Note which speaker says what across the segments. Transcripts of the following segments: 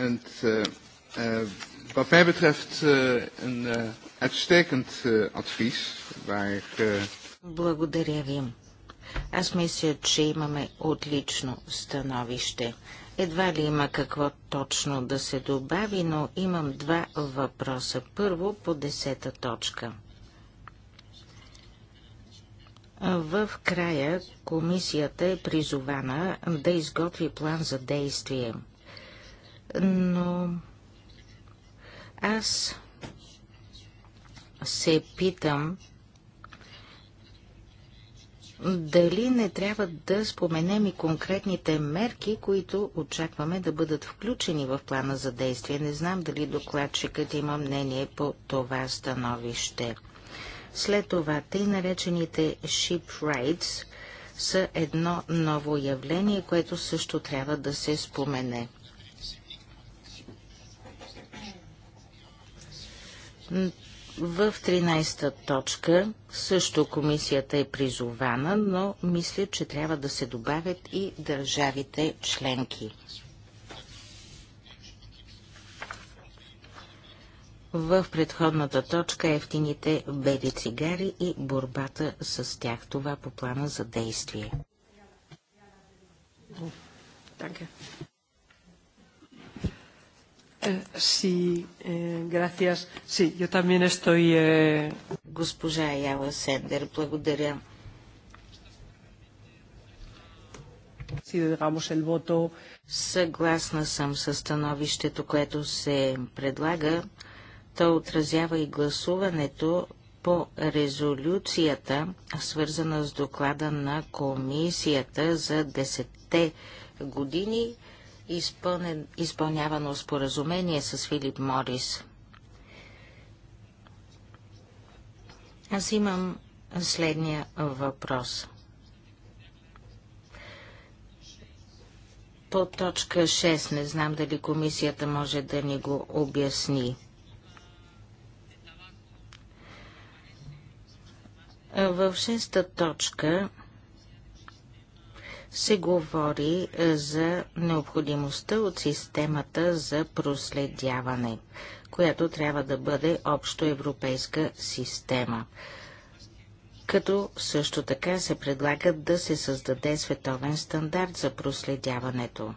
Speaker 1: En, uh, uh, wat mij
Speaker 2: betreft uh, een uh, uitstekend uh, advies. Waar, uh... Благодаря ви. Аз мисля, че имаме отлично становище. Едва ли има какво точно да се добави, но имам два въпроса. Първо по десета точка. В края комисията е призована да изготви план за действие – но аз се питам дали не трябва да споменем и конкретните мерки, които очакваме да бъдат включени в плана за действие. Не знам дали докладчикът има мнение по това становище. След това, тъй наречените ship rights са едно ново явление, което също трябва да се спомене. В 13-та точка също комисията е призована, но мисля, че трябва да се добавят и държавите членки. В предходната точка ефтините бели цигари и борбата с тях. Това по плана за действие.
Speaker 1: Така. Eh, sí, eh,
Speaker 2: gracias. Sí, yo también estoy... Eh, Госпожа Яла Сендер, благодаря. Съгласна съм с становището, което се предлага. То отразява и гласуването по резолюцията, свързана с доклада на комисията за 10 години изпълнен, изпълнявано споразумение с Филип Морис. Аз имам следния въпрос. По точка 6 не знам дали комисията може да ни го обясни. В шеста точка се говори е, за необходимостта от системата за проследяване, която трябва да бъде общоевропейска система. Като също така се предлага да се създаде световен стандарт за проследяването.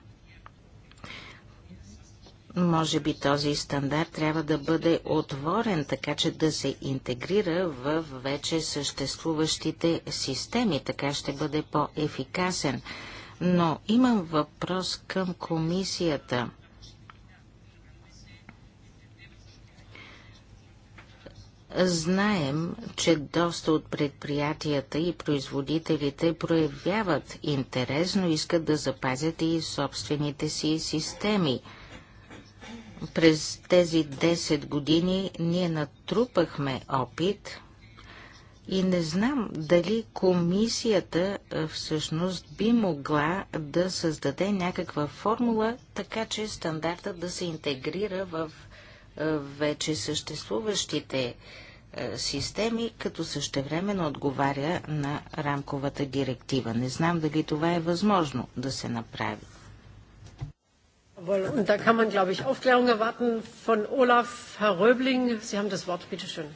Speaker 2: Може би този стандарт трябва да бъде отворен, така че да се интегрира в вече съществуващите системи, така ще бъде по-ефикасен. Но имам въпрос към комисията. Знаем, че доста от предприятията и производителите проявяват интерес, но искат да запазят и собствените си системи – през тези 10 години ние натрупахме опит и не знам дали комисията всъщност би могла да създаде някаква формула, така че стандартът да се интегрира в вече съществуващите системи, като същевременно отговаря на рамковата директива. Не знам дали това е възможно да се направи.
Speaker 1: Jawohl, und da kann man, glaube ich, Aufklärung erwarten von Olaf. Herr Röbling, Sie haben das Wort, bitte schön.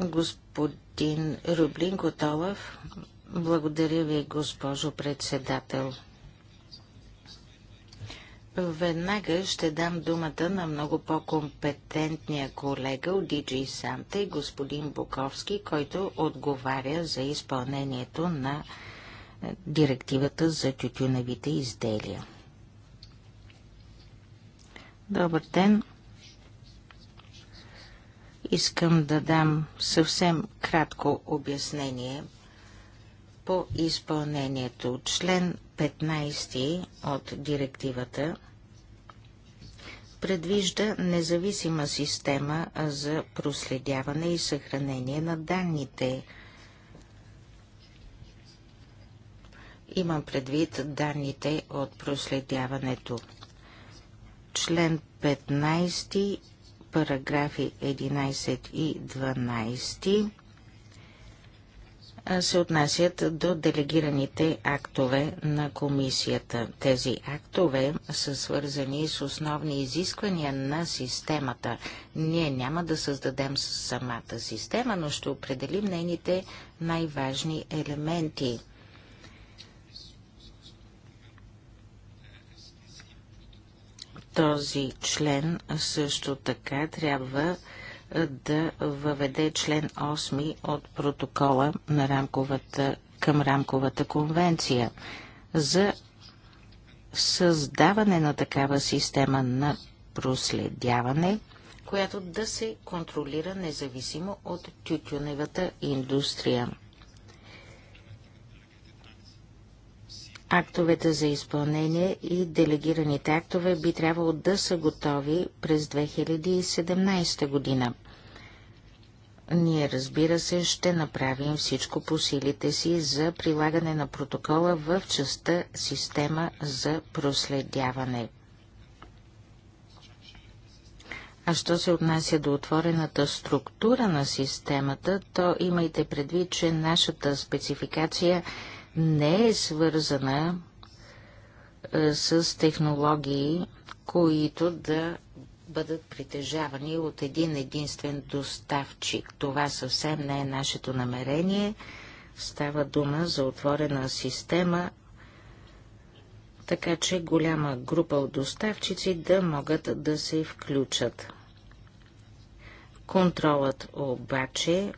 Speaker 2: Господин Рублин Готолов, благодаря ви, госпожо председател. Веднага ще дам думата на много по-компетентния колега от DJ Санта и господин Буковски, който отговаря за изпълнението на директивата за тютюневите изделия. Добър ден! Искам да дам съвсем кратко обяснение по изпълнението. Член 15 от директивата предвижда независима система за проследяване и съхранение на данните – Имам предвид данните от проследяването. Член 15, параграфи 11 и 12 се отнасят до делегираните актове на комисията. Тези актове са свързани с основни изисквания на системата. Ние няма да създадем самата система, но ще определим нейните най-важни елементи – Този член също така трябва да въведе член 8 от протокола на рамковата, към рамковата конвенция за създаване на такава система на проследяване, която да се контролира независимо от тютюневата индустрия. Актовете за изпълнение и делегираните актове би трябвало да са готови през 2017 година. Ние, разбира се, ще направим всичко по силите си за прилагане на протокола в частта система за проследяване. А що се отнася до отворената структура на системата, то имайте предвид, че нашата спецификация е не е свързана с технологии, които да бъдат притежавани от един единствен доставчик. Това съвсем не е нашето намерение. Става дума за отворена система, така че голяма група от доставчици да могат да се включат. Контролът обаче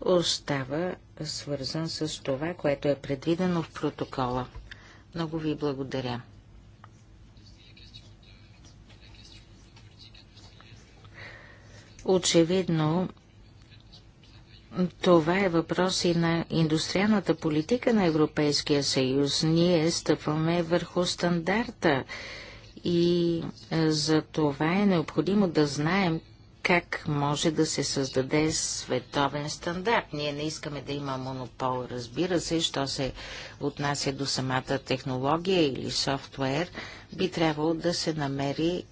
Speaker 2: остава свързан с това, което е предвидено в протокола. Много ви благодаря. Очевидно, това е въпрос и на индустриалната политика на Европейския съюз. Ние стъпваме върху стандарта и за това е необходимо да знаем как може да се създаде световен стандарт. Ние не искаме да има монопол, разбира се, що се отнася до самата технология или софтуер, би трябвало да се намери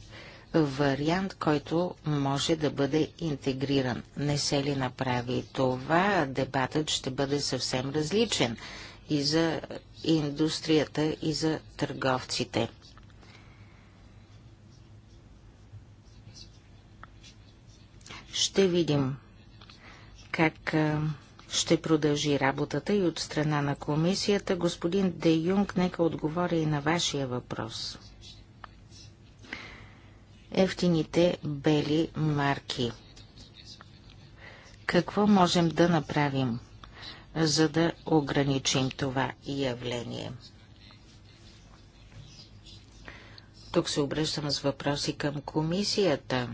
Speaker 2: вариант, който може да бъде интегриран. Не се ли направи това, дебатът ще бъде съвсем различен и за индустрията, и за търговците. Ще видим как ще продължи работата и от страна на комисията. Господин Де Юнг, нека отговоря и на вашия въпрос. Ефтините бели марки. Какво можем да направим, за да ограничим това явление? Тук се обръщам с въпроси към комисията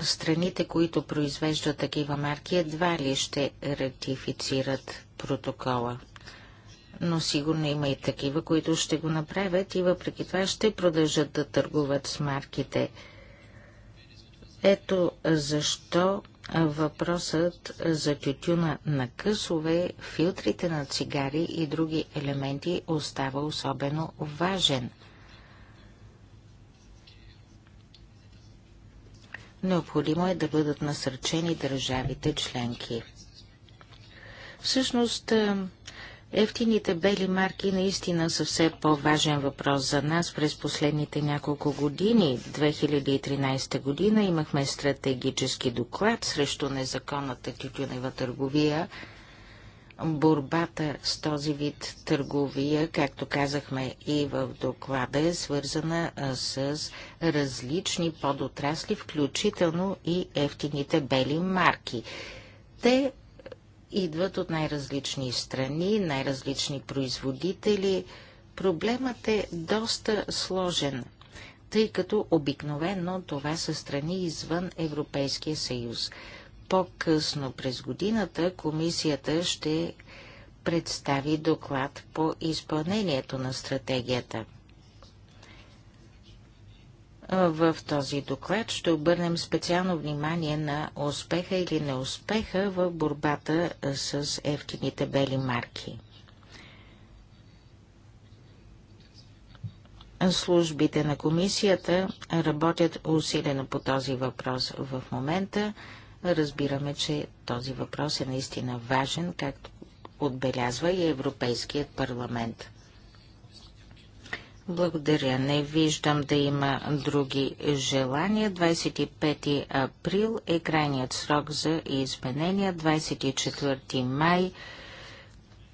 Speaker 2: страните, които произвеждат такива марки, едва ли ще ратифицират протокола. Но сигурно има и такива, които ще го направят и въпреки това ще продължат да търгуват с марките. Ето защо въпросът за тютюна на късове, филтрите на цигари и други елементи остава особено важен – Необходимо е да бъдат насърчени държавите членки. Всъщност, е, Ефтините бели марки наистина са все по-важен въпрос за нас през последните няколко години. 2013 година имахме стратегически доклад срещу незаконната тютюнева търговия – Борбата с този вид търговия, както казахме и в доклада, е свързана с различни подотрасли, включително и ефтините бели марки. Те идват от най-различни страни, най-различни производители. Проблемът е доста сложен, тъй като обикновено това са страни извън Европейския съюз. По-късно през годината комисията ще представи доклад по изпълнението на стратегията. В този доклад ще обърнем специално внимание на успеха или неуспеха в борбата с ефтините бели марки. Службите на комисията работят усилено по този въпрос в момента. Разбираме, че този въпрос е наистина важен, както отбелязва и Европейският парламент. Благодаря. Не виждам да има други желания. 25 април е крайният срок за изменения. 24 май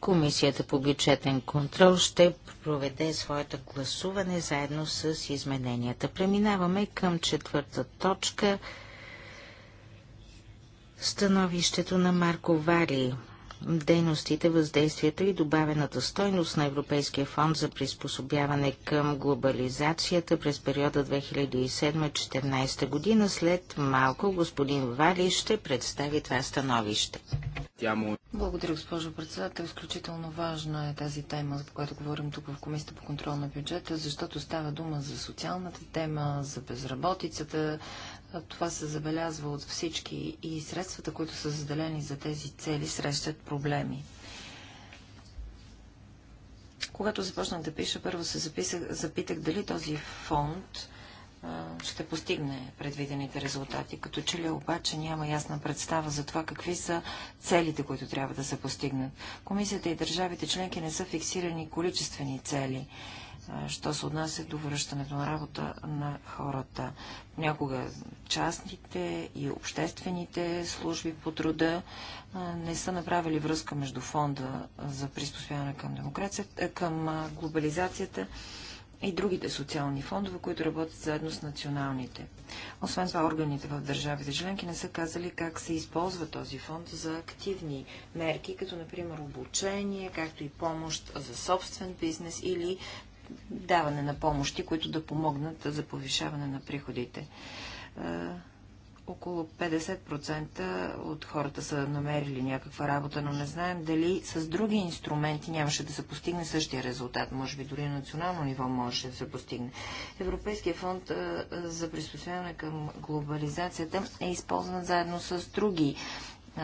Speaker 2: Комисията по бюджетен контрол ще проведе своето гласуване заедно с измененията. Преминаваме към четвърта точка – Становището на Марко Вали дейностите, въздействието и добавената стойност на Европейския фонд за приспособяване към глобализацията през периода 2007-2014 година. След малко господин Вали ще представи това становище.
Speaker 3: Благодаря, госпожо председател. Изключително важна е тази тема, за която говорим тук в Комисията по контрол на бюджета, защото става дума за социалната тема, за безработицата, това се забелязва от всички и средствата, които са заделени за тези цели, срещат проблеми. Когато започнах да пиша, първо се записах, запитах дали този фонд а, ще постигне предвидените резултати. Като че ли обаче няма ясна представа за това какви са целите, които трябва да се постигнат. Комисията и държавите членки не са фиксирани количествени цели що се отнася до връщането на работа на хората. Някога частните и обществените служби по труда не са направили връзка между фонда за приспособяване към, е, към глобализацията и другите социални фондове, които работят заедно с националните. Освен това, органите в държавите членки не са казали как се използва този фонд за активни мерки, като например обучение, както и помощ за собствен бизнес или даване на помощи, които да помогнат за повишаване на приходите. Е, около 50% от хората са намерили някаква работа, но не знаем дали с други инструменти нямаше да се постигне същия резултат. Може би дори на национално ниво можеше да се постигне. Европейския фонд е, за приспособяване към глобализацията е използван заедно с други е,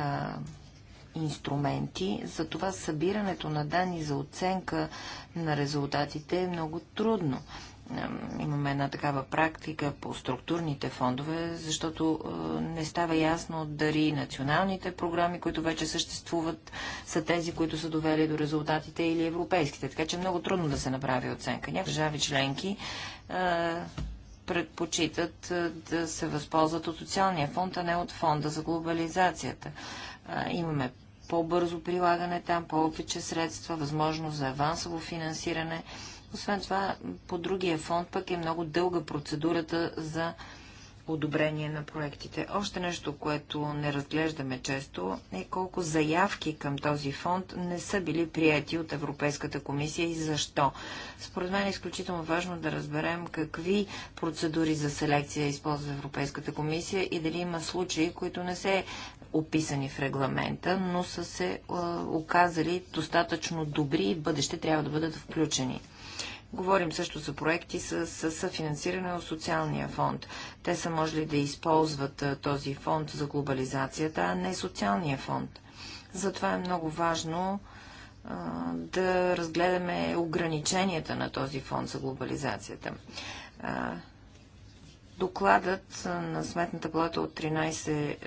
Speaker 3: инструменти, затова събирането на данни за оценка на резултатите е много трудно. Имаме една такава практика по структурните фондове, защото не става ясно дали националните програми, които вече съществуват, са тези, които са довели до резултатите или европейските. Така че е много трудно да се направи оценка. Някои държави членки предпочитат да се възползват от социалния фонд, а не от фонда за глобализацията имаме по-бързо прилагане там, повече средства, възможност за авансово финансиране. Освен това, по другия фонд пък е много дълга процедурата за одобрение на проектите. Още нещо, което не разглеждаме често, е колко заявки към този фонд не са били прияти от Европейската комисия и защо. Според мен е изключително важно да разберем какви процедури за селекция използва Европейската комисия и дали има случаи, които не се описани в регламента, но са се а, оказали достатъчно добри и бъдеще трябва да бъдат включени. Говорим също за проекти с, съфинансиране от социалния фонд. Те са можели да използват а, този фонд за глобализацията, а не социалния фонд. Затова е много важно а, да разгледаме ограниченията на този фонд за глобализацията. Докладът на Сметната плата от, 13, е,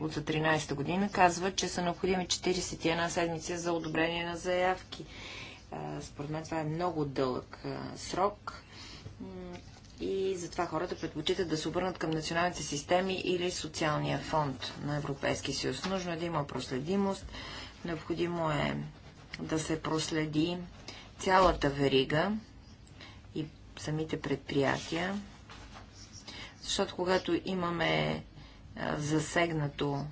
Speaker 3: от за 13 година казва, че са необходими 41 седмици за одобрение на заявки. Според мен това е много дълъг срок и затова хората предпочитат да се обърнат към националните системи или социалния фонд на Европейския съюз. Нужно е да има проследимост, необходимо е да се проследи цялата верига и самите предприятия, защото когато имаме засегнато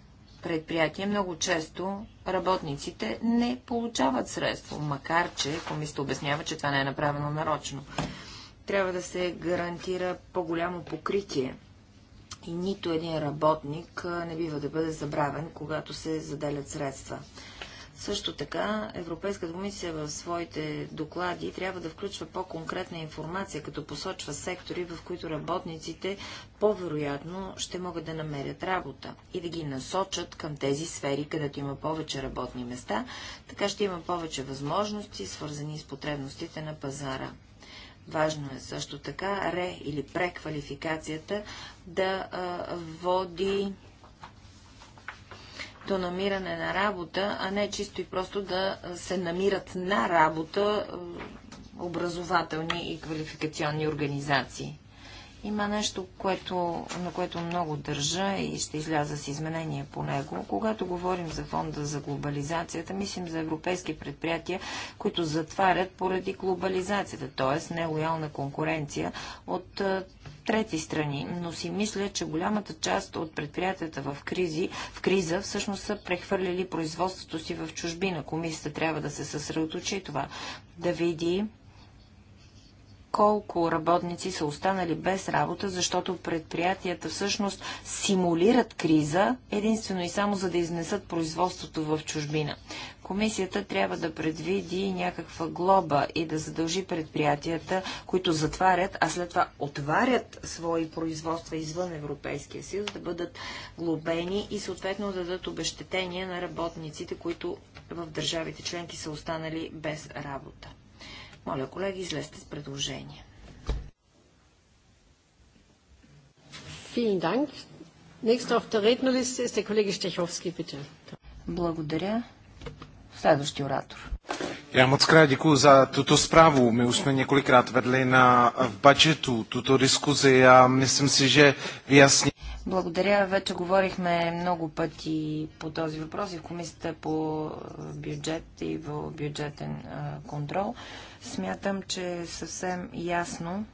Speaker 3: предприятие, много често работниците не получават средство, макар че комисията обяснява, че това не е направено нарочно. Трябва да се гарантира по-голямо покритие и нито един работник не бива да бъде забравен, когато се заделят средства. Също така Европейската комисия в своите доклади трябва да включва по-конкретна информация, като посочва сектори, в които работниците по-вероятно ще могат да намерят работа и да ги насочат към тези сфери, където има повече работни места, така ще има повече възможности, свързани с потребностите на пазара. Важно е също така ре или преквалификацията да а, води до намиране на работа, а не чисто и просто да се намират на работа образователни и квалификационни организации. Има нещо, което, на което много държа и ще изляза с изменение по него. Когато говорим за фонда за глобализацията, мислим за европейски предприятия, които затварят поради глобализацията, т.е. нелоялна конкуренция от трети страни, но си мисля, че голямата част от предприятията в, кризи, в криза всъщност са прехвърлили производството си в чужбина. Комисията трябва да се съсредоточи това, да види колко работници са останали без работа, защото предприятията всъщност симулират криза единствено и само за да изнесат производството в чужбина. Комисията трябва да предвиди някаква глоба и да задължи предприятията, които затварят, а след това отварят свои производства извън Европейския съюз, да бъдат глобени и съответно да дадат обещетения на работниците, които в държавите членки са останали без работа. Моля, колеги, излезте с предложение. Благодаря. Следващи оратор.
Speaker 4: Já moc krát děkuji za tuto zprávu. My už jsme několikrát vedli na, v budžetu tuto diskuzi a myslím si, že vyjasní.
Speaker 3: Благодаря. Вече говорихме много пъти по този въпрос и в комисията по бюджет и в бюджетен контрол. Смятам, че е съвсем ясно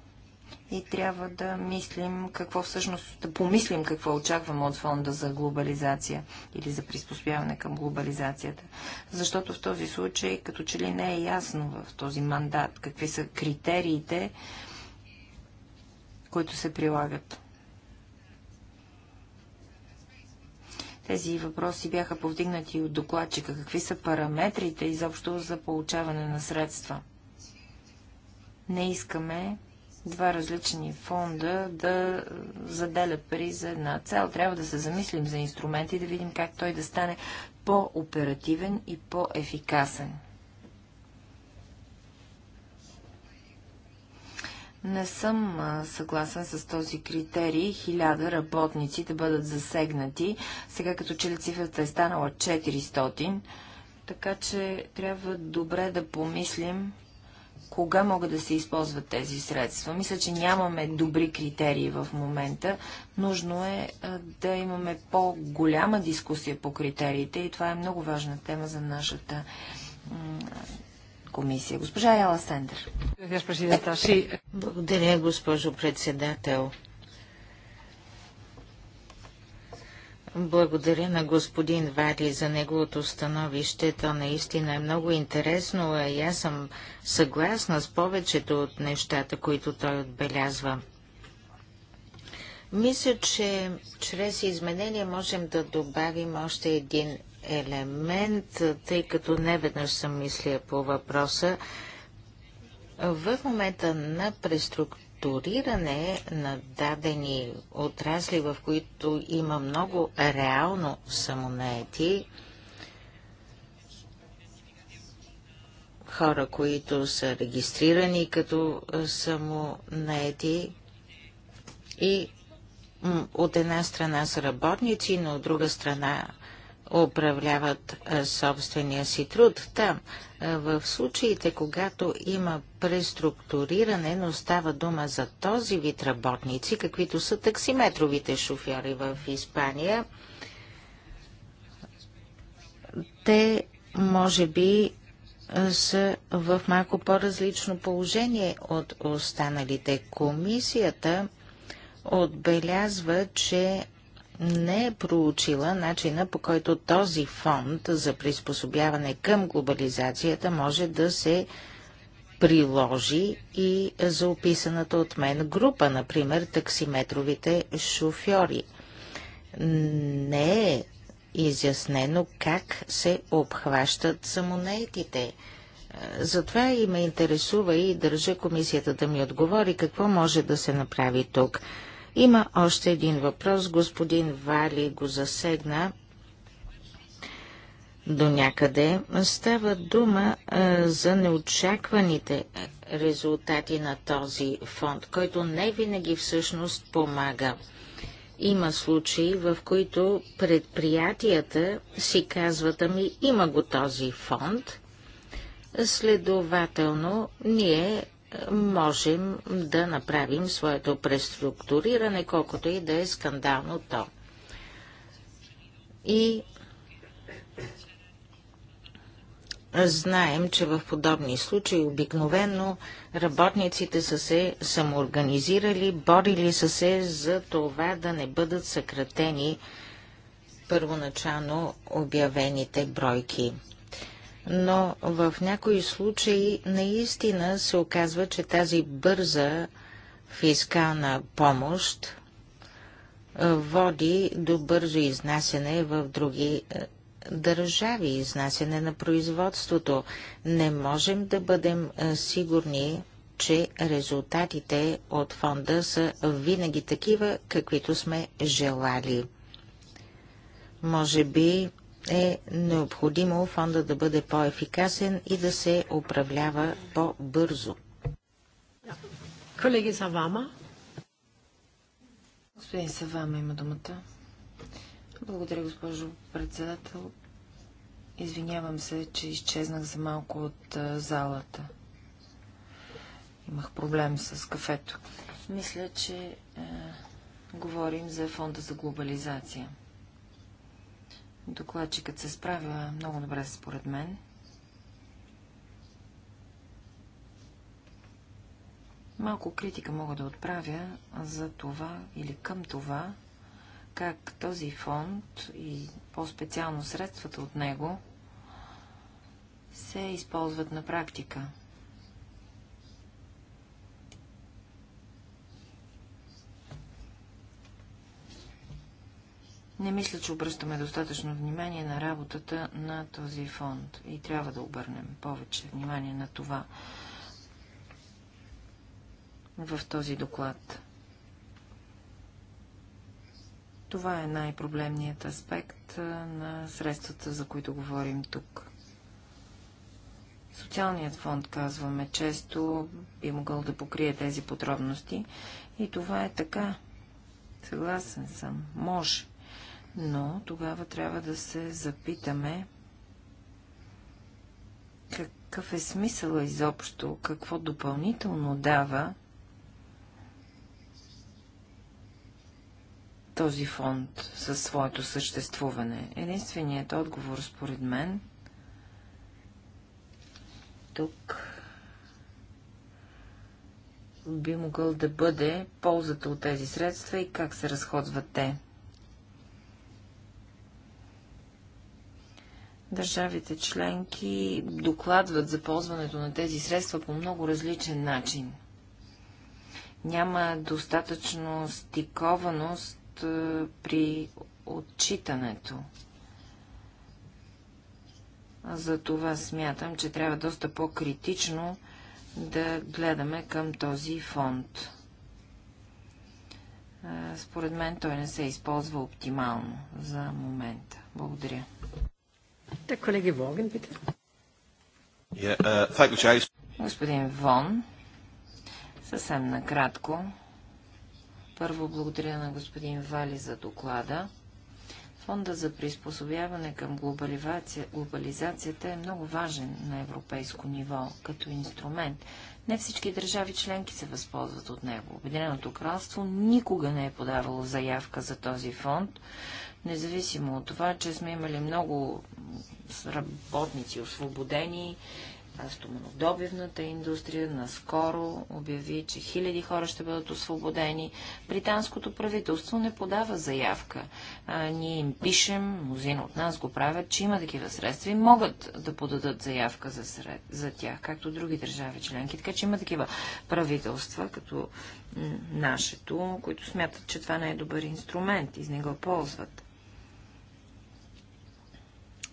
Speaker 3: и трябва да мислим какво всъщност, да помислим какво очакваме от фонда за глобализация или за приспособяване към глобализацията. Защото в този случай, като че ли не е ясно в този мандат, какви са критериите, които се прилагат. Тези въпроси бяха повдигнати от докладчика. Какви са параметрите изобщо за получаване на средства? Не искаме два различни фонда да заделят пари за една цел. Трябва да се замислим за инструменти и да видим как той да стане по-оперативен и по-ефикасен. Не съм съгласен с този критерий хиляда работници да бъдат засегнати. Сега като че ли цифрата е станала 400, така че трябва добре да помислим кога могат да се използват тези средства. Мисля, че нямаме добри критерии в момента. Нужно е да имаме по-голяма дискусия по критериите и това е много важна тема за нашата комисия. Госпожа Яла Сендер.
Speaker 2: Благодаря, госпожо председател. Благодаря на господин Вари за неговото становище. То наистина е много интересно, а и аз съм съгласна с повечето от нещата, които той отбелязва. Мисля, че чрез изменения можем да добавим още един елемент, тъй като неведнъж съм мисля по въпроса. В момента на преструктурирането структуриране на дадени отрасли, в които има много реално самонаети, хора, които са регистрирани като самонаети и от една страна са работници, но от друга страна управляват е, собствения си труд. Та. Е, в случаите, когато има преструктуриране, но става дума за този вид работници, каквито са таксиметровите шофьори в Испания, те може би е, са в малко по-различно положение от останалите. Комисията отбелязва, че не е проучила начина по който този фонд за приспособяване към глобализацията може да се приложи и за описаната от мен група, например таксиметровите шофьори. Не е изяснено как се обхващат самонетите. Затова и ме интересува и държа комисията да ми отговори какво може да се направи тук. Има още един въпрос. Господин Вали го засегна до някъде. Става дума а, за неочакваните резултати на този фонд, който не винаги всъщност помага. Има случаи, в които предприятията си казват, ами има го този фонд, следователно ние можем да направим своето преструктуриране, колкото и да е скандално то. И знаем, че в подобни случаи обикновено работниците са се самоорганизирали, борили са се за това да не бъдат съкратени първоначално обявените бройки но в някои случаи наистина се оказва, че тази бърза фискална помощ е, води до бързо изнасяне в други е, държави, изнасяне на производството. Не можем да бъдем е, сигурни, че резултатите от фонда са винаги такива, каквито сме желали. Може би е необходимо фонда да бъде по-ефикасен и да се управлява по-бързо.
Speaker 1: Колеги Савама. Господин Савама има думата. Благодаря,
Speaker 3: госпожо председател. Извинявам се, че изчезнах за малко от залата. Имах проблем с кафето. Мисля, че е, говорим за фонда за глобализация – Докладчикът се справя много добре, според мен. Малко критика мога да отправя за това или към това, как този фонд и по-специално средствата от него се използват на практика. Не мисля, че обръщаме достатъчно внимание на работата на този фонд и трябва да обърнем повече внимание на това в този доклад. Това е най-проблемният аспект на средствата, за които говорим тук. Социалният фонд, казваме често, би могъл да покрие тези подробности и това е така. Съгласен съм. Може но тогава трябва да се запитаме какъв е смисъл изобщо, какво допълнително дава този фонд със своето съществуване. Единственият отговор, според мен, тук би могъл да бъде ползата от тези средства и как се разходват те. Държавите членки докладват за ползването на тези средства по много различен начин. Няма достатъчно стикованост е, при отчитането. За това смятам, че трябва доста по-критично да гледаме към този фонд. Е, според мен той не се използва оптимално за момента. Благодаря. Der Kollege Воген, bitte. Yeah, uh, Господин Вон, съвсем накратко. Първо благодаря на господин Вали за доклада. Фонда за приспособяване към глобализацията е много важен на европейско ниво като инструмент. Не всички държави членки се възползват от него. Обединеното кралство никога не е подавало заявка за този фонд, Независимо от това, че сме имали много работници освободени, стоманодобивната индустрия наскоро обяви, че хиляди хора ще бъдат освободени. Британското правителство не подава заявка. А, ние им пишем, мнозина от нас го правят, че има такива средства и могат да подадат заявка за, сред, за тях, както други държави членки. Така че има такива правителства, като нашето, които смятат, че това не е добър инструмент и не го ползват.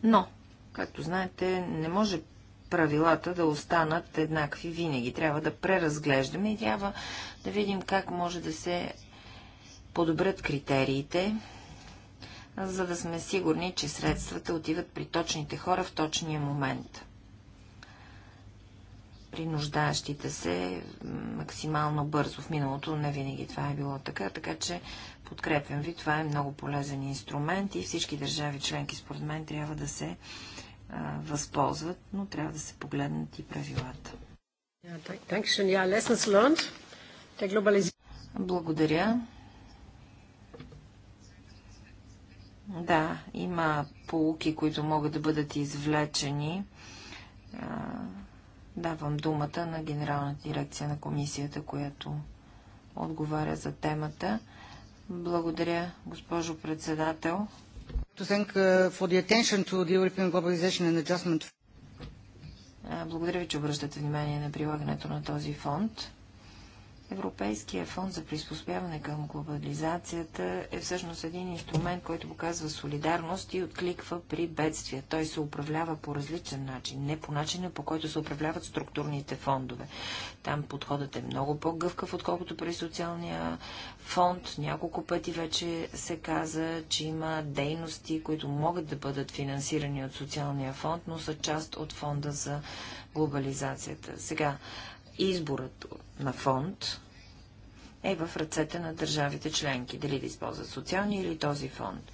Speaker 3: Но, както знаете, не може правилата да останат еднакви винаги. Трябва да преразглеждаме и трябва да видим как може да се подобрят критериите, за да сме сигурни, че средствата отиват при точните хора в точния момент при нуждаещите се максимално бързо. В миналото не винаги това е било така, така че подкрепям ви. Това е много полезен инструмент и всички държави членки, според мен, трябва да се а, възползват, но трябва да се погледнат и правилата.
Speaker 1: Благодаря. Да,
Speaker 3: има полуки, които могат да бъдат извлечени Давам думата на Генералната дирекция на комисията, която отговаря за темата. Благодаря, госпожо председател. Uh, благодаря ви, че обръщате внимание на прилагането на този фонд. Европейския фонд за приспособяване към глобализацията е всъщност един инструмент, който показва солидарност и откликва при бедствия. Той се управлява по различен начин, не по начина по който се управляват структурните фондове. Там подходът е много по-гъвкав, отколкото при социалния фонд. Няколко пъти вече се каза, че има дейности, които могат да бъдат финансирани от социалния фонд, но са част от фонда за глобализацията. Сега, изборът на фонд е в ръцете на държавите членки, дали да използват социалния или този фонд.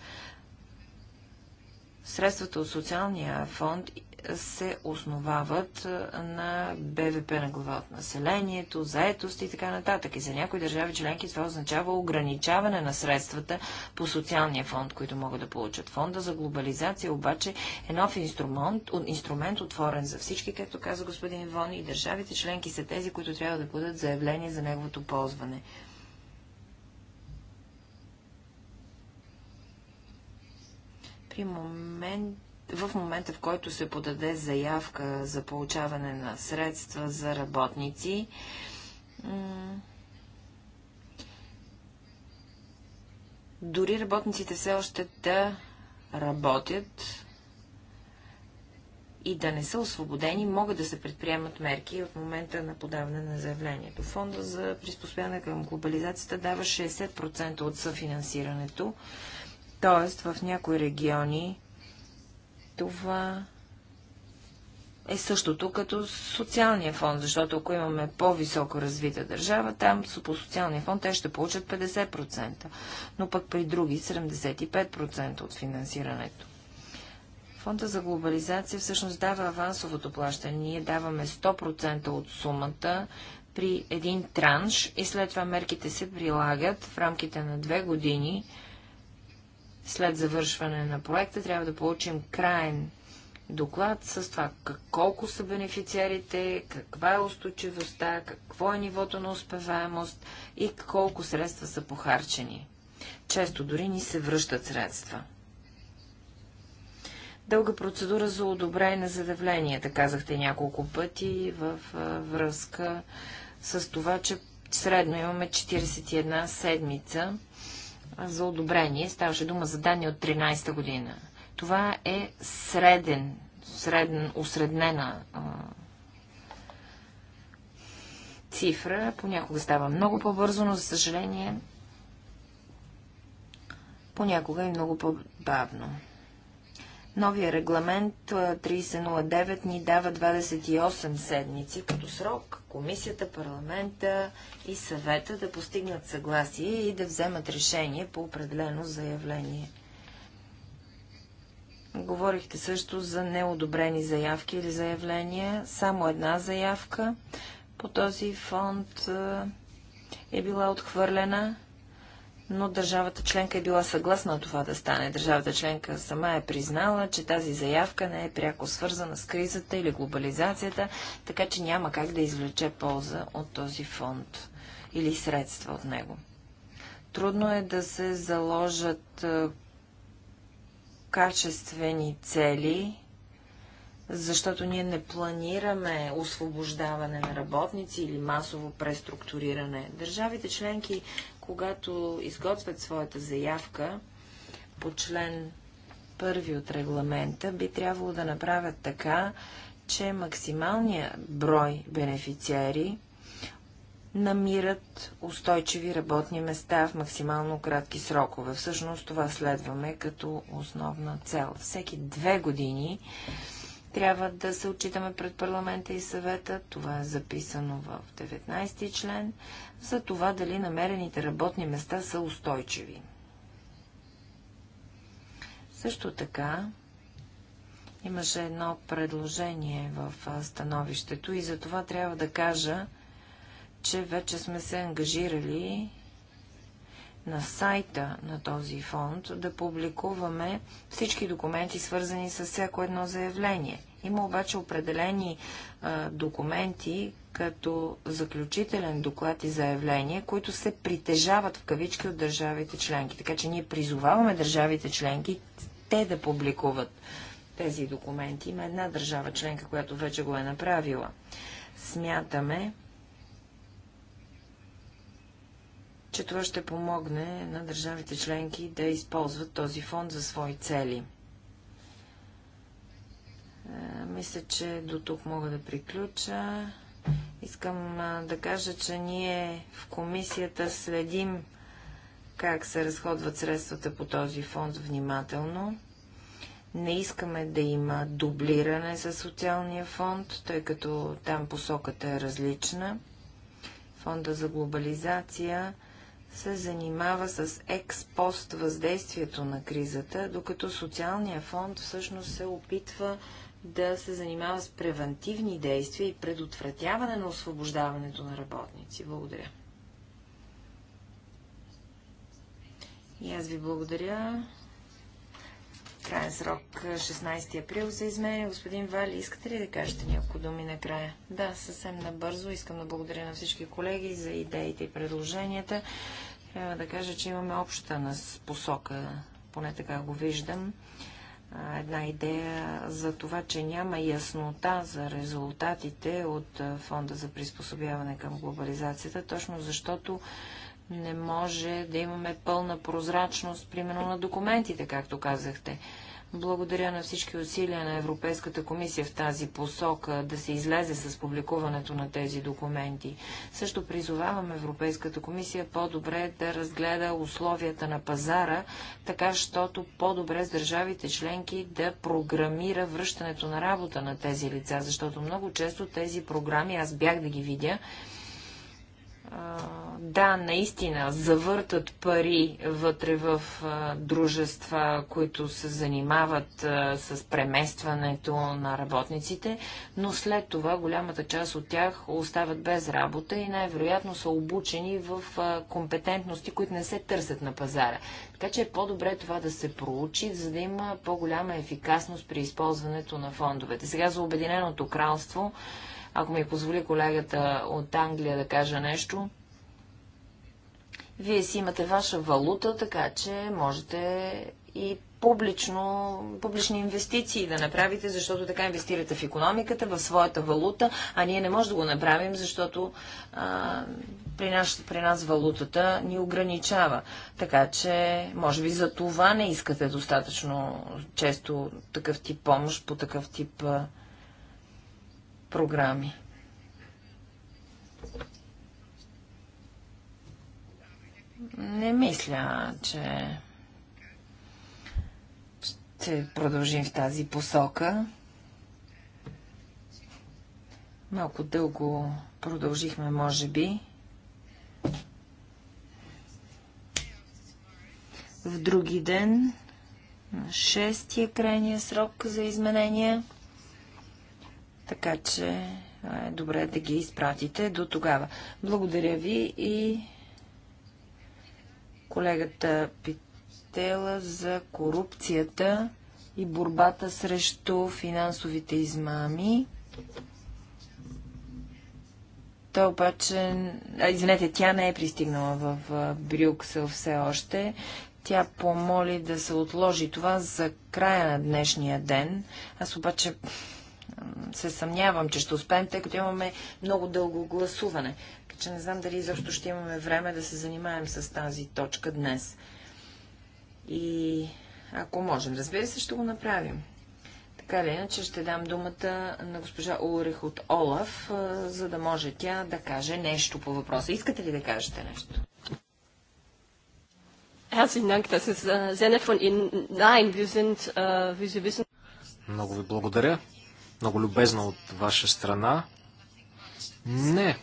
Speaker 3: Средствата от социалния фонд се основават на БВП на глава от населението, заетост и така нататък. И за някои държави членки това означава ограничаване на средствата по социалния фонд, които могат да получат. Фонда за глобализация обаче е нов инструмент, инструмент отворен за всички, както каза господин Вон, и държавите членки са тези, които трябва да подадат заявление за неговото ползване. при момент в момента, в който се подаде заявка за получаване на средства за работници, дори работниците все още да работят и да не са освободени, могат да се предприемат мерки от момента на подаване на заявлението. Фонда за приспособяване към глобализацията дава 60% от съфинансирането, т.е. в някои региони това е същото като социалния фонд, защото ако имаме по-високо развита държава, там по социалния фонд те ще получат 50%, но пък при други 75% от финансирането. Фонда за глобализация всъщност дава авансовото плащане. Ние даваме 100% от сумата при един транш и след това мерките се прилагат в рамките на две години след завършване на проекта трябва да получим крайен доклад с това колко са бенефициарите, каква е устойчивостта, какво е нивото на успеваемост и колко средства са похарчени. Често дори ни се връщат средства. Дълга процедура за одобрение на задавленията, казахте няколко пъти в връзка с това, че средно имаме 41 седмица за одобрение. Ставаше дума за данни от 13-та година. Това е среден, среден, осреднена цифра. Понякога става много по-бързо, но за съжаление понякога и много по-бавно. Новия регламент 3009 ни дава 28 седмици като срок комисията, парламента и съвета да постигнат съгласие и да вземат решение по определено заявление. Говорихте също за неодобрени заявки или заявления. Само една заявка по този фонд е била отхвърлена но държавата членка е била съгласна това да стане. Държавата членка сама е признала, че тази заявка не е пряко свързана с кризата или глобализацията, така че няма как да извлече полза от този фонд или средства от него. Трудно е да се заложат качествени цели, защото ние не планираме освобождаване на работници или масово преструктуриране. Държавите членки когато изготвят своята заявка по член първи от регламента, би трябвало да направят така, че максималният брой бенефициари намират устойчиви работни места в максимално кратки срокове. Всъщност това следваме като основна цел. Всеки две години трябва да се отчитаме пред парламента и съвета, това е записано в 19 ти член, за това дали намерените работни места са устойчиви. Също така имаше едно предложение в становището и за това трябва да кажа, че вече сме се ангажирали на сайта на този фонд да публикуваме всички документи, свързани с всяко едно заявление. Има обаче определени а, документи, като заключителен доклад и заявление, които се притежават в кавички от държавите членки. Така че ние призоваваме държавите членки те да публикуват тези документи. Има една държава членка, която вече го е направила. Смятаме, че това ще помогне на държавите членки да използват този фонд за свои цели. Е, мисля, че до тук мога да приключа. Искам да кажа, че ние в комисията следим как се разходват средствата по този фонд внимателно. Не искаме да има дублиране със социалния фонд, тъй като там посоката е различна. Фонда за глобализация се занимава с експост въздействието на кризата, докато социалния фонд всъщност се опитва да се занимава с превентивни действия и предотвратяване на освобождаването на работници. Благодаря. И аз ви благодаря. Крайен срок 16 април за изменение. Господин Вали, искате ли да кажете няколко думи накрая? Да, съвсем набързо. Искам да благодаря на всички колеги за идеите и предложенията. Трябва да кажа, че имаме обща нас посока, поне така го виждам. Една идея за това, че няма яснота за резултатите от Фонда за приспособяване към глобализацията, точно защото не може да имаме пълна прозрачност, примерно на документите, както казахте. Благодаря на всички усилия на Европейската комисия в тази посока да се излезе с публикуването на тези документи. Също призовавам Европейската комисия по-добре да разгледа условията на пазара, така щото по-добре с държавите членки да програмира връщането на работа на тези лица, защото много често тези програми, аз бях да ги видя, да, наистина завъртат пари вътре в а, дружества, които се занимават а, с преместването на работниците, но след това голямата част от тях остават без работа и най-вероятно са обучени в а, компетентности, които не се търсят на пазара. Така че е по-добре това да се проучи, за да има по-голяма ефикасност при използването на фондовете. Сега за Обединеното кралство ако ми позволи колегата от Англия да каже нещо, вие си имате ваша валута, така че можете и публично, публични инвестиции да направите, защото така инвестирате в економиката, в своята валута, а ние не можем да го направим, защото а, при, нас, при нас валутата ни ограничава. Така че, може би за това не искате достатъчно често такъв тип помощ по такъв тип а, програми. Не мисля, че ще продължим в тази посока. Малко дълго продължихме, може би. В други ден, на шестия крайния срок за изменения. Така че е добре да ги изпратите до тогава. Благодаря ви и колегата Питела за корупцията и борбата срещу финансовите измами. Той обаче, а, извинете, тя не е пристигнала в Брюксел все още. Тя помоли да се отложи това за края на днешния ден. Аз обаче се съмнявам, че ще успеем, тъй като имаме много дълго гласуване. Така че не знам дали защо ще имаме време да се занимаем с тази точка днес. И ако можем, разбира се, ще го направим. Така или иначе ще дам думата на госпожа Улрих от Олаф, за да може тя да каже нещо по въпроса. Искате ли да кажете нещо?
Speaker 1: Herzlichen Dank, das ist sehr nett von Ihnen. Nein, wir sind, wie Sie wissen...
Speaker 4: Много ви благодаря. Много любезна от ваша страна. Не,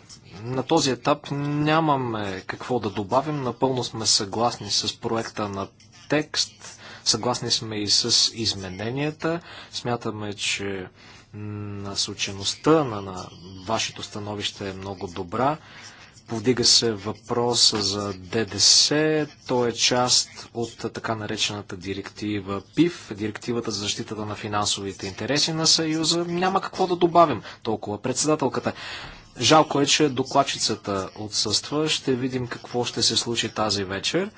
Speaker 4: на този етап нямаме какво да добавим. Напълно сме съгласни с проекта на текст. Съгласни сме и с измененията. Смятаме, че насочеността на, на вашето становище е много добра. Повдига се въпроса за ДДС. Той е част от така наречената директива ПИФ, директивата за защитата на финансовите интереси на Съюза. Няма какво да добавим толкова. Председателката. Жалко е, че докладчицата отсъства. Ще видим какво ще се случи тази вечер.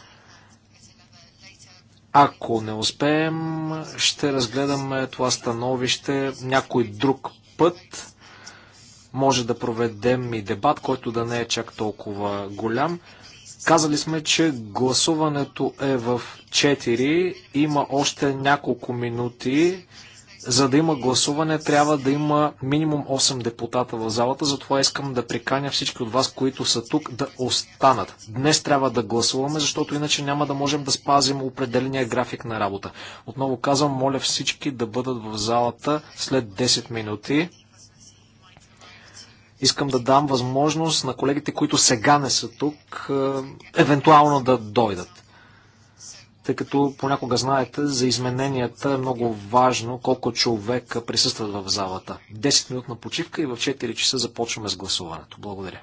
Speaker 4: Ако не успеем, ще разгледаме това становище някой друг път може да проведем и дебат, който да не е чак толкова голям. Казали сме, че гласуването е в 4. Има още няколко минути. За да има гласуване, трябва да има минимум 8 депутата в залата. Затова искам да приканя всички от вас, които са тук, да останат. Днес трябва да гласуваме, защото иначе няма да можем да спазим определения график на работа. Отново казвам, моля всички да бъдат в залата след 10 минути. Искам да дам възможност на колегите, които сега не са тук, е, евентуално да дойдат. Тъй като понякога знаете, за измененията е много важно колко човека присъстват в залата. 10 минутна почивка и в 4 часа започваме с гласуването. Благодаря.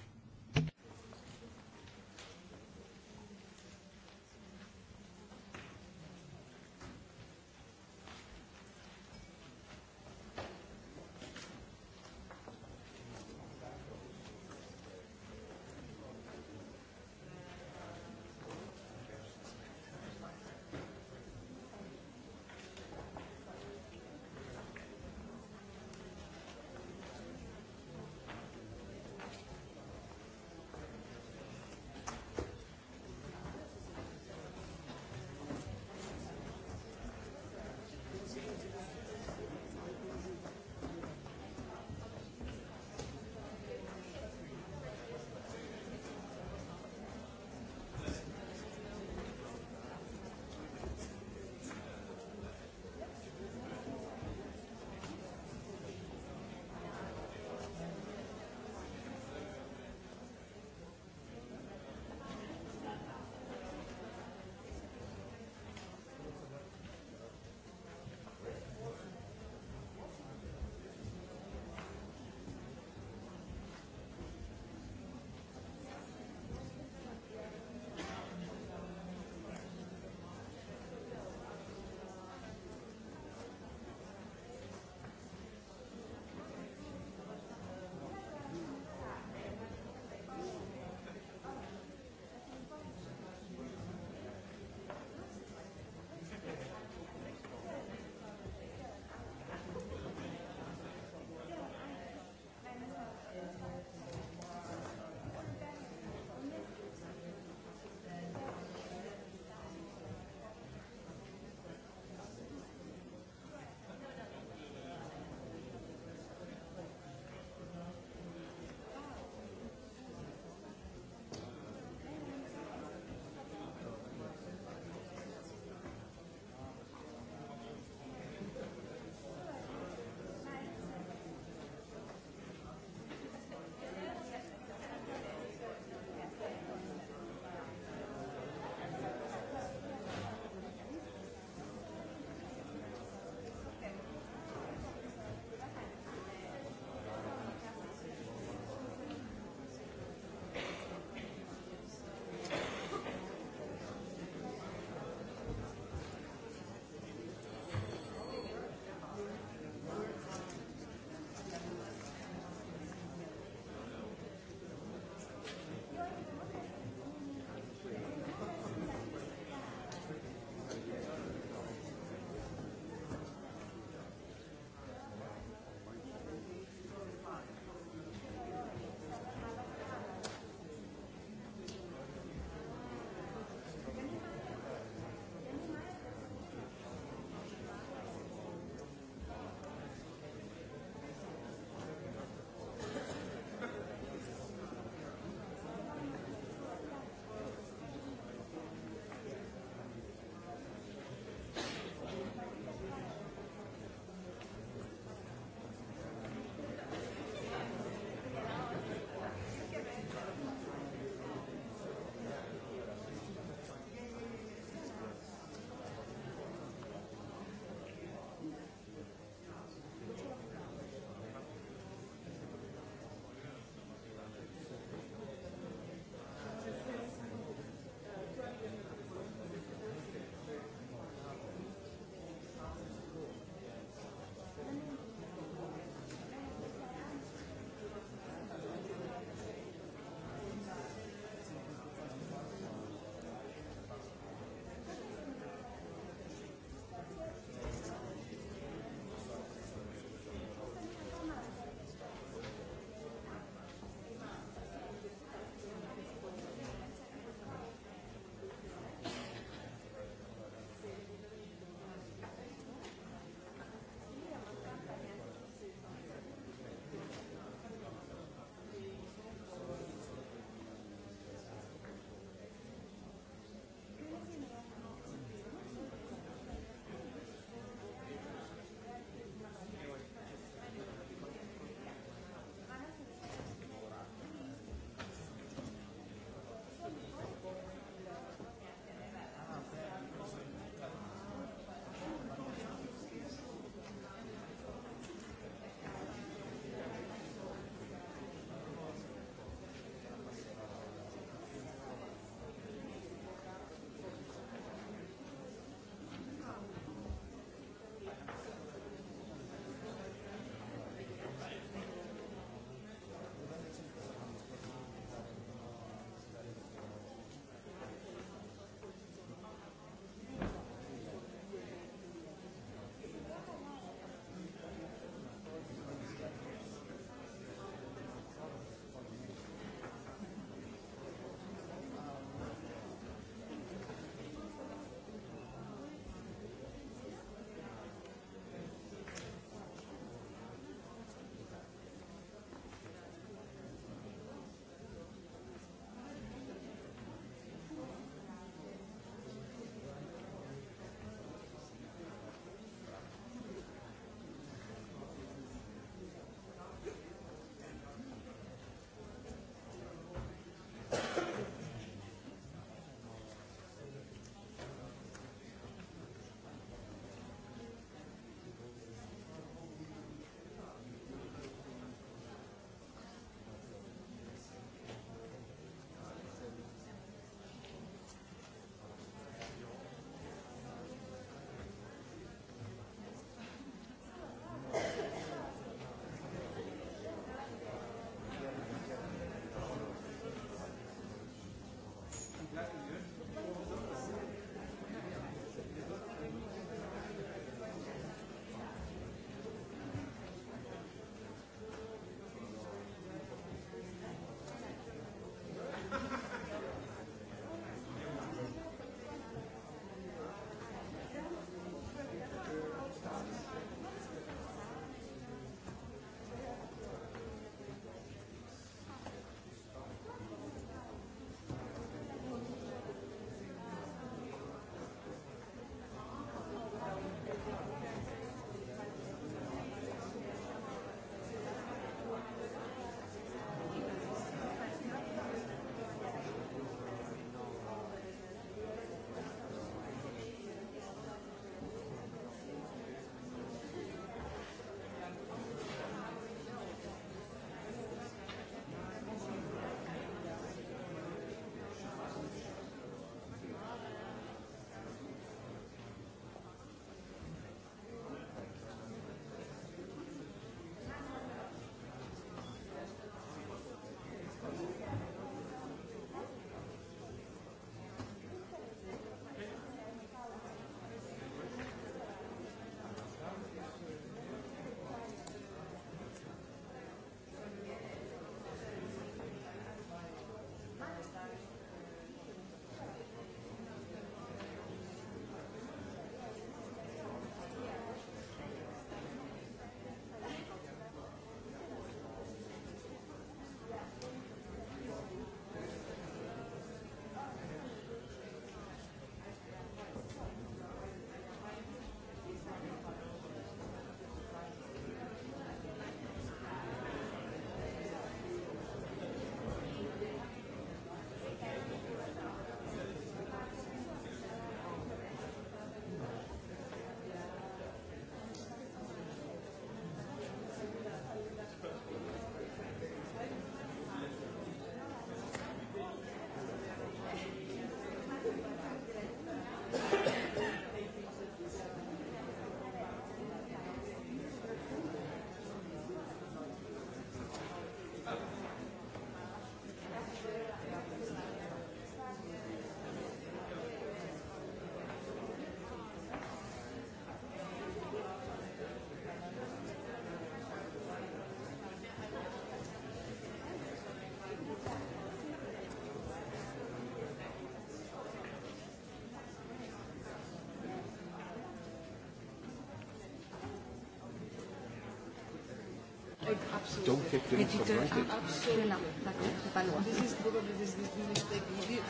Speaker 4: don't take them for granted. This
Speaker 1: is probably this, this mistake we did.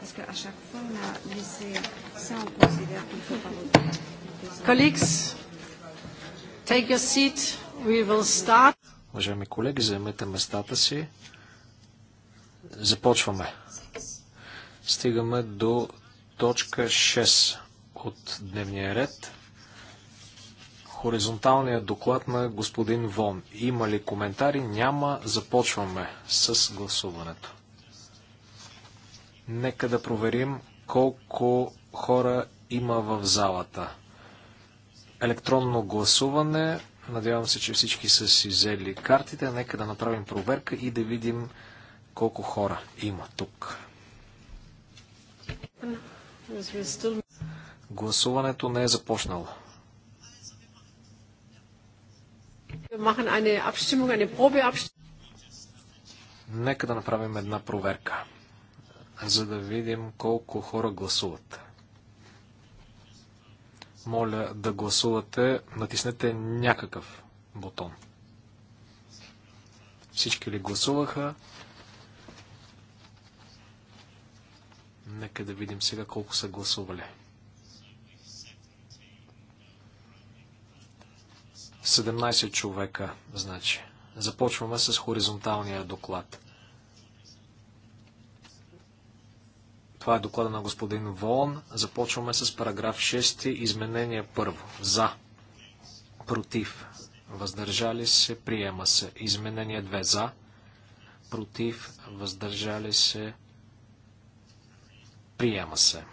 Speaker 1: Parce qu'à chaque fois, on a laissé ça, on considère qu'il ne faut pas voter. Colleagues, take your seat. We will start.
Speaker 4: Уважаеми колеги, заемете местата си. Започваме. Стигаме до точка 6 от дневния ред. Хоризонталният доклад на господин Вон. Има ли коментари? Няма. Започваме с гласуването. Нека да проверим колко хора има в залата. Електронно гласуване. Надявам се, че всички са си взели картите. Нека да направим проверка и да видим колко хора има тук. Гласуването не е започнало. Нека да направим една проверка, за да видим колко хора гласуват. Моля да гласувате, натиснете някакъв бутон. Всички ли гласуваха? Нека да видим сега колко са гласували. 17 човека, значи. Започваме с хоризонталния доклад. Това е доклада на господин Волн. Започваме с параграф 6, изменение първо. За, против, въздържали се, приема се. Изменение 2 за, против, въздържали се, приема се.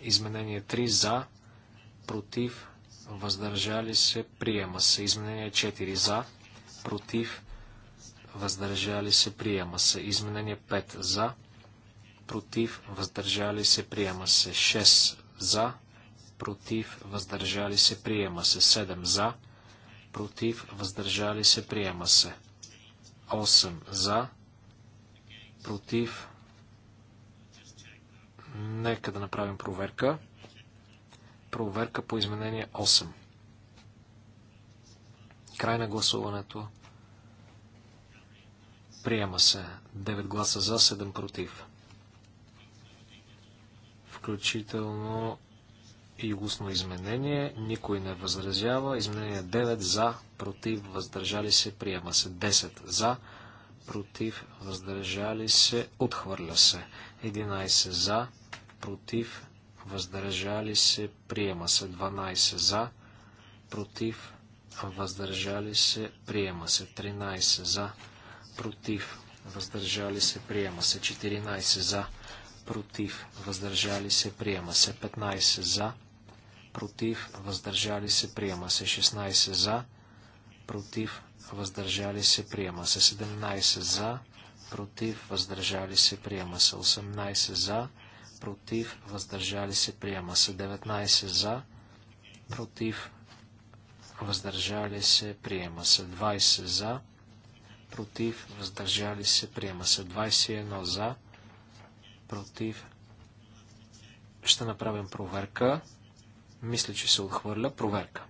Speaker 4: Изменение 3 за, против, въздържали се, приема се. Изменение 4 за, против, въздържали се, приема се. Изменение 5 за, против, въздържали се, приема се. 6 за, против, въздържали се, приема се. 7 за, против, въздържали се, приема се. 8 за, против, нека да направим проверка проверка по изменение 8. Край на гласуването. Приема се. 9 гласа за, 7 против. Включително и изменение. Никой не възразява. Изменение 9 за, против, въздържали се, приема се. 10 за, против, въздържали се, отхвърля се. 11 за, против, въздържали се, приема се. 12 за, против, въздържали се, приема се. 13 за, против, въздържали се, приема се. 14 за, против, въздържали се, приема се. 15 за, против, въздържали се, приема се. 16 за, против, въздържали се, приема се. 17 за, против, въздържали се, приема се. 18 за, против, въздържали се, приема се. 19 за, против, въздържали се, приема се. 20 за, против, въздържали се, приема се. 21 за, против. Ще направим проверка. Мисля, че се отхвърля. Проверка.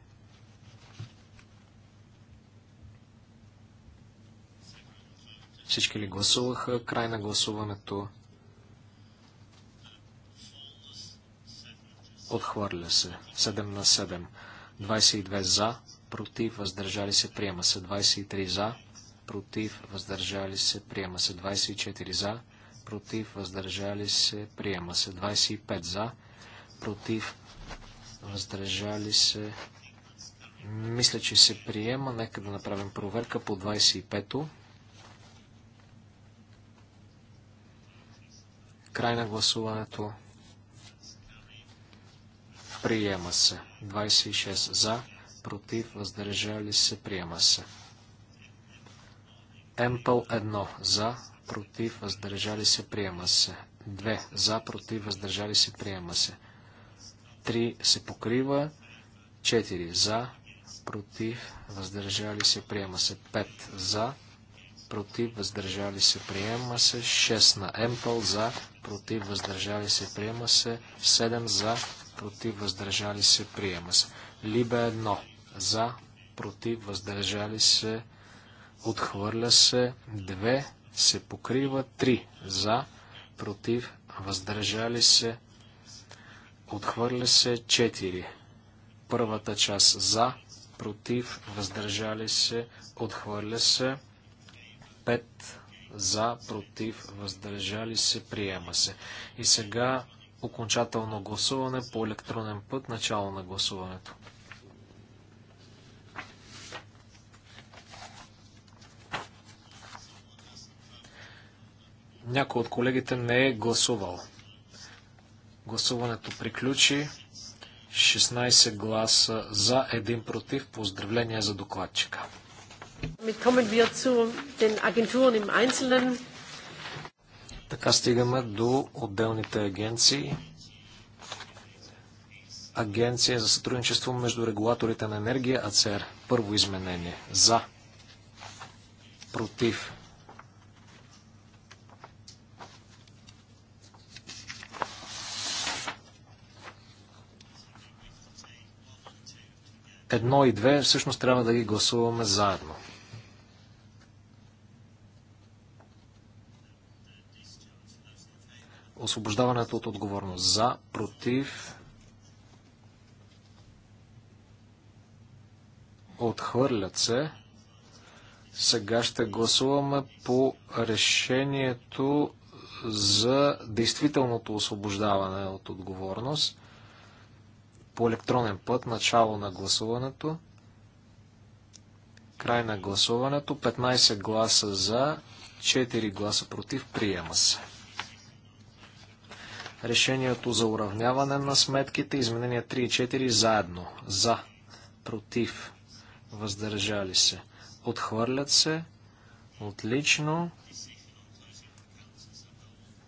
Speaker 4: Всички ли гласуваха? Край на гласуването. Отхвърля се. 7 на 7. 22 за, против, въздържали се, приема се. 23 за, против, въздържали се, приема се. 24 за, против, въздържали се, приема се. 25 за, против, въздържали се. Мисля, че се приема. Нека да направим проверка по 25-то. Край на гласуването приема се. 26 за, против, въздържали се, приема се. Емпъл 1 за, против, въздържали се, приема се. 2 за, против, въздържали се, приема се. 3 се покрива. 4 за, против, въздържали се, приема се. 5 за, против, въздържали се, приема се. 6 на Емпъл за, против, въздържали се, приема се. 7 за, против, въздържали се, приема се. Либе 1 за, против, въздържали се, отхвърля се. 2 се покрива. 3 за, против, въздържали се, отхвърля се. 4. Първата част за, против, въздържали се, отхвърля се. 5 за, против, въздържали се, приема се. И сега окончателно гласуване по електронен път, начало на гласуването. Някой от колегите не е гласувал. Гласуването приключи. 16 гласа за, 1 против. Поздравления за докладчика.
Speaker 1: Damit kommen wir zu den Agenturen im Einzelnen.
Speaker 4: Така стигаме до отделните агенции. Агенция за сътрудничество между регулаторите на енергия АЦР. Първо изменение. За. Против. Едно и две всъщност трябва да ги гласуваме заедно. освобождаването от отговорност. За, против, отхвърлят се. Сега ще гласуваме по решението за действителното освобождаване от отговорност по електронен път, начало на гласуването, край на гласуването, 15 гласа за, 4 гласа против, приема се решението за уравняване на сметките, изменения 3 и 4 заедно. За, против, въздържали се, отхвърлят се, отлично.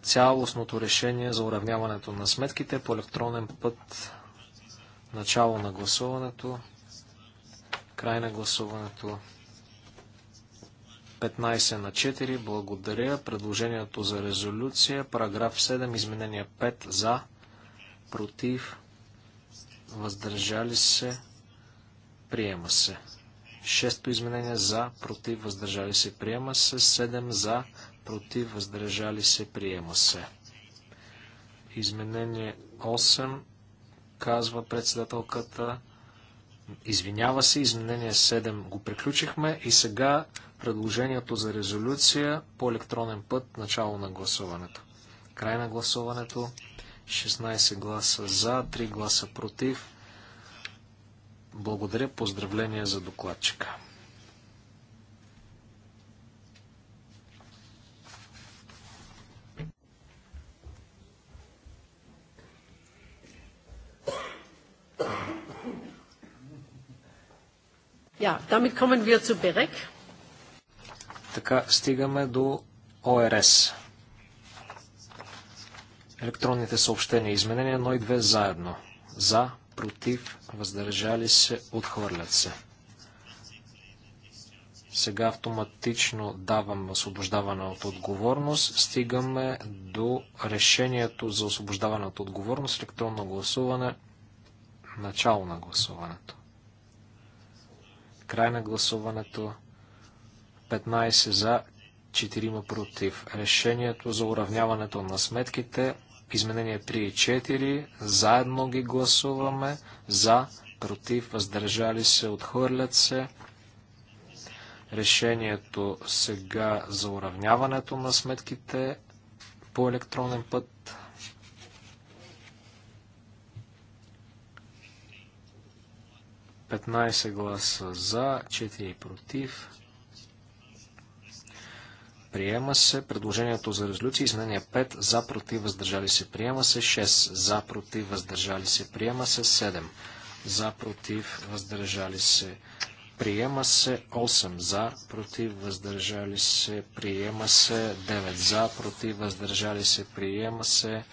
Speaker 4: Цялостното решение за уравняването на сметките по електронен път. Начало на гласуването, край на гласуването. 15 на 4. Благодаря. Предложението за резолюция. Параграф 7. Изменение 5. За. Против. Въздържали се. Приема се. Шесто изменение за, против, въздържали се, приема се. Седем за, против, въздържали се, приема се. Изменение 8, казва председателката. Извинява се, изменение 7 го приключихме и сега предложението за резолюция по електронен път, начало на гласуването. Край на гласуването, 16 гласа за, 3 гласа против. Благодаря, поздравления за докладчика.
Speaker 1: Ja, damit kommen wir zu BEREC.
Speaker 4: Така стигаме до ОРС. Електронните съобщения. Изменения но и две заедно. За, против, въздържали се, отхвърлят се. Сега автоматично давам освобождаване от отговорност. Стигаме до решението за освобождаване от отговорност, електронно гласуване, начало на гласуването. Край на гласуването. 15 за, 4 против. Решението за уравняването на сметките, изменение 3 и 4, заедно ги гласуваме, за, против, въздържали се, отхвърлят се. Решението сега за уравняването на сметките по електронен път. 15 гласа за, 4 против. Приема се предложението за резолюция. Изменение 5. За, против, въздържали се. Приема се 6. За, против, въздържали се. Приема се 7. За, против, въздържали се. Приема се 8 за, против, въздържали се. Приема се 9 за, против, въздържали се. Приема се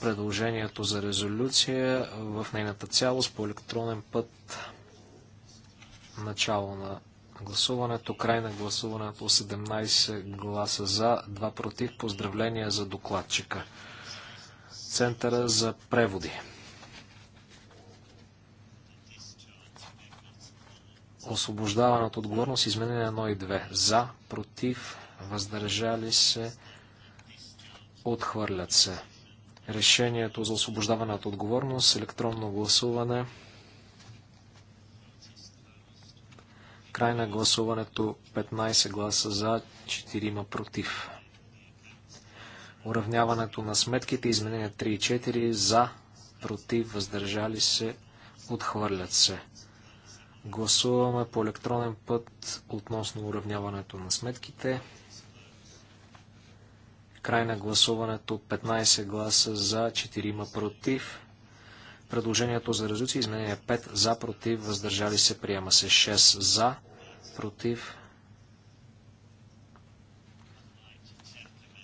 Speaker 4: предложението за резолюция в нейната цялост по електронен път. Начало на Гласуването, край на гласуването, 17 гласа за, 2 против. Поздравления за докладчика. Центъра за преводи. Освобождаване от отговорност, изменение 1 и 2. За, против, въздържали се, отхвърлят се. Решението за освобождаване от отговорност, електронно гласуване – Край на гласуването 15 гласа за, 4 против. Уравняването на сметките, изменения 3 и 4 за, против, въздържали се, отхвърлят се. Гласуваме по електронен път относно уравняването на сметките. Край на гласуването 15 гласа за, 4 против. Предложението за резолюция изменение 5 за, против, въздържали се, приема се 6 за, против.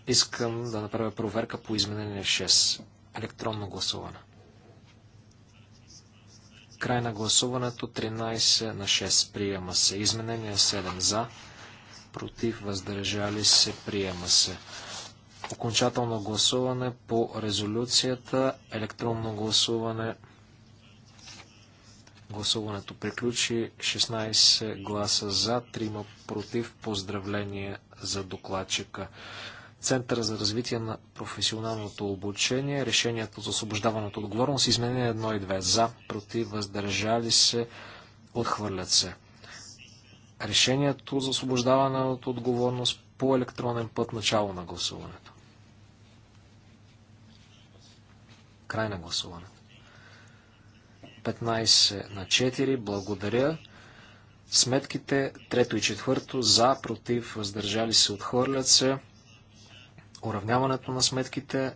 Speaker 4: Искам да направя проверка по изменение 6. Електронно гласуване. Край на гласуването 13 на 6. Приема се. Изменение 7 за, против, въздържали се, приема се. Окончателно гласуване по резолюцията. Електронно гласуване. Гласуването приключи. 16 гласа за, 3 против. Поздравление за докладчика. Център за развитие на професионалното обучение, решението за освобождаването от отговорност, изменение 1 и 2. За, против, въздържали се, отхвърлят се. Решението за освобождаване от отговорност по електронен път начало на гласуването. Край на гласуване. 15 на 4. Благодаря. Сметките, трето и четвърто, за, против, въздържали се, отхвърлят се. Уравняването на сметките,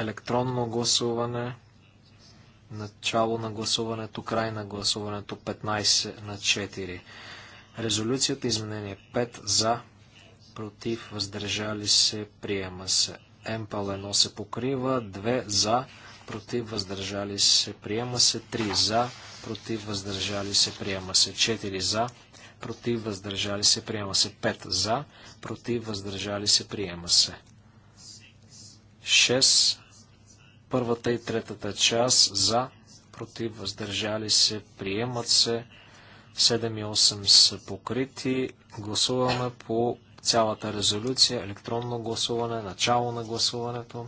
Speaker 4: електронно гласуване, начало на гласуването, край на гласуването, 15 на 4. Резолюцията, изменение 5, за, против, въздържали се, приема се. МПЛ-1 се покрива, 2 за, против, въздържали се, приема се, 3 за, против, въздържали се, приема се, 4 за, против, въздържали се, приема се, 5 за, против, въздържали се, приема се. 6. Първата и третата част за, против, въздържали се, приемат се. 7 и 8 са покрити. Гласуваме по цялата резолюция, електронно гласуване, начало на гласуването.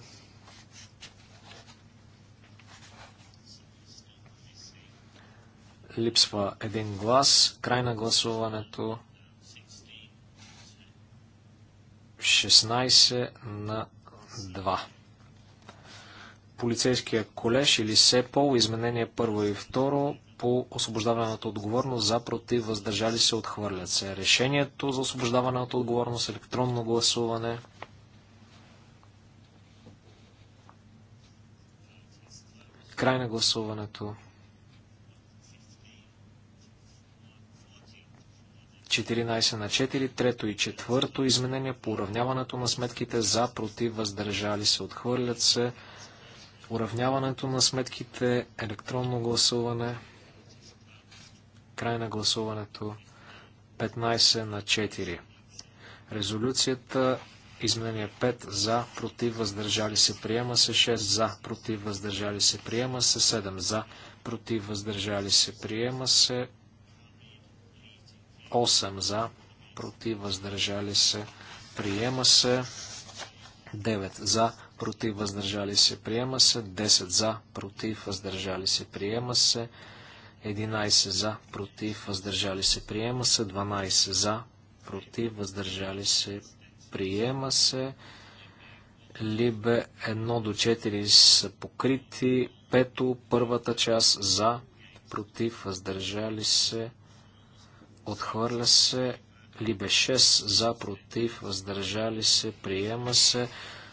Speaker 4: Липсва един глас, край на гласуването 16 на 2. Полицейския колеж или СЕПОЛ, изменение първо и второ, по освобождаването отговорност за против въздържали се отхвърлят се. Решението за освобождаването отговорност електронно гласуване. Край на гласуването. 14 на 4, трето и четвърто изменение по уравняването на сметките за, против, въздържали се, отхвърлят се. Уравняването на сметките, електронно гласуване. Край на гласуването 15 на 4. Резолюцията Изменение 5 за, против, въздържали се, приема се 6 за, против, въздържали се, приема се 7 за, против, въздържали се, приема се 8 за, против, въздържали се, приема се 9 за, против, въздържали се, приема се 10 за, против, въздържали се, приема се 11 за, против, въздържали се, приема се. 12 за, против, въздържали се, приема се. Либе 1 до 4 са покрити. Пето, първата част за, против, въздържали се, отхвърля се. Либе 6 за, против, въздържали се, приема се.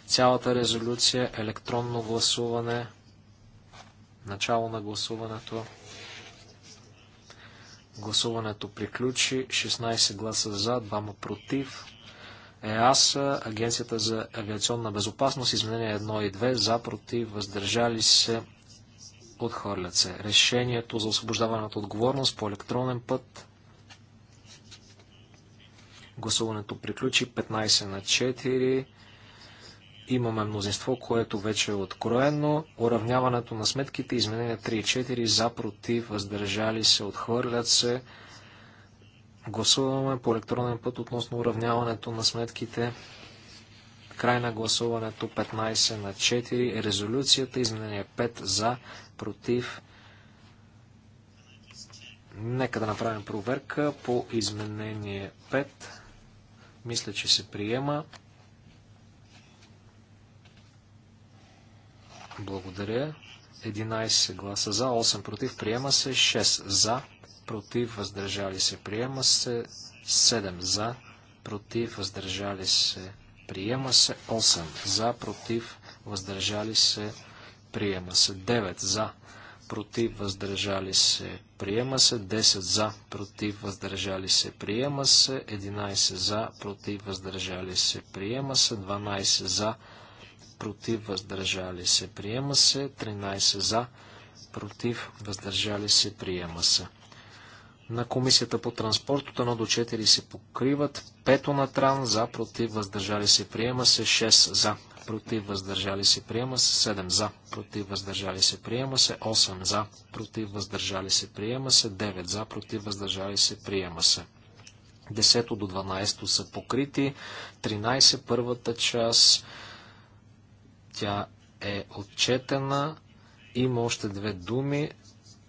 Speaker 4: Цялата резолюция, електронно гласуване, начало на гласуването. Гласуването приключи. 16 гласа за, 2 против. ЕАСА, Агенцията за авиационна безопасност, изменения 1 и 2, за, против, въздържали се, отхвърлят се. Решението за освобождаване от отговорност по електронен път. Гласуването приключи 15 на 4. Имаме мнозинство, което вече е откроено. Уравняването на сметките, изменения 3 и 4, за, против, въздържали се, отхвърлят се. Гласуваме по електронен път относно уравняването на сметките. Край на гласуването 15 на 4. Резолюцията, изменение 5 за, против. Нека да направим проверка по изменение 5. Мисля, че се приема. Благодаря. 11 гласа за, 8 против, приема се, 6 за, против, въздържали се, приема се, 7 за, против, въздържали се, приема се, 8 за, против, въздържали се, приема се, 9 за, против, въздържали се, приема се, 10 за, против, въздържали се, приема се, 11 за, против, въздържали се, приема се, 12 за, против, против, въздържали се, приема се. 13 за, против, въздържали се, приема се. На комисията по транспорт от 1 до 4 се покриват. 5 на Тран за, против, въздържали се, приема се. 6 за, против, въздържали се, приема се. 7 за, против, въздържали се, приема се. 8 за, против, въздържали се, приема се. 9 за, против, въздържали се, приема се. 10 до 12 са покрити, 13 първата част, тя е отчетена. Има още две думи.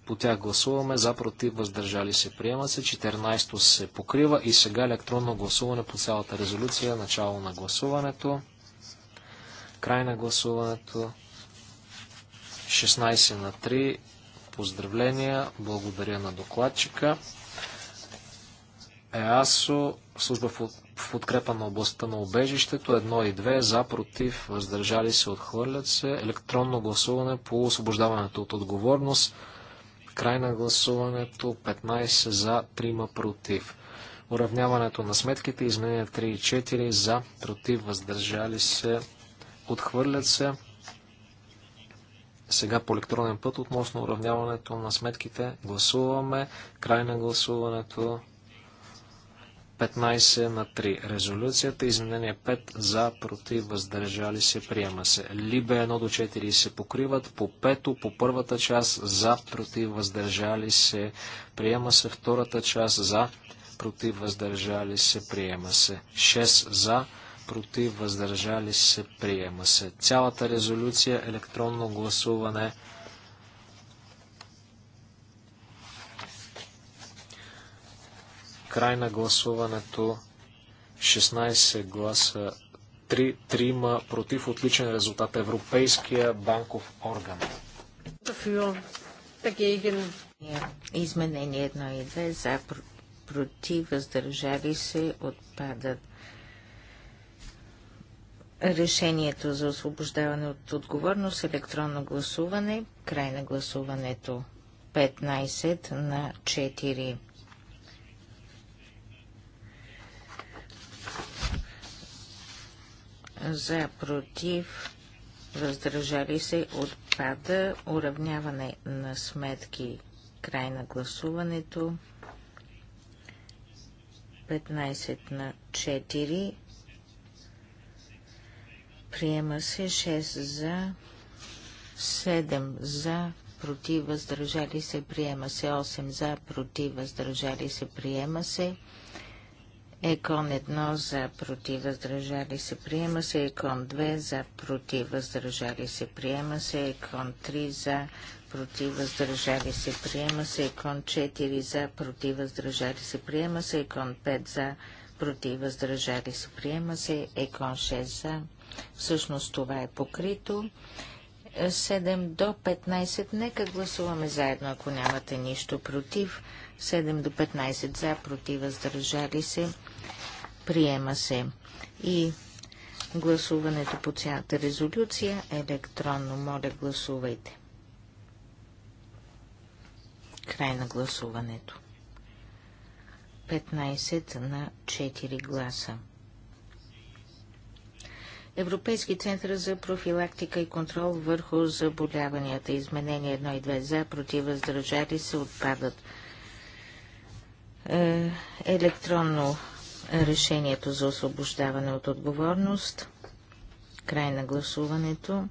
Speaker 4: По тях гласуваме за, против, въздържали се, приема се. 14 се покрива и сега електронно гласуване по цялата резолюция. Начало на гласуването. Край на гласуването. 16 на 3. Поздравления. Благодаря на докладчика. ЕАСО, служба по в подкрепа на областта на обежището. Едно и две за, против, въздържали се, отхвърлят се. Електронно гласуване по освобождаването от отговорност. Край на гласуването 15 за, 3 против. Уравняването на сметките, изменения 3 и 4 за, против, въздържали се, отхвърлят се. Сега по електронен път относно уравняването на сметките гласуваме. Край на гласуването 15 на 3. Резолюцията, изменение 5 за, против, въздържали се, приема се. Либе 1 до 4 се покриват, по 5 по първата част за, против, въздържали се, приема се. Втората част за, против, въздържали се, приема се. 6 за, против, въздържали се, приема се. Цялата резолюция, електронно гласуване, Край на гласуването. 16 гласа. 3, 3 ма против отличен резултат. Европейския банков орган.
Speaker 2: Изменение 1 и 2 за против, въздържали се, отпадат. Решението за освобождаване от отговорност електронно гласуване, край на гласуването 15 на 4. за против, въздържали се, отпада, уравняване на сметки, край на гласуването, 15 на 4, приема се 6 за, 7 за, против, въздържали се, приема се, 8 за, против, въздържали се, приема се, Екон 1 за против въздържали се приема се. Екон 2 за против въздържали се приема се. Екон 3 за против въздържали се приема се. Екон 4 за против въздържали се приема се. Екон 5 за против въздържали се приема се. Екон 6 за. Всъщност това е покрито. 7 до 15. Нека гласуваме заедно, ако нямате нищо против. 7 до 15 за, против, въздържали се. Приема се. И гласуването по цялата резолюция електронно. Моля, гласувайте. Край на гласуването. 15 на 4 гласа. Европейски център за профилактика и контрол върху заболяванията. Изменения 1 и 2 за, против, въздържали се, отпадат. Е, електронно решението за освобождаване от отговорност. Край на гласуването.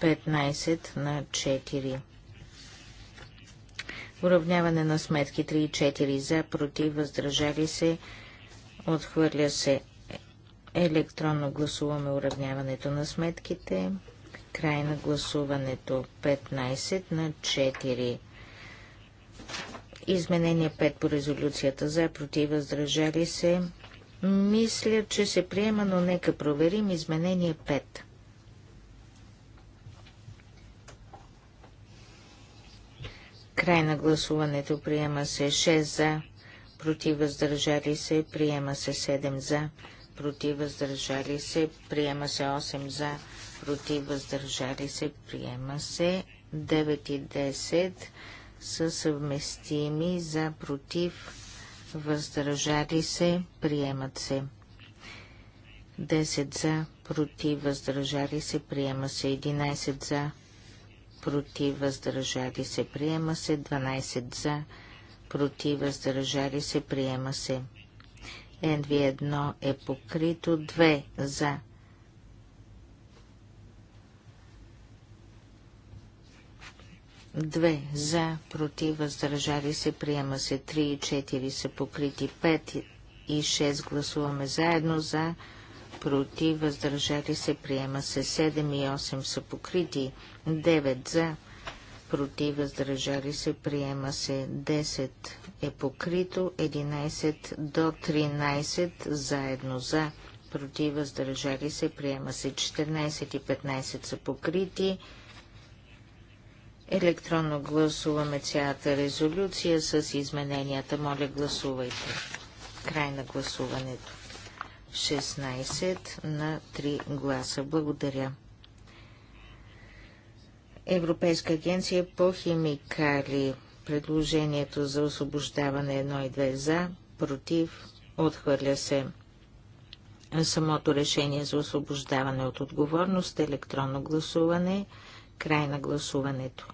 Speaker 2: 15 на 4. Уравняване на сметки 3 и 4 за, против, въздържали се, отхвърля се. Електронно гласуваме уравняването на сметките. Край на гласуването 15 на 4. Изменение 5 по резолюцията за, против, въздържали се. Мисля, че се приема, но нека проверим изменение 5. Край на гласуването приема се 6 за, против въздържали се, приема се 7 за, против въздържали се, приема се 8 за, против въздържали се, приема се 9 и 10 са съвместими за против, въздържали се, приемат се. 10 за, против, въздържали се, приема се. 11 за, против, въздържали се, приема се. 12 за, против, въздържали се, приема се. NV1 е покрито. 2 за, 2 за, против, въздържали се, приема се 3 и 4 са покрити 5 и 6 гласуваме заедно за, против, въздържали се, приема се 7 и 8 са покрити 9 за, против, въздържали се, приема се 10 е покрито 11 до 13 заедно за, против, въздържали се, приема се 14 и 15 са покрити Електронно гласуваме цялата резолюция с измененията. Моля, гласувайте. Край на гласуването. 16 на 3 гласа. Благодаря. Европейска агенция по химикали. Предложението за освобождаване 1 и 2 за, против, отхвърля се. Самото решение за освобождаване от отговорност, електронно гласуване – Край на гласуването.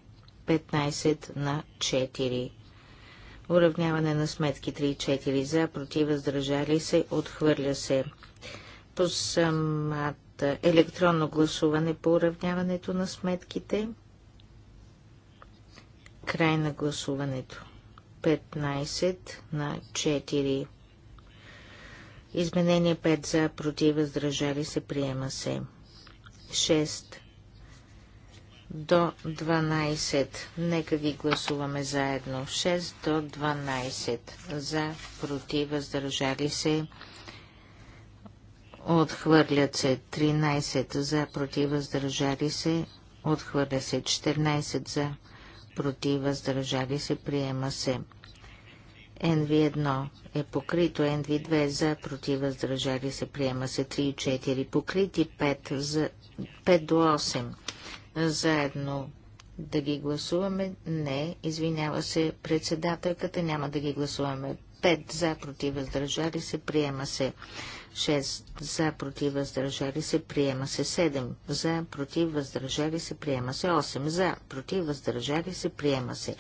Speaker 2: 15 на 4. Уравняване на сметки 3 и 4 за, против, въздържали се, отхвърля се. По самата електронно гласуване по уравняването на сметките. Край на гласуването. 15 на 4. Изменение 5 за, против, въздържали се, приема се. 6 до 12. Нека ги гласуваме заедно. 6 до 12. За, против, въздържали се. Отхвърлят се 13 за, против, въздържали се. Отхвърля се 14 за, против, въздържали се. Приема се. NV1 е покрито, NV2 е за, против, въздържали се. Приема се 3 и 4 покрити, 5, за, 5 до 8 заедно. Да ги гласуваме? Не, извинява се председателката, няма да ги гласуваме. 5 за, против, въздържали се, приема се. 6 за, против, въздържали се, приема се. 7 за, против, въздържали се, приема се. 8 за, против, въздържали се, приема се.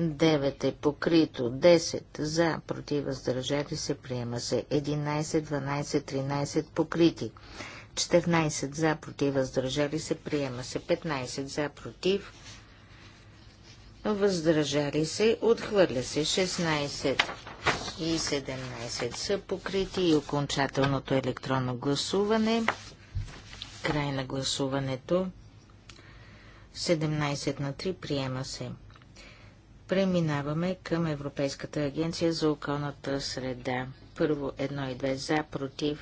Speaker 2: 9 е покрито, 10 за, против, въздържали се, приема се, 11, 12, 13 покрити, 14 за, против, въздържали се, приема се. 15 за, против, въздържали се, отхвърля се. 16 и 17 са покрити и окончателното електронно гласуване. Край на гласуването. 17 на 3 приема се. Преминаваме към Европейската агенция за околната среда. Първо 1 и 2 за, против,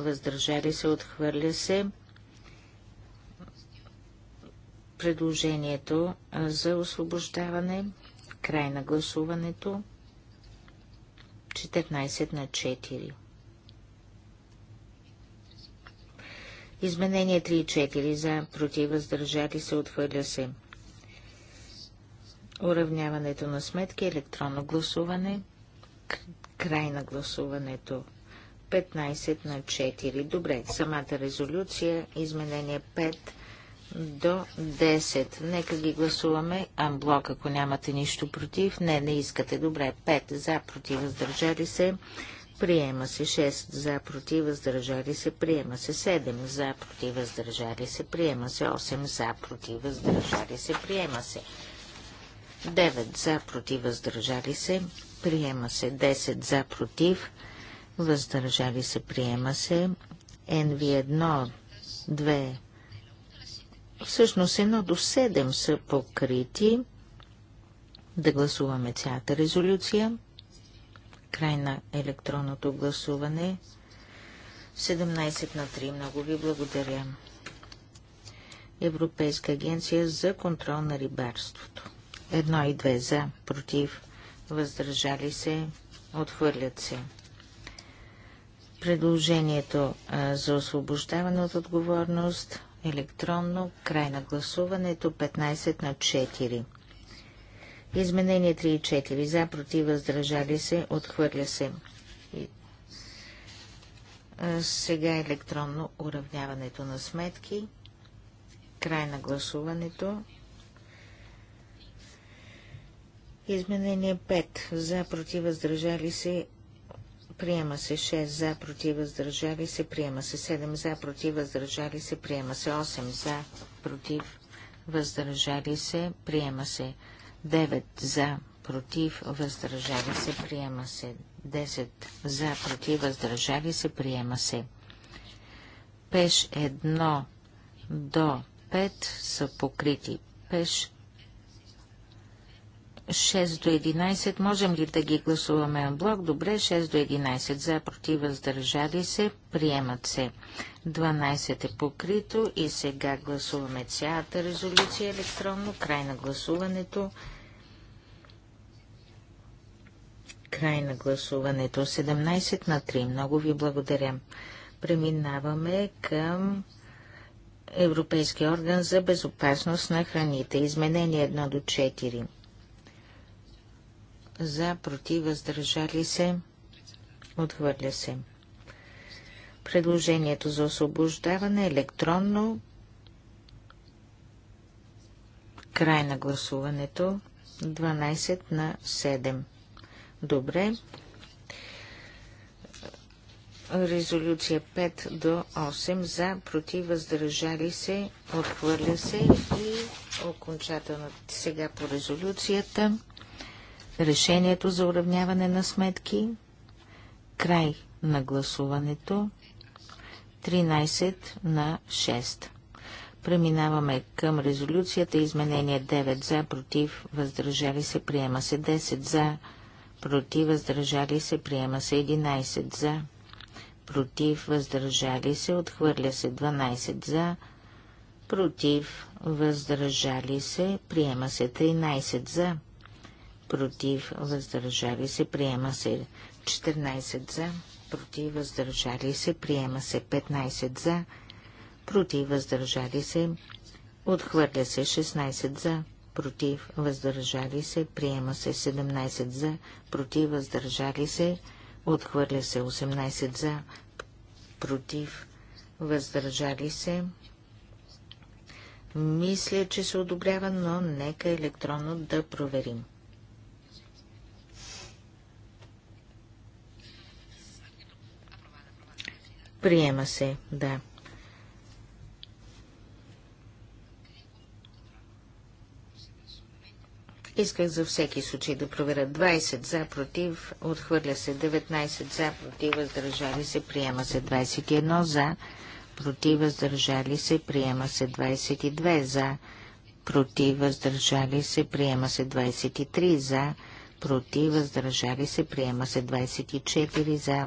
Speaker 2: въздържали се, отхвърля се. Предложението за освобождаване, край на гласуването, 14 на 4. Изменение 3 4 за против въздържали се отхвърля се. Уравняването на сметки, електронно гласуване, край на гласуването 15 на 4. Добре, самата резолюция, изменение 5 до 10. Нека ги гласуваме амблок, ако нямате нищо против. Не, не искате. Добре, 5 за, против, въздържали се. Приема се 6 за, против, въздържали се. Приема се 7 за, против, въздържали се. Приема се 8 за, против, въздържали се. Приема се 9 за, против, въздържали се. Приема се 10 за, против, въздържали се въздържали се, приема се. NV1, 2, всъщност 1 до 7 са покрити. Да гласуваме цялата резолюция. Край на електронното гласуване. 17 на 3. Много ви благодаря. Европейска агенция за контрол на рибарството. Едно и две за, против, въздържали се, отхвърлят се. Предложението за освобождаване от отговорност електронно, край на гласуването 15 на 4. Изменение 3 и 4. За, против, въздържали се, отхвърля се. И... Сега електронно уравняването на сметки. Край на гласуването. Изменение 5. За, против, въздържали се, Приема се 6 за, против, въздържали се. Приема се 7 за, против, въздържали се. Приема се 8 за, против, въздържали се. Приема се 9 за, против, въздържали се. Приема се 10 за, против, въздържали се. Приема се. Пеш 1 до 5 са покрити. Пеш 6 до 11. Можем ли да ги гласуваме на блок? Добре, 6 до 11. За, против, въздържали се, приемат се. 12 е покрито и сега гласуваме цялата резолюция електронно. Край на гласуването. Край на гласуването. 17 на 3. Много ви благодаря. Преминаваме към Европейския орган за безопасност на храните. Изменение 1 до 4 за, против, въздържали се, отхвърля се. Предложението за освобождаване е електронно. Край на гласуването. 12 на 7. Добре. Резолюция 5 до 8 за, против, въздържали се, отхвърля се и окончателно сега по резолюцията решението за уравняване на сметки. Край на гласуването. 13 на 6. Преминаваме към резолюцията. Изменение 9 за, против, въздържали се, приема се 10 за, против, въздържали се, приема се 11 за, против, въздържали се, отхвърля се 12 за, против, въздържали се, приема се 13 за, против, въздържали се, приема се 14 за, против, въздържали се, приема се 15 за, против, въздържали се, отхвърля се 16 за, против, въздържали се, приема се 17 за, против, въздържали се, отхвърля се 18 за, против, въздържали се. Мисля, че се одобрява, но нека електронно да проверим. Приема се, да. Исках за всеки случай да проверя 20 за, против, отхвърля се 19 за, против, въздържали се, приема се 21 за, против, въздържали се, приема се 22 за, против, въздържали се, приема се 23 за, против, въздържали се, приема се 24 за,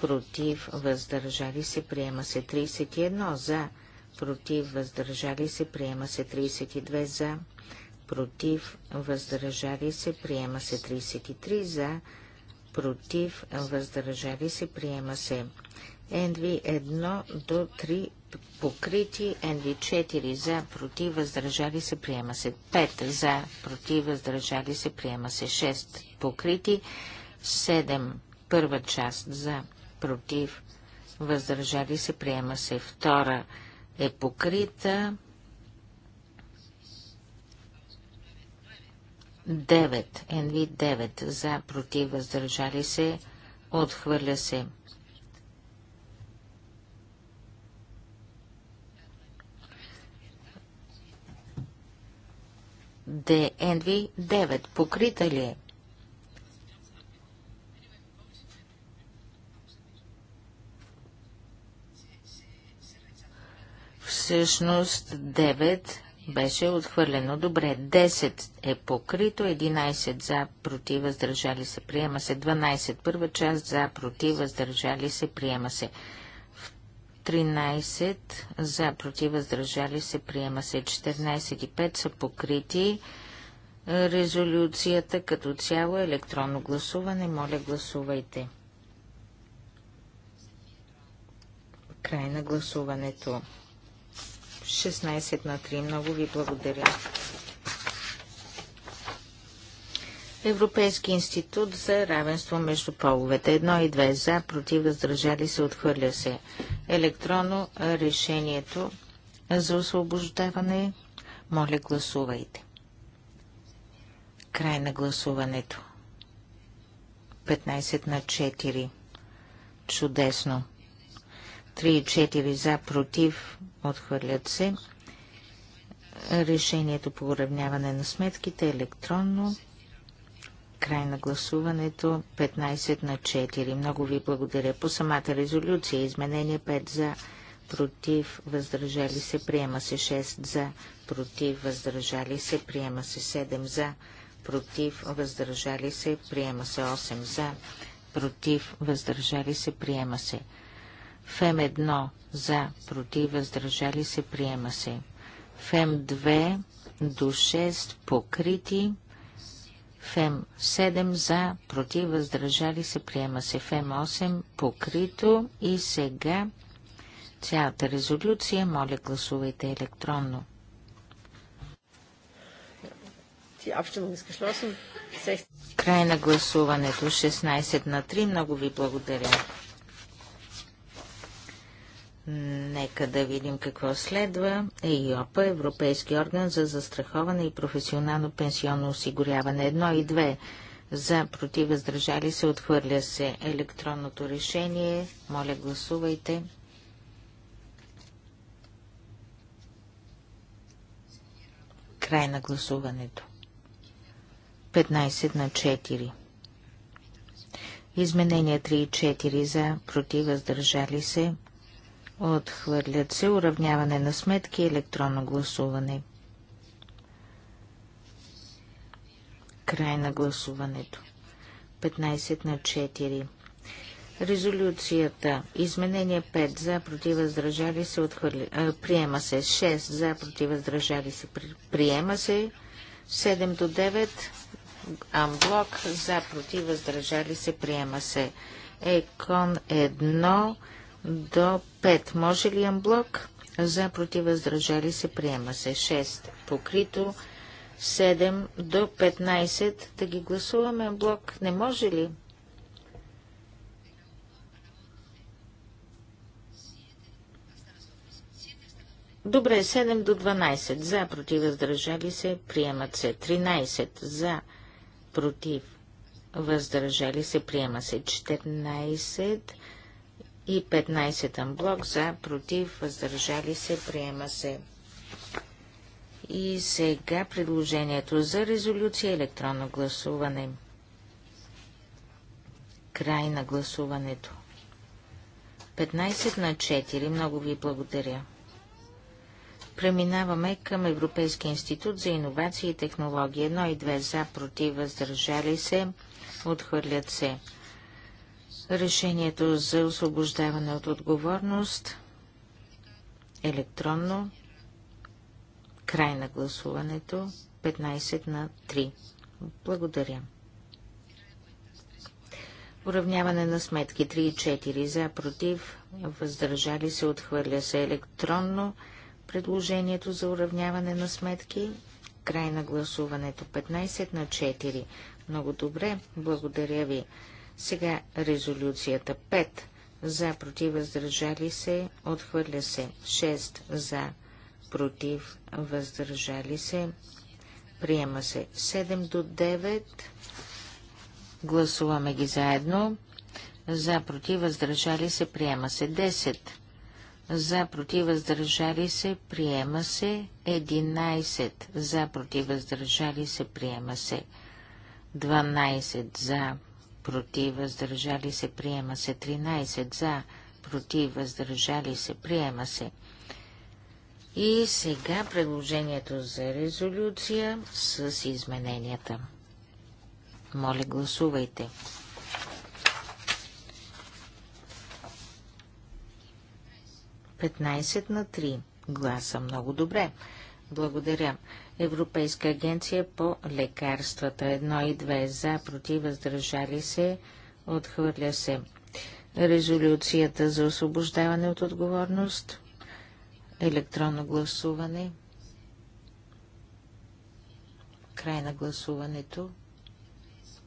Speaker 2: против, въздържали се, приема се 31 за, против, въздържали се, приема се 32 за, против, въздържали се, приема се 33 за, против, въздържали се, приема се NV1 до 3 покрити, NV4 за, против, въздържали се, приема се 5 за, против, въздържали се, приема се 6 покрити, 7 първа част за, против, въздържали се, приема се. Втора е покрита. 9, NV9, за, против, въздържали се, отхвърля се. ДНВ 9, покрита ли е? всъщност 9 беше отхвърлено. Добре, 10 е покрито, 11 за, против, въздържали се, приема се. 12 първа част за, против, въздържали се, приема се. 13 за, против, въздържали се, приема се. 14 и 5 са покрити. Резолюцията като цяло е електронно гласуване. Моля, гласувайте. Край на гласуването. 16 на 3. Много ви благодаря. Европейски институт за равенство между половете. Едно и две за, против, въздържали се, отхвърля се. Електронно решението за освобождаване. Моля, гласувайте. Край на гласуването. 15 на 4. Чудесно. 3 и 4 за, против, Отхвърлят се. Решението по уравняване на сметките е електронно. Край на гласуването 15 на 4. Много ви благодаря. По самата резолюция изменение 5 за против, въздържали се, приема се 6 за, против, въздържали се, приема се 7 за, против, въздържали се, приема се 8 за, против, въздържали се, приема се ФЕМ 1 за, против, въздържали се, приема се. ФЕМ 2 до 6 покрити. ФЕМ 7 за, против, въздържали се, приема се. ФЕМ 8 покрито. И сега цялата резолюция, моля гласувайте електронно. Край на гласуването 16 на 3. Много ви благодаря. Нека да видим какво следва. ЕИОПА, Европейски орган за застраховане и професионално пенсионно осигуряване. Едно и две. За, против, въздържали се, отхвърля се електронното решение. Моля, гласувайте. Край на гласуването. 15 на 4. Изменения 3 и 4 за, против, въздържали се, Отхвърлят се уравняване на сметки и електронно гласуване. Край на гласуването. 15 на 4. Резолюцията. Изменение 5. За против въздържали се отхвърли. А, приема се. 6. За против въздържали се. Приема се. 7 до 9. Амблок. За против въздържали се. Приема се. Екон 1 до 5. Може ли амблок? За против въздържали се приема се 6. Покрито 7 до 15. Да ги гласуваме амблок. Не може ли? Добре, 7 до 12. За против въздържали се приемат се 13. За против въздържали се приема се 14 и 15 блок за, против, въздържали се, приема се. И сега предложението за резолюция електронно гласуване. Край на гласуването. 15 на 4. Много ви благодаря. Преминаваме към Европейския институт за иновации и технологии. 1 и 2 за, против, въздържали се, отхвърлят се. Решението за освобождаване от отговорност електронно. Край на гласуването 15 на 3. Благодаря. Уравняване на сметки 3 и 4 за, против, въздържали се, отхвърля се електронно. Предложението за уравняване на сметки. Край на гласуването 15 на 4. Много добре, благодаря ви. Сега резолюцията 5 за против въздържали се, отхвърля се 6 за против въздържали се, приема се 7 до 9. Гласуваме ги заедно. За против въздържали се, приема се 10. За против въздържали се, приема се 11. За против въздържали се, приема се 12. За против, въздържали се, приема се. 13 за, против, въздържали се, приема се. И сега предложението за резолюция с измененията. Моля, гласувайте. Петнайсет на три гласа. Много добре. Благодаря. Европейска агенция по лекарствата. Едно и две за, против, въздържали се, отхвърля се. Резолюцията за освобождаване от отговорност. Електронно гласуване. Край на гласуването.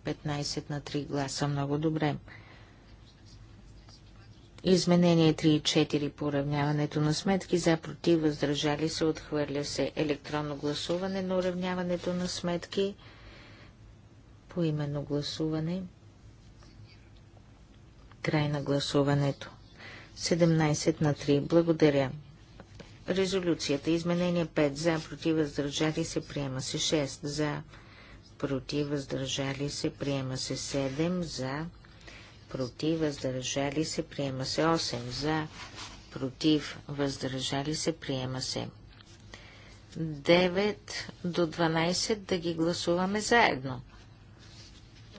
Speaker 2: 15 на 3 гласа. Много добре. Изменение 3 и 4 по уравняването на сметки за против въздържали се отхвърля се електронно гласуване на уравняването на сметки по именно гласуване. Край на гласуването. 17 на 3. Благодаря. Резолюцията. Изменение 5. За, против, въздържали се, приема се 6. За, против, въздържали се, приема се 7. За, против, въздържали се, приема се. 8 за, против, въздържали се, приема се. 9 до 12 да ги гласуваме заедно.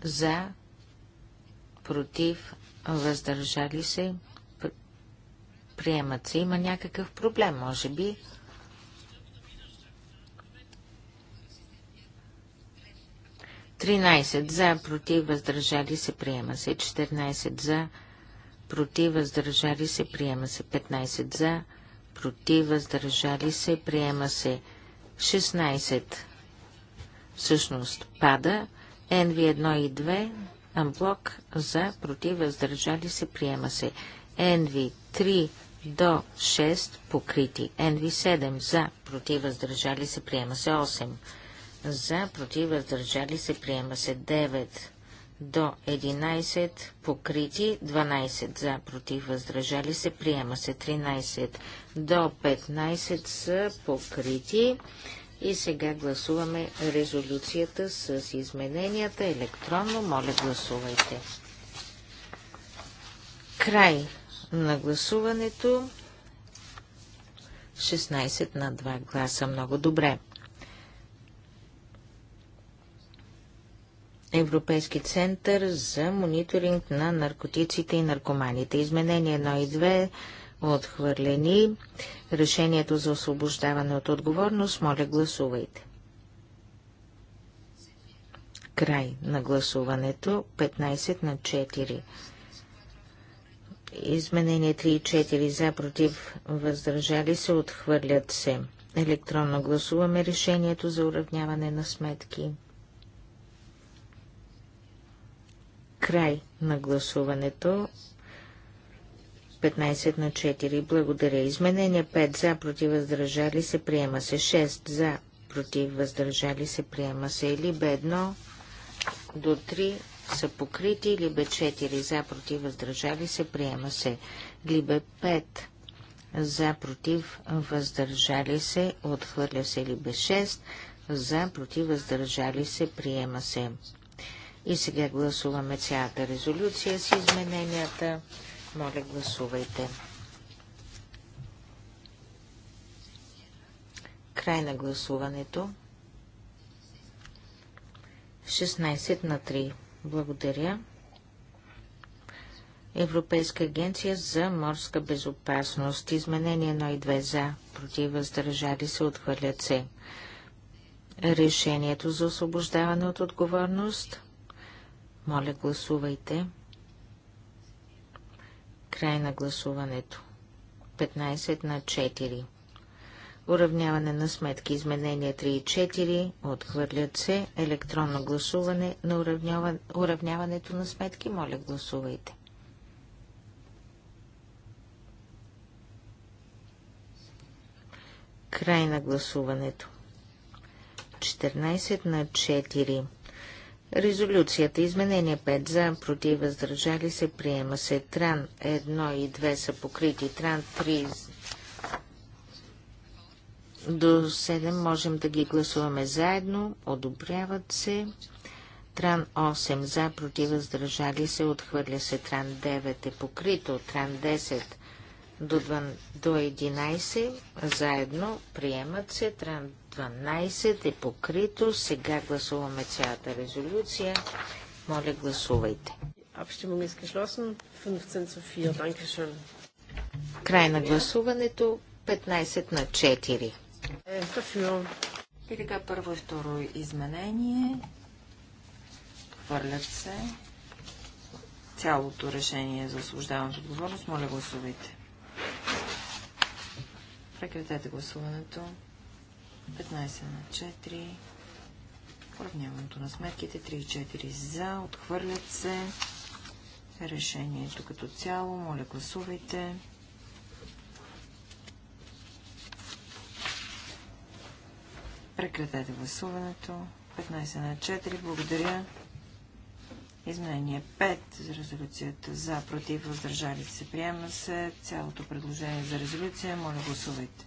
Speaker 2: За, против, въздържали се, приемат се. Има някакъв проблем, може би. 13 за, против, въздържали се, приема се. 14 за, против, въздържали се, приема се. 15 за, против, въздържали се, приема се. 16 всъщност пада. NV1 и 2 Амблок за, против, въздържали се, приема се. NV 3 до 6 покрити. NV 7 за, против, въздържали се, приема се. 8 за, против, въздържали се, приема се 9 до 11, покрити 12 за, против, въздържали се, приема се 13 до 15 са покрити. И сега гласуваме резолюцията с измененията електронно. Моля, гласувайте. Край на гласуването. 16 на 2 гласа. Много добре. Европейски център за мониторинг на наркотиците и наркоманите. Изменение 1 и 2 отхвърлени. Решението за освобождаване от отговорност, моля гласувайте. Край на гласуването 15 на 4. Изменение 3 и 4 за против въздържали се отхвърлят се. Електронно гласуваме решението за уравняване на сметки. Край на гласуването. 15 на 4. Благодаря. Изменение 5 за, против, въздържали се, приема се. 6 за, против, въздържали се, приема се. Или бе 1 до 3 са покрити, или бе 4 за, против, въздържали се, приема се. Или бе 5 за, против, въздържали се, отхвърля се. Или бе 6 за, против, въздържали се, приема се. И сега гласуваме цялата резолюция с измененията. Моля, гласувайте. Край на гласуването. 16 на 3. Благодаря. Европейска агенция за морска безопасност. Изменение 1 и 2 за. Против въздържали се отхвърлят се. Решението за освобождаване от отговорност моля, гласувайте. Край на гласуването. 15 на 4. Уравняване на сметки. Изменения 3 и 4. Отхвърлят се. Електронно гласуване на уравняване, уравняването на сметки. Моля, гласувайте. Край на гласуването. 14 на 4. Резолюцията изменение 5 за, против, въздържали се, приема се. Тран 1 и 2 са покрити. Тран 3 до 7 можем да ги гласуваме заедно. Одобряват се. Тран 8 за, против, въздържали се, отхвърля се. Тран 9 е покрито. Тран 10 до, 11 заедно приемат се. Тран 12 е покрито. Сега гласуваме цялата резолюция. Моля, гласувайте. Е Край на гласуването 15 на 4.
Speaker 1: Е, и така първо и
Speaker 3: второ изменение.
Speaker 2: Хвърлят се.
Speaker 3: Цялото решение за освобождаването отговорност. Моля, гласувайте. Прекратете гласуването. 15 на 4. Уравняването на сметките 3 и 4 за. Отхвърлят се. Решението като цяло. Моля, гласувайте. Прекратете гласуването. 15 на 4. Благодаря. Изменение 5 за резолюцията за, против, въздържали се. Приема се цялото предложение за резолюция. Моля, гласувайте.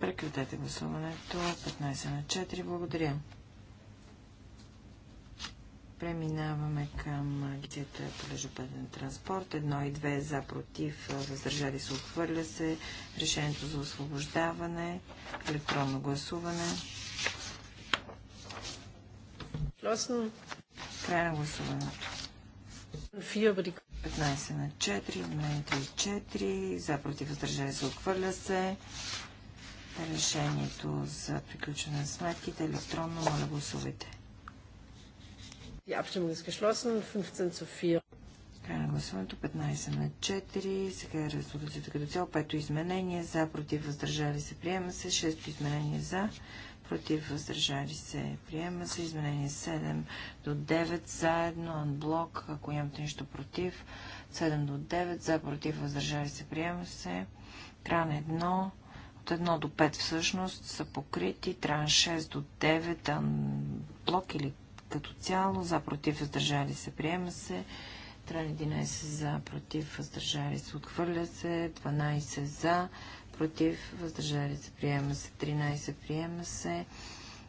Speaker 3: Прекратете гласуването. 15 на 4. Благодаря. Преминаваме към агитията по лежопеден транспорт. Едно и две за против, въздържали се, отхвърля се. Решението за освобождаване, електронно гласуване. Лосно. Край на гласуването. 15 на 4, на 3 4, за против, въздържали се, отхвърля се решението за приключване на сметките електронно. Моля гласувайте. Край на гласуването 15 на 4. Сега е резолюцията като цяло. Пето изменение за, против, въздържали се, приема се. Шесто изменение за, против, въздържали се, приема се. Изменение 7 до 9 заедно, анблок, ако нямате нищо против. 7 до 9 за, против, въздържали се, приема се. Кран 1 от 1 до 5 всъщност са покрити, тран 6 до 9, блок или като цяло, за против въздържали се, приема се, тран 11 за против въздържали се, отхвърля се, 12 за против въздържали се, приема се, 13 приема се.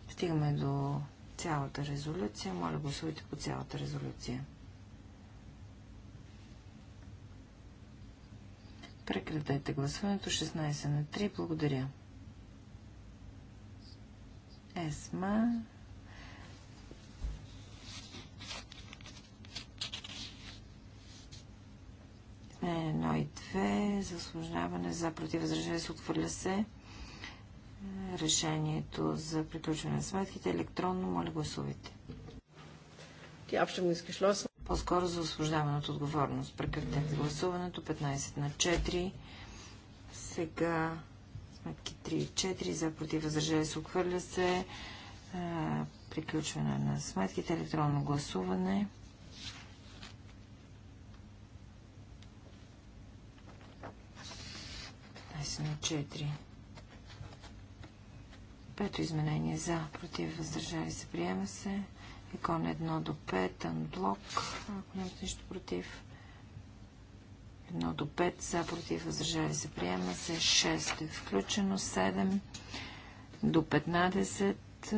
Speaker 3: Стигаме до цялата резолюция. Моля, гласувайте по цялата резолюция. Прекратете гласуването. 16 на 3. Благодаря. Есма. Едно и 2. Заслужаване за противъзражение се отхвърля се. Решението за приключване на сметките електронно. Моля гласувайте. Die Abstimmung ist geschlossen по-скоро за освобождаване от отговорност. Прекратете гласуването. 15 на 4. Сега сметки 3 и 4. За против възражение се отхвърля се. приключване на сметките. Електронно гласуване. на 4. Пето изменение за, против, въздържали се, приема се. Икон 1 до 5, анблок, ако нямате нищо против. 1 до 5, за, против, възражали се, приема се. 6 е включено, 7 до 15,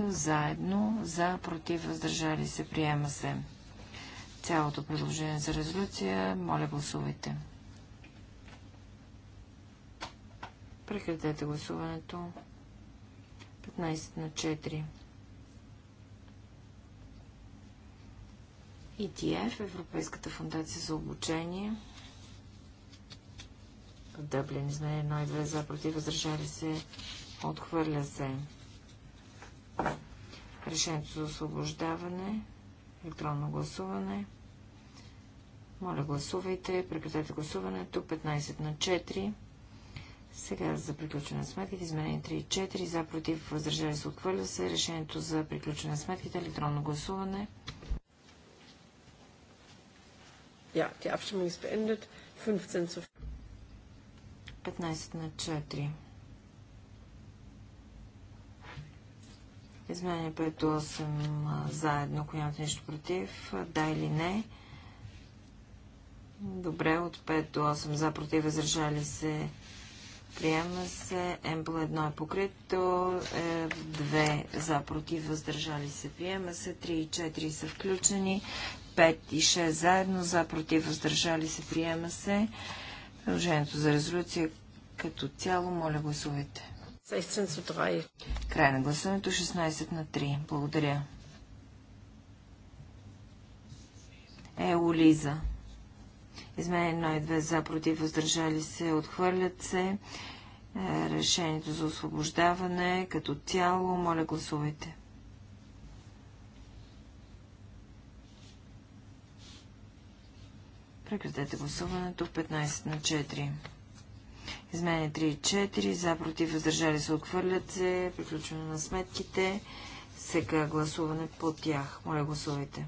Speaker 3: заедно, за, против, въздържали се, приема се. Цялото предложение за резолюция, моля гласувайте. Прекратете гласуването. 15 на 4. ETF, Европейската фундация за обучение. Дъблин, измене едно и две за, против, възражали се, отхвърля се. Решението за освобождаване, електронно гласуване. Моля, гласувайте. Прекратете гласуването. 15 на 4. Сега за приключване на сметките. Изменение 3 и 4. За, против, възражали се, отхвърля се. Решението за приключване на сметките. Електронно
Speaker 1: гласуване. Ja, die Abstimmung ist beendet. 15 zu 15
Speaker 3: на 4. Изменение 5-8 заедно, ако нямате нищо против, да или не. Добре, от 5 до 8 за против, въздържали се, приема се. МПЛ 1 е покрито, 2 за против, въздържали се, приема се. 3 и 4 са включени. 5 и 6 заедно, за, против, въздържали се, приема се. Предложението за резолюция като цяло, моля гласувайте. 16 Край на гласуването 16 на 3. Благодаря. Еолиза. Изменено и 2 за, против, въздържали се, отхвърлят се. Е, решението за освобождаване като цяло, моля гласувайте. Прекратете гласуването. 15 на 4. Измене 3 и 4. За, против, въздържали се, отхвърлят се. Приключване на сметките. Сега гласуване по тях. Моля, гласувайте.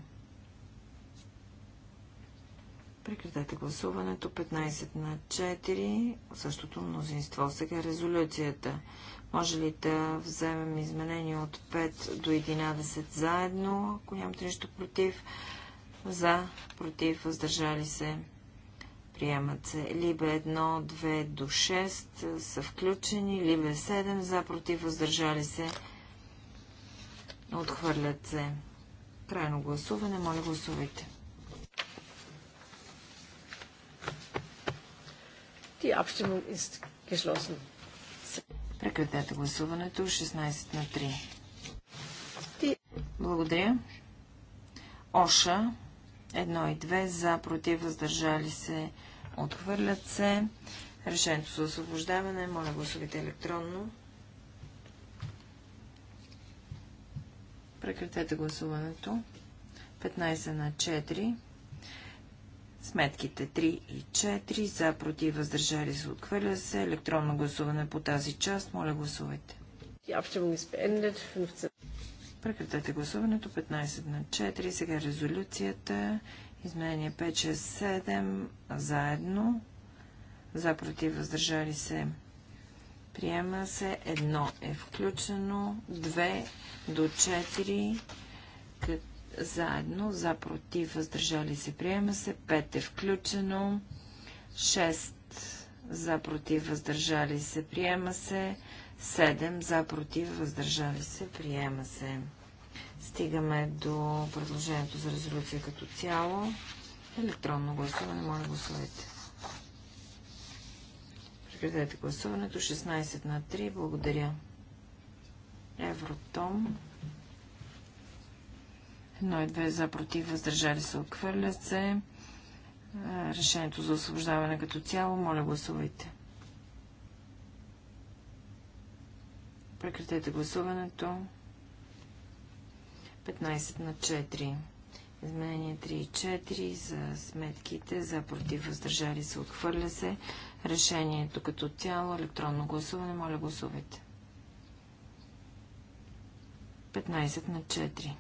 Speaker 3: Прекратете гласуването. 15 на 4. Същото мнозинство. Сега резолюцията. Може ли да вземем изменение от 5 до 11 заедно, ако нямате нищо против? за, против, въздържали се, приемат се. Либе 1, 2 до 6 са включени, либе 7 за, против, въздържали се, отхвърлят се. Крайно гласуване, моля гласувайте.
Speaker 1: Ти Abstimmung ist geschlossen.
Speaker 3: Прекратете гласуването. 16 на 3. Благодаря. Оша 1 и 2 за, против, въздържали се, отхвърлят се. Решението за освобождаване, моля гласувайте електронно. Прекратете гласуването. 15 на 4. Сметките 3 и 4. За, против, въздържали се, отхвърля се. Електронно гласуване по тази част. Моля, гласувайте. Прекратете гласуването. 15 на 4. Сега резолюцията. Изменение 5, 6, 7. Заедно. За против въздържали се. Приема се. Едно е включено. 2 до 4. Заедно. За против въздържали се. Приема се. 5 е включено. 6 за против въздържали се. Приема се. 7 за, против, въздържали се, приема се. Стигаме до предложението за резолюция като цяло. Електронно гласуване, моля гласувайте. Прекратете гласуването. 16 на 3. Благодаря. Евротом. Едно и две за, против, въздържали се, отхвърлят се. Решението за освобождаване като цяло, моля гласувайте. Прекратете гласуването. 15 на 4. Изменение 3 и 4 за сметките, за против, въздържали се, отхвърля се. Решението като цяло, електронно гласуване, моля гласувайте. 15 на 4.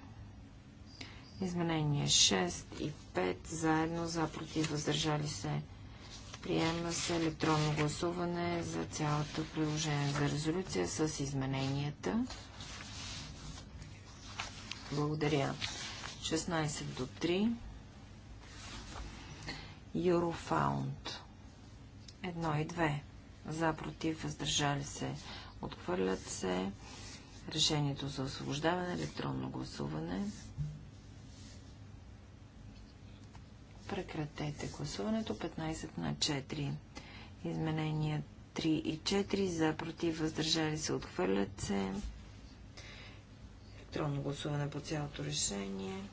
Speaker 3: Изменение 6 и 5 заедно за против въздържали се Приема се електронно гласуване за цялото приложение за резолюция с измененията. Благодаря. 16 до 3. Eurofound. 1 и 2. За, против, въздържали се, отхвърлят се. Решението за освобождаване, електронно гласуване. Прекратете гласуването. 15 на 4. Изменения 3 и 4. За, против, въздържали се, отхвърлят се. Електронно гласуване по цялото решение.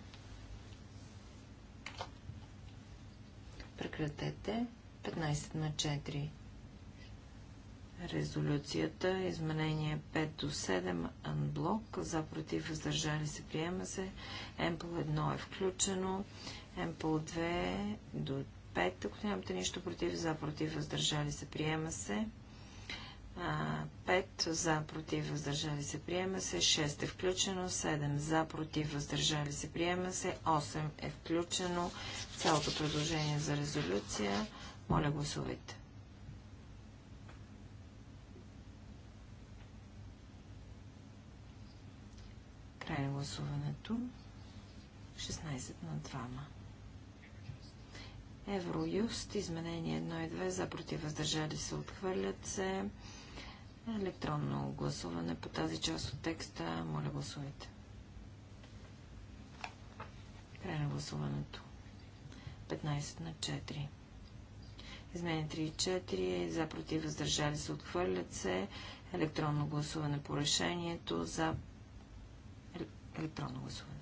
Speaker 3: Прекратете. 15 на 4. Резолюцията. Изменение 5 до 7. Анблок. За, против, въздържали се, приема се. МПЛ 1 е включено по 2 до 5, ако нямате нищо против, за, против, въздържали се, приема се. 5 за, против, въздържали се, приема се. 6 е включено. 7 за, против, въздържали се, приема се. 8 е включено. Цялото предложение за резолюция. Моля, гласувайте. Край на гласуването. 16 на 2. Евроюст, изменение 1 и 2, за против въздържали се, отхвърлят се. Електронно гласуване по тази част от текста. Моля гласувайте. Край на гласуването. 15 на 4. Измене 3 и 4. За против въздържали се, отхвърлят се. Електронно гласуване по решението за електронно гласуване.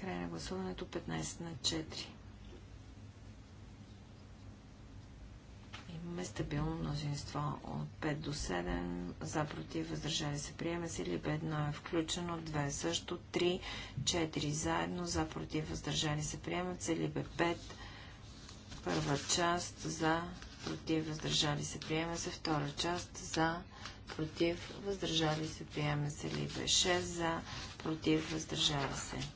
Speaker 3: Край на гласуването 15 на 4. Имаме стабилно мнозинство от 5 до 7, за против, въздържали се, приема се, либо едно е включено, 2 е също, 3, 4 заедно, за против, въздържали се, приемат се, либо 5, първа част, за против, въздържали се, приема се, втора част, за против, въздържали се, приема се, либо 6, за против, въздържали се.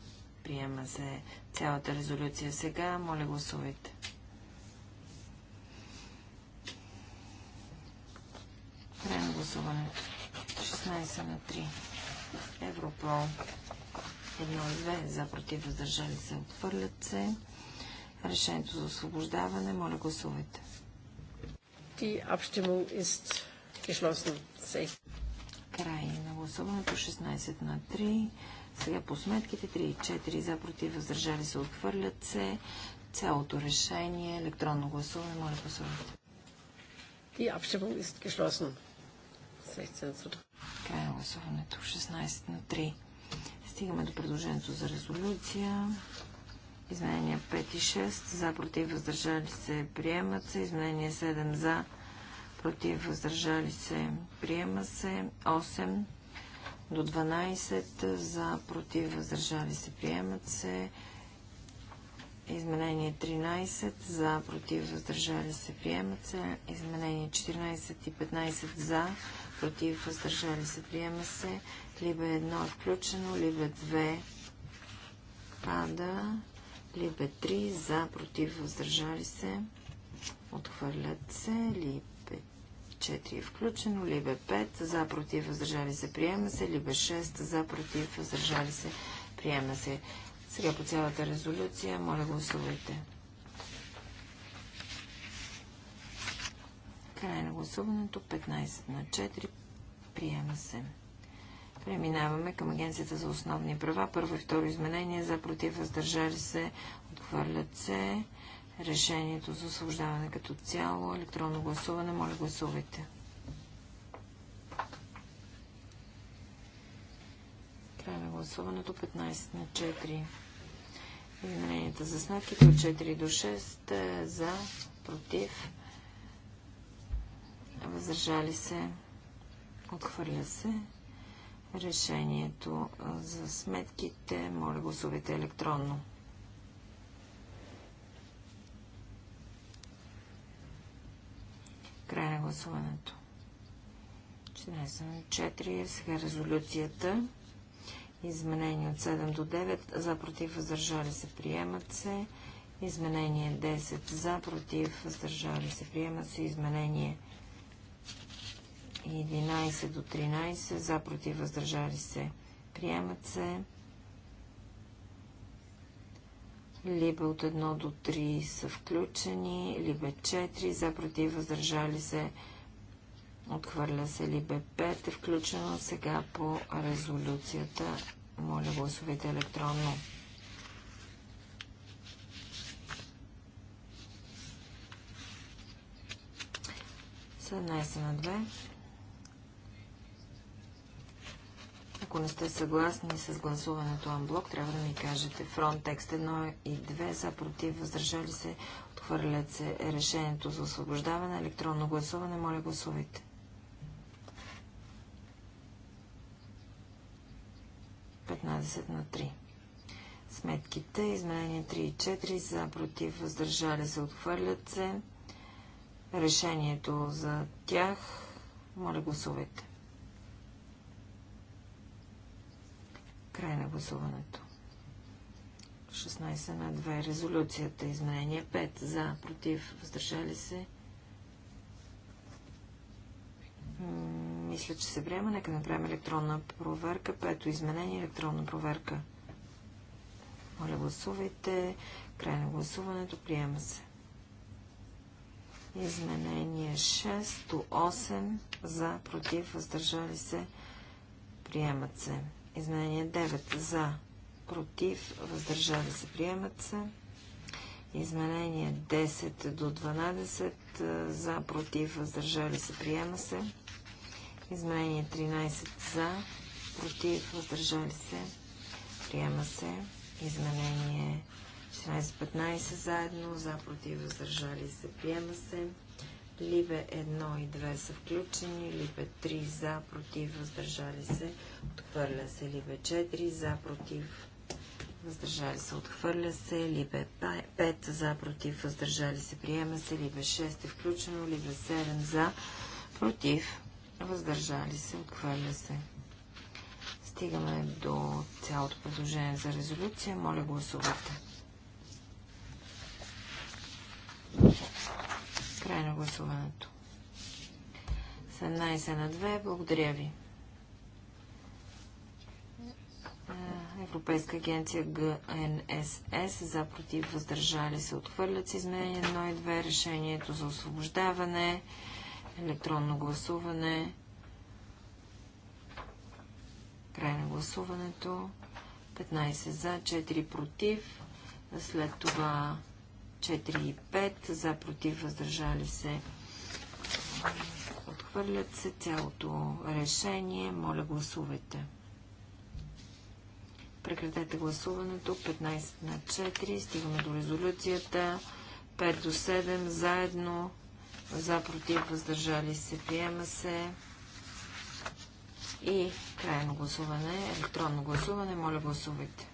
Speaker 3: Приема се цялата резолюция сега. Моля, гласувайте. Край на гласуването. 16 на 3. Европол. 1 и 2. За против въздържали се. Отвърлят се. Решението за освобождаване. Моля, гласувайте. Die ист кишлосен geschlossen. Край на гласуването 16 на 3. Сега по сметките 3 и 4 за против въздържали се отхвърлят се. Цялото решение, електронно гласуване, моля посолите. И Abstimmung
Speaker 1: ist geschlossen.
Speaker 3: Край на гласуването. 16 на 3. Стигаме до предложението за резолюция. Изменения 5 и 6. За, против, въздържали се, приемат се. Изменение 7 за, против, въздържали се, приема се. 8 до 12 за, против, въздържали се, приемат се. Изменение 13 за, против, въздържали се, приемат се. Изменение 14 и 15 за, против, въздържали се, приема се. Либе 1 е включено, либе 2 пада, либе 3 за, против, въздържали се, отхвърлят се, либе 4 е включено, либе 5, за, против, въздържали се, приема се, либе 6, за, против, въздържали се, приема се. Сега по цялата резолюция, моля гласувайте. Край на гласуването, 15 на 4, приема се. Преминаваме към Агенцията за основни права. Първо и второ изменение за против въздържали се, отхвърлят се решението за освобождаване като цяло. Електронно гласуване. Моля, гласувайте. Край на гласуването 15 на 4. Измененията за знаките от 4 до 6 е за, против, въздържали се, отхвърля се. Решението за сметките, моля гласувайте електронно. Край на гласуването. 14 на 4. Сега резолюцията. Изменение от 7 до 9. За против въздържали се. Приемат се. Изменение 10. За против въздържали се. Приемат се. Изменение 11 до 13. За против въздържали се. Приемат се. Либе от 1 до 3 са включени, либе 4, за против въздържали се, отхвърля се, либе 5 е включено сега по резолюцията. Моля гласовете електронно. С на 2. ако не сте съгласни с гласуването анблок, трябва да ми кажете. Фронт текст 1 и 2 за против, въздържали се, отхвърлят се решението за освобождаване, електронно гласуване, моля гласувайте. на 3. Сметките, изменения 3 и 4 за против, въздържали се, отхвърлят се. Решението за тях, моля гласувайте. Край на гласуването. 16 на 2. Резолюцията. Изменение 5. За. Против. Въздържали се. Мисля, че се приема. Нека направим електронна проверка. Пето изменение. Електронна проверка. Моля, гласувайте. Край на гласуването. Приема се. Изменение 6 до 8 за, против, въздържали се, приемат се. Изменение 9 за, против, въздържали се, приемат се. Изменение 10 до 12 за, против, въздържали се, приема се. Изменение 13 за, против, въздържали се, приема се. Изменение 14-15 заедно, за, против, въздържали се, приема се. Либе 1 и 2 са включени, Либе 3 за, против, въздържали се, отхвърля се, Либе 4 за, против, въздържали се, отхвърля се, Либе 5 за, против, въздържали се, приема се, Либе 6 е включено, Либе 7 за, против, въздържали се, отхвърля се. Стигаме до цялото предложение за резолюция. Моля, you. Край на гласуването. 17 на 2. Благодаря ви. Европейска агенция ГНСС за против въздържали се отхвърлят с изменение 1 и 2. Решението за освобождаване, електронно гласуване. Край на гласуването. 15 за, 4 против. След това 4 и 5 за против въздържали се. Отхвърлят се цялото решение. Моля гласувайте. Прекратете гласуването. 15 на 4. Стигаме до резолюцията. 5 до 7 заедно. За против въздържали се. Приема се. И крайно гласуване. Електронно гласуване. Моля гласувайте.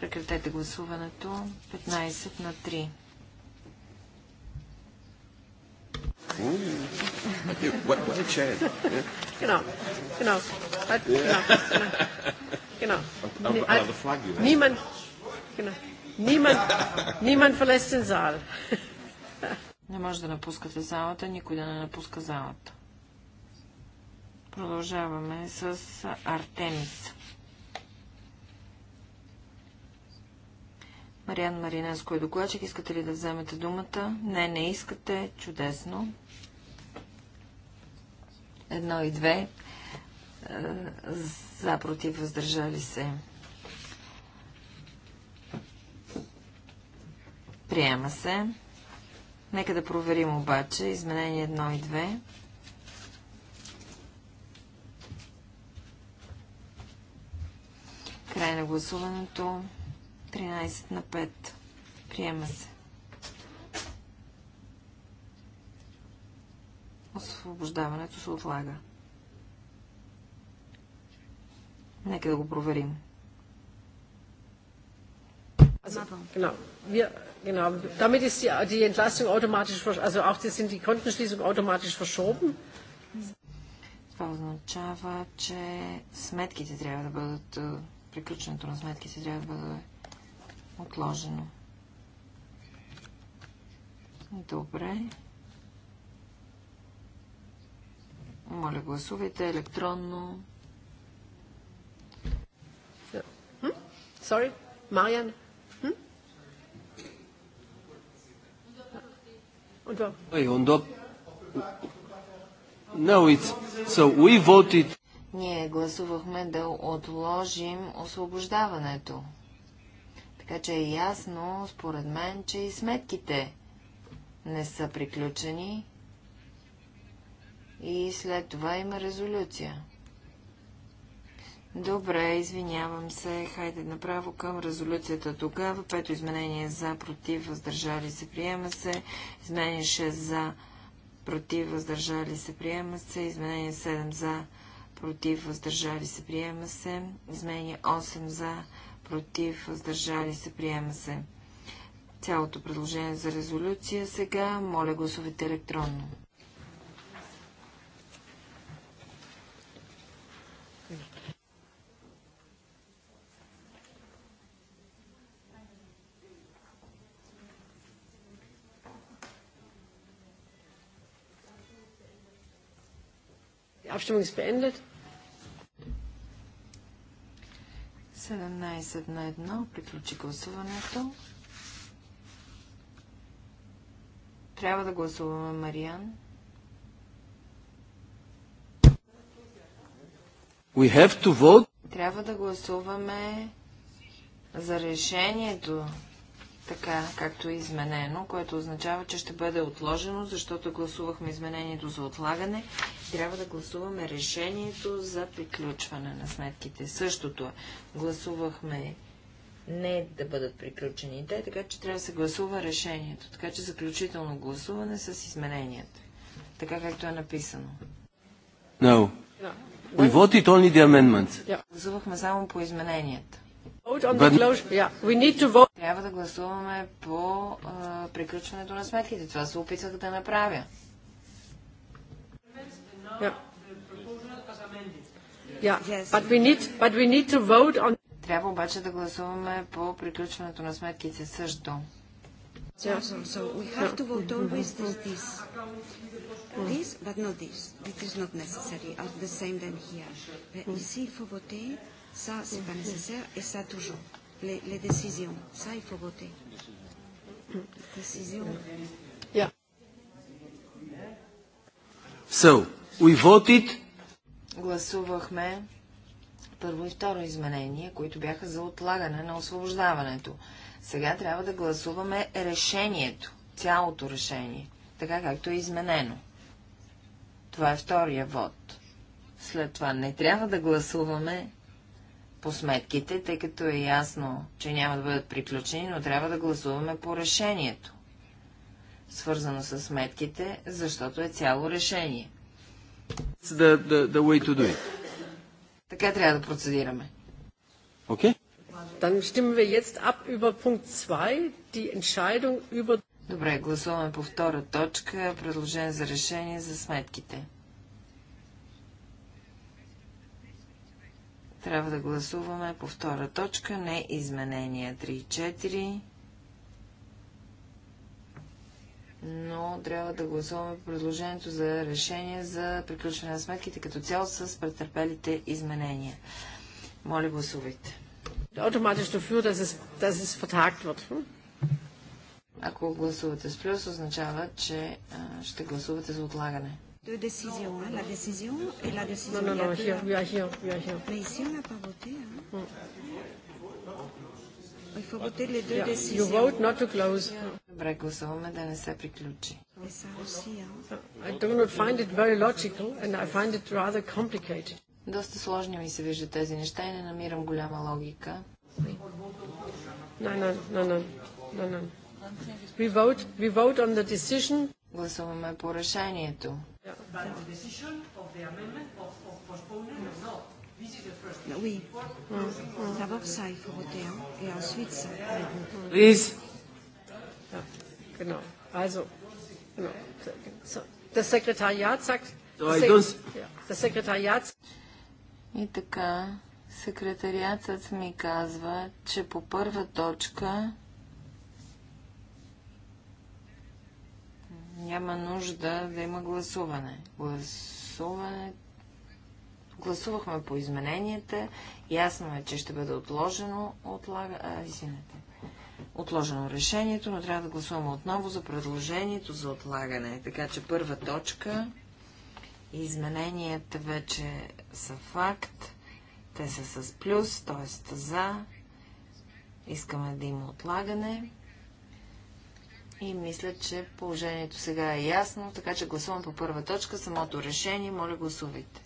Speaker 3: Прекратете гласуването. 15 на 3.
Speaker 4: What,
Speaker 1: фалестен
Speaker 3: зал. Не може да напускате залата, никой да не напуска залата. Продължаваме с Артемис. Мариан Маринеско е докладчик. Искате ли да вземете думата? Не, не искате. Чудесно. Едно и две. Е, за, против, въздържали се. Приема се. Нека да проверим обаче изменение 1 и 2. Край на гласуването. 13 на 5. Приема се. Освобождаването се отлага. Нека да го
Speaker 1: проверим. Това означава, че сметките трябва да бъдат,
Speaker 3: приключването на сметките трябва да бъде Отложено. Добре.
Speaker 1: Моля, гласувайте електронно. Sorry, Marian.
Speaker 3: Ние гласувахме да отложим освобождаването. Така че е ясно, според мен, че и сметките не са приключени и след това има резолюция. Добре, извинявам се. Хайде направо към резолюцията тогава. Пето изменение за, против, въздържали се, приема се. Изменение 6 за, против, въздържали се, приема се. Изменение 7 за, против, въздържали се, приема се. Изменение 8 за, против, въздържали се, приема се. Цялото предложение за резолюция сега. Моля гласовете електронно.
Speaker 1: Abstimmung ist beendet.
Speaker 3: 17 на 1. Приключи гласуването. Трябва да гласуваме Мариан.
Speaker 4: We have to vote.
Speaker 3: Трябва да гласуваме за решението, така както е изменено, което означава, че ще бъде отложено, защото гласувахме изменението за отлагане трябва да гласуваме решението за приключване на сметките. Същото гласувахме не да бъдат приключени те, така че трябва да се гласува решението. Така че заключително гласуване с измененията. Така както е написано.
Speaker 4: No. We voted only the amendments.
Speaker 3: Yeah. Гласувахме само по измененията. Трябва да гласуваме по приключването на сметките. Това се опитах да направя.
Speaker 1: Yeah. Yeah. Yes. But we need,
Speaker 3: but we need to vote on... Трябва обаче да гласуваме по приключването на сметките също. Yeah. So we have to vote always this, this, this, but not this. It is not necessary. Are the same than here. Ici, il faut voter. Ça, c'est pas nécessaire. Et ça, toujours. Les, les décisions. Ça, il faut voter. Décision.
Speaker 1: Yeah.
Speaker 4: So, We voted.
Speaker 3: Гласувахме първо и второ изменение, които бяха за отлагане на освобождаването. Сега трябва да гласуваме решението, цялото решение, така както е изменено. Това е втория вод. След това не трябва да гласуваме по сметките, тъй като е ясно, че няма да бъдат приключени, но трябва да гласуваме по решението, свързано с сметките, защото е цяло решение.
Speaker 4: The, the, the way to do it.
Speaker 1: Така трябва да процедираме. Окей? Dann stimmen wir jetzt ab über Punkt 2, die Entscheidung über... Добре, гласуваме по втора точка, предложение за решение за сметките.
Speaker 3: Трябва да гласуваме по втора точка, не изменения 3 и 4. но трябва да гласуваме по предложението за решение за приключване на сметките като цяло с претърпелите изменения. Моля, гласувайте. Автоматично hm? Ако гласувате с плюс, означава, че а, ще гласувате за отлагане. Deux décisions, la décision et la décision. Non, non, non, hier, oui, hier, hier. Mais ici, on n'a pas voté. Hein. Mm.
Speaker 1: You vote not to close.
Speaker 3: Добре, гласуваме да не се приключи.
Speaker 1: I do not find it
Speaker 3: very logical and I find it rather complicated. Доста сложни ми се виждат тези неща и не намирам голяма
Speaker 1: логика. No, no, no, no, no, no. We vote, we vote on the decision. Гласуваме по решението. Yeah. Oui. D'abord ça, il faut voter. Hein. Et ensuite ça. Please. Ja, genau. Also, genau. Das Sekretariat sagt. Das Sekretariat.
Speaker 3: И така, секретариатът ми казва, че по първа точка няма нужда да има гласуване. Гласуването Гласувахме по измененията. Ясно е, че ще бъде отложено, отлага, а, извинете, отложено решението, но трябва да гласуваме отново за предложението за отлагане. Така че първа точка, измененията вече са факт. Те са с плюс, т.е. за. Искаме да има отлагане. И мисля, че положението сега е ясно, така че гласувам по първа точка самото решение.
Speaker 1: Моля, гласувайте.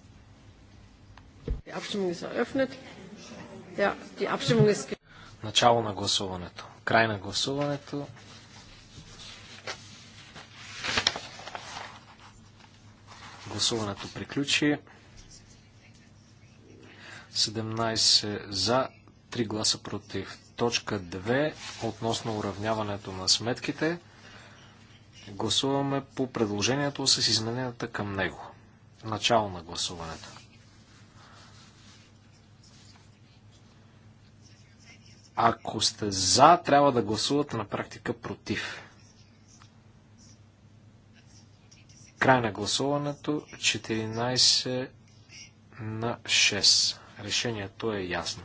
Speaker 4: Начало на гласуването. Край на гласуването. Гласуването приключи. 17 за, 3 гласа против. Точка 2 относно уравняването на сметките. Гласуваме по предложението с измененията към него. Начало на гласуването. Ако сте за, трябва да гласувате на практика против. Край на гласуването 14 на 6. Решението е ясно.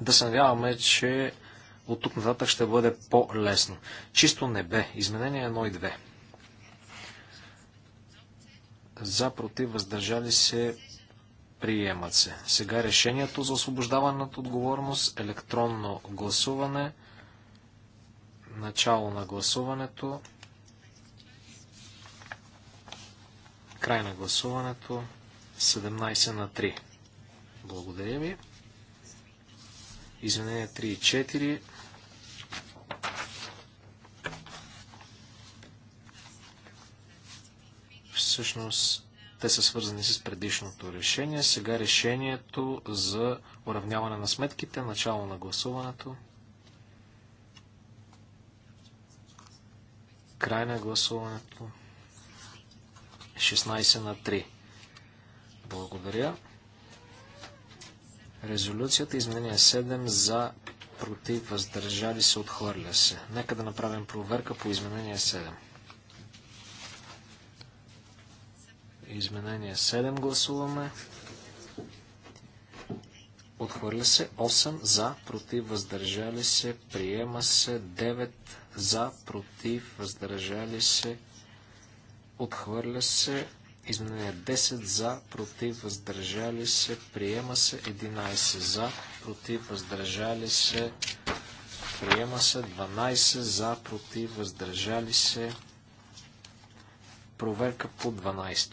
Speaker 4: Да се надяваме, че от тук нататък ще бъде по-лесно. Чисто небе. Изменение 1 и 2 за, против, въздържали се, приемат се. Сега решението за освобождаване от отговорност, електронно гласуване, начало на гласуването, край на гласуването, 17 на 3. Благодаря ви. Извинение, 3 и 4 всъщност те са свързани с предишното решение. Сега решението за уравняване на сметките, начало на гласуването. Край на гласуването. 16 на 3. Благодаря. Резолюцията изменение 7 за против въздържали се отхвърля се. Нека да направим проверка по изменение 7. Изменение 7 гласуваме. Отхвърля се 8 за, против, въздържали се, приема се 9 за, против, въздържали се, отхвърля се, изменение 10 за, против, въздържали се, приема се 11 за, против, въздържали се, приема се 12 за, против, въздържали се, проверка по 12.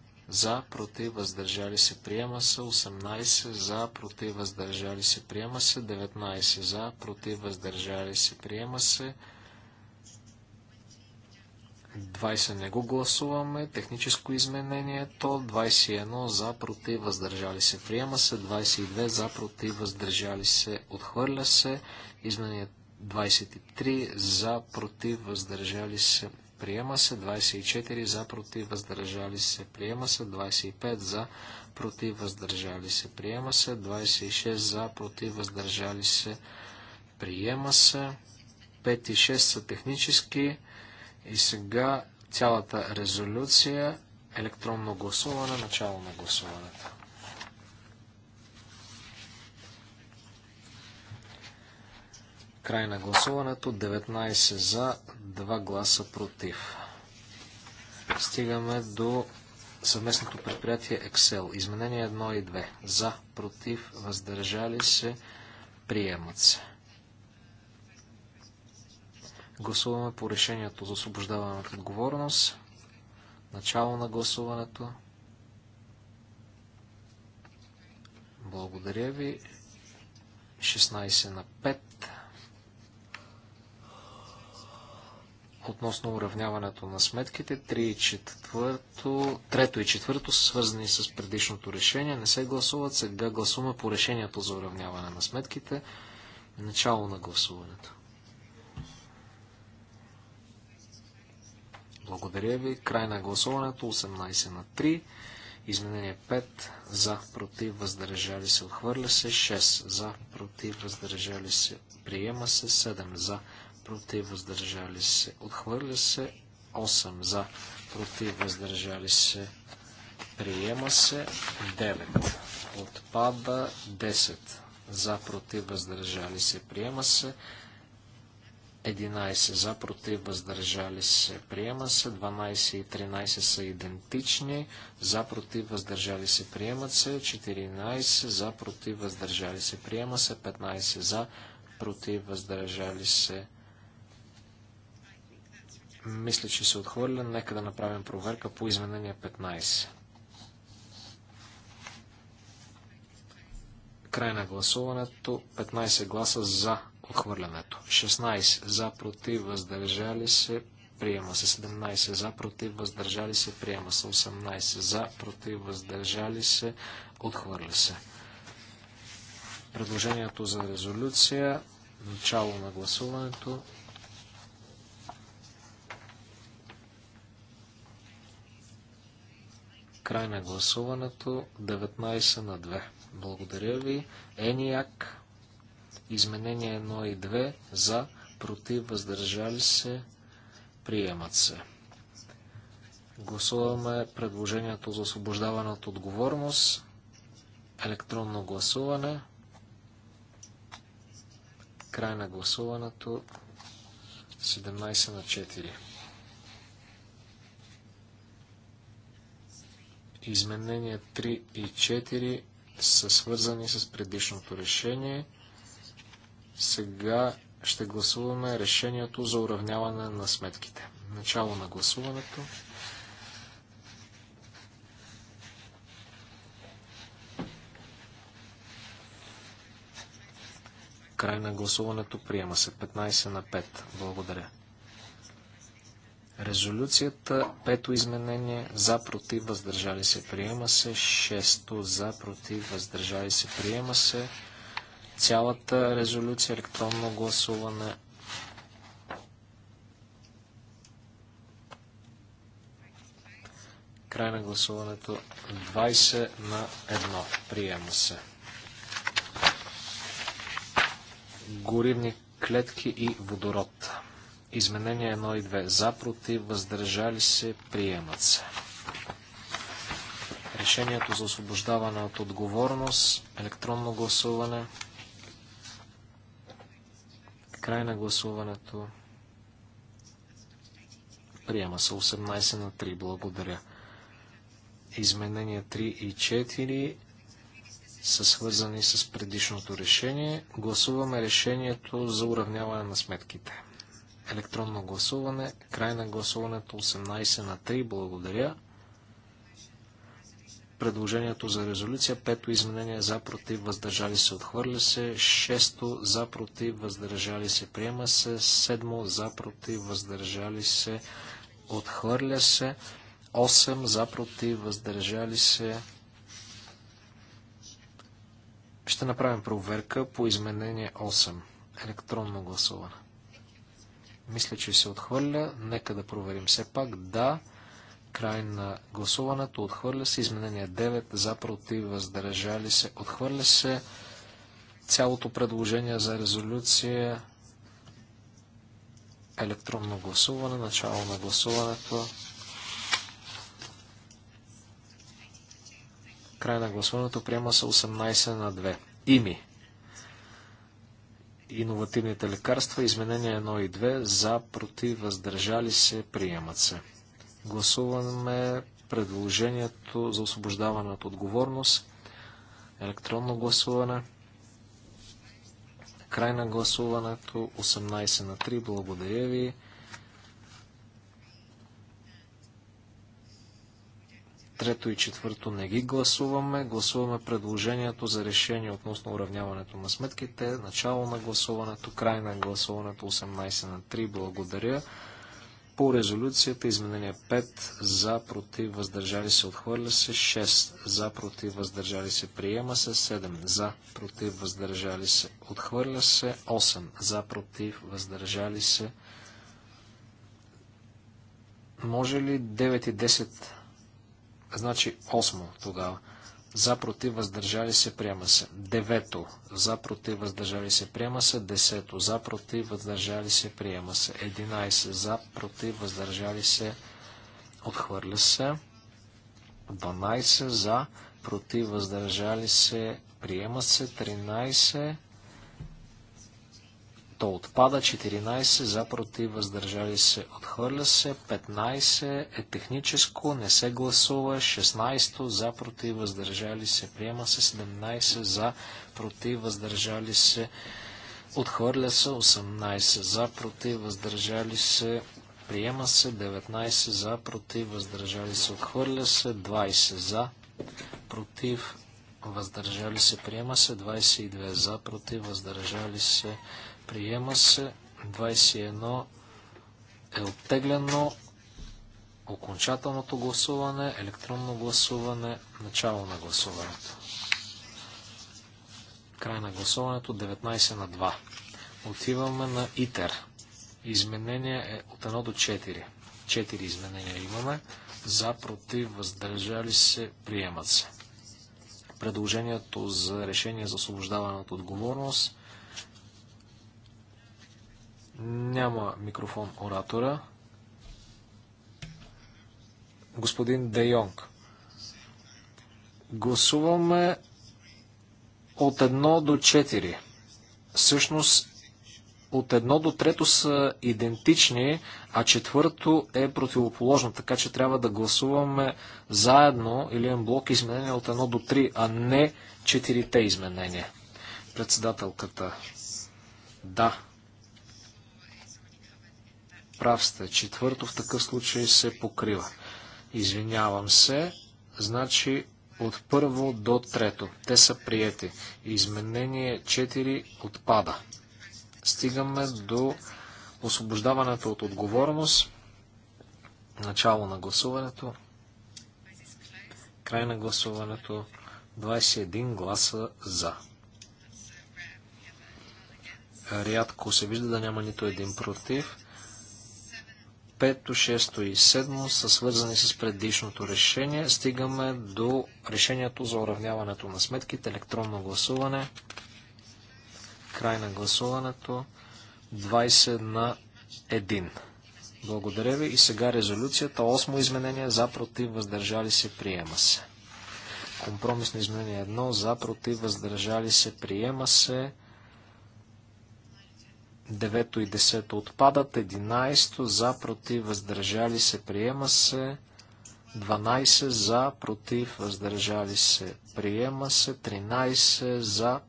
Speaker 4: за, против, въздържали се, приема се, 18 за, против, въздържали се, приема се, 19 за, против, въздържали се, приема се, 20 не го гласуваме, техническо изменение е то, 21 за, против, въздържали се, приема се, 22 за, против, въздържали се, отхвърля се, изменение 23 за, против, въздържали се, приема се, 24 за, против, въздържали се, приема се, 25 за, против, въздържали се, приема се, 26 за, против, въздържали се, приема се, 5 и 6 са технически и сега цялата резолюция, електронно гласуване, начало на гласуването. Край на гласуването. 19 за, 2 гласа против. Стигаме до съвместното предприятие Excel. Изменения 1 и 2. За, против, въздържали се, приемат се. Гласуваме по решението за освобождаване от отговорност. Начало на гласуването. Благодаря ви. 16 на 5. относно уравняването на сметките. Трето и четвърто и са свързани с предишното решение. Не се гласуват. Сега гласуваме по решението за уравняване на сметките. Начало на гласуването. Благодаря ви. Край на гласуването 18 на 3. Изменение 5. За, против, въздържали се, отхвърля се. 6. За, против, въздържали се, приема се. 7. За, против, против, въздържали се, отхвърля се. 8 за, против, въздържали се, приема се. 9 отпада. 10 за, против, въздържали се, приема се. 11 за, против, въздържали се, приема се. 12 и 13 са идентични. За, против, въздържали се, приемат се. 14 за, против, въздържали се, приема се. 15 за, против, въздържали се, приема се мисля, че се отхвърля. Нека да направим проверка по изменение 15. Край на гласуването. 15 гласа за отхвърлянето. 16 за против, въздържали се, приема се. 17 за против, въздържали се, приема се. 18 за против, въздържали се, отхвърля се. Предложението за резолюция. Начало на гласуването. Край на гласуването. 19 на 2. Благодаря ви. Ениак. Изменения 1 и 2. За. Против. Въздържали се. Приемат се. Гласуваме предложението за освобождаване от отговорност. Електронно гласуване. Край на гласуването. 17 на 4. Изменения 3 и 4 са свързани с предишното решение. Сега ще гласуваме решението за уравняване на сметките. Начало на гласуването. Край на гласуването приема се 15 на 5. Благодаря резолюцията. Пето изменение за против въздържали се приема се. Шесто за против въздържали се приема се. Цялата резолюция електронно гласуване. Край на гласуването 20 на 1. Приема се. Горивни клетки и водород. Изменения 1 и 2. За, против, въздържали се, приемат се. Решението за освобождаване от отговорност, електронно гласуване, край на гласуването, приема се 18 на 3. Благодаря. Изменения 3 и 4 са свързани с предишното решение. Гласуваме решението за уравняване на сметките електронно гласуване. Край на гласуването 18 на 3. Благодаря. Предложението за резолюция. Пето изменение за против въздържали се отхвърля се. Шесто за против въздържали се приема се. Седмо за против въздържали се отхвърля се. 8 за против въздържали се ще направим проверка по изменение 8. Електронно гласуване. Мисля, че се отхвърля. Нека да проверим все пак. Да. Край на гласуването. Отхвърля се. Изменение 9. За, против, въздържали се. Отхвърля се. Цялото предложение за резолюция. Електронно гласуване. Начало на гласуването. Край на гласуването. Приема се 18 на 2. Ими иновативните лекарства, изменения 1 и 2, за, против, въздържали се, приемат се. Гласуваме предложението за освобождаване от отговорност, електронно гласуване, край на гласуването, 18 на 3, благодаря ви. Трето и четвърто не ги гласуваме. Гласуваме предложението за решение относно уравняването на сметките. Начало на гласуването, край на гласуването 18 на 3. Благодаря. По резолюцията изменение 5 за, против, въздържали се, отхвърля се. 6 за, против, въздържали се, приема се. 7 за, против, въздържали се, отхвърля се. 8 за, против, въздържали се. Може ли 9 и 10 Значи 8 тогава. За против въздържали се приема се. Девето. За против въздържали се приема се. Десето. За против въздържали се приема се. Единайсе. За против въздържали се отхвърля се. 12 за, против въздържали се, приема се 13 то отпада. 14 за против въздържали се отхвърля се. 15 е техническо, не се гласува. 16 за против въздържали се приема се. 17 за против въздържали се отхвърля се. 18 за против въздържали се приема се. 19 за против въздържали се отхвърля се. 20 за против въздържали се приема се. 22 за против въздържали се Приема се. 21 е оттеглено. Окончателното гласуване, електронно гласуване, начало на гласуването. Край на гласуването 19 на 2. Отиваме на ИТЕР. Изменение е от 1 до 4. 4 изменения имаме. За, против, въздържали се, приемат се. Предложението за решение за освобождаване от отговорност няма микрофон оратора. Господин Де Йонг. Гласуваме от 1 до 4. Всъщност от едно до трето са идентични, а четвърто е противоположно, така че трябва да гласуваме заедно или е блок изменения от едно до три, а не четирите изменения. Председателката. Да, Прав сте. Четвърто в такъв случай се покрива. Извинявам се. Значи от първо до трето. Те са приети. Изменение 4 отпада. Стигаме до освобождаването от отговорност. Начало на гласуването. Край на гласуването. 21 гласа за. Рядко се вижда да няма нито един против. Пето, шесто и седмо са свързани с предишното решение. Стигаме до решението за уравняването на сметките, електронно гласуване, край на гласуването, 20 на 1. Благодаря ви и сега резолюцията, 8 изменение, за, против, въздържали се, приема се. Компромисно изменение 1, за, против, въздържали се, приема се. 9 и 10 отпадат, 11 за, против, въздържали се, приема се, 12 за, против, въздържали се, приема се, 13 за,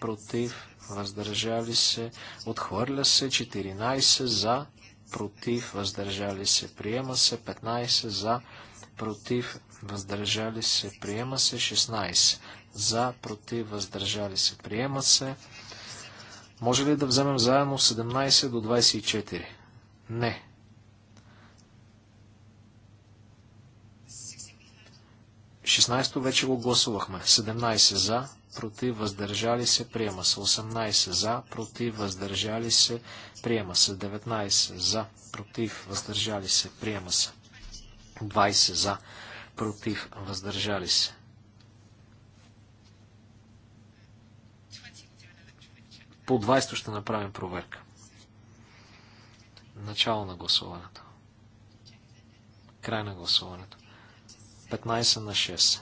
Speaker 4: против, въздържали се, отхвърля се, 14 за, против, въздържали се, приема се, 15 за, против, въздържали се, приема се, 16 за, против, въздържали се, приема се, може ли да вземем заедно 17 до 24? Не. Шестнайсто вече го гласувахме. 17 за, против, въздържали се, приема се. 18 за, против, въздържали се, приема се. 19 за, против, въздържали се, приема се. 20 за, против, въздържали се, По 20 ще направим проверка. Начало на гласуването. Край на гласуването. 15 на 6.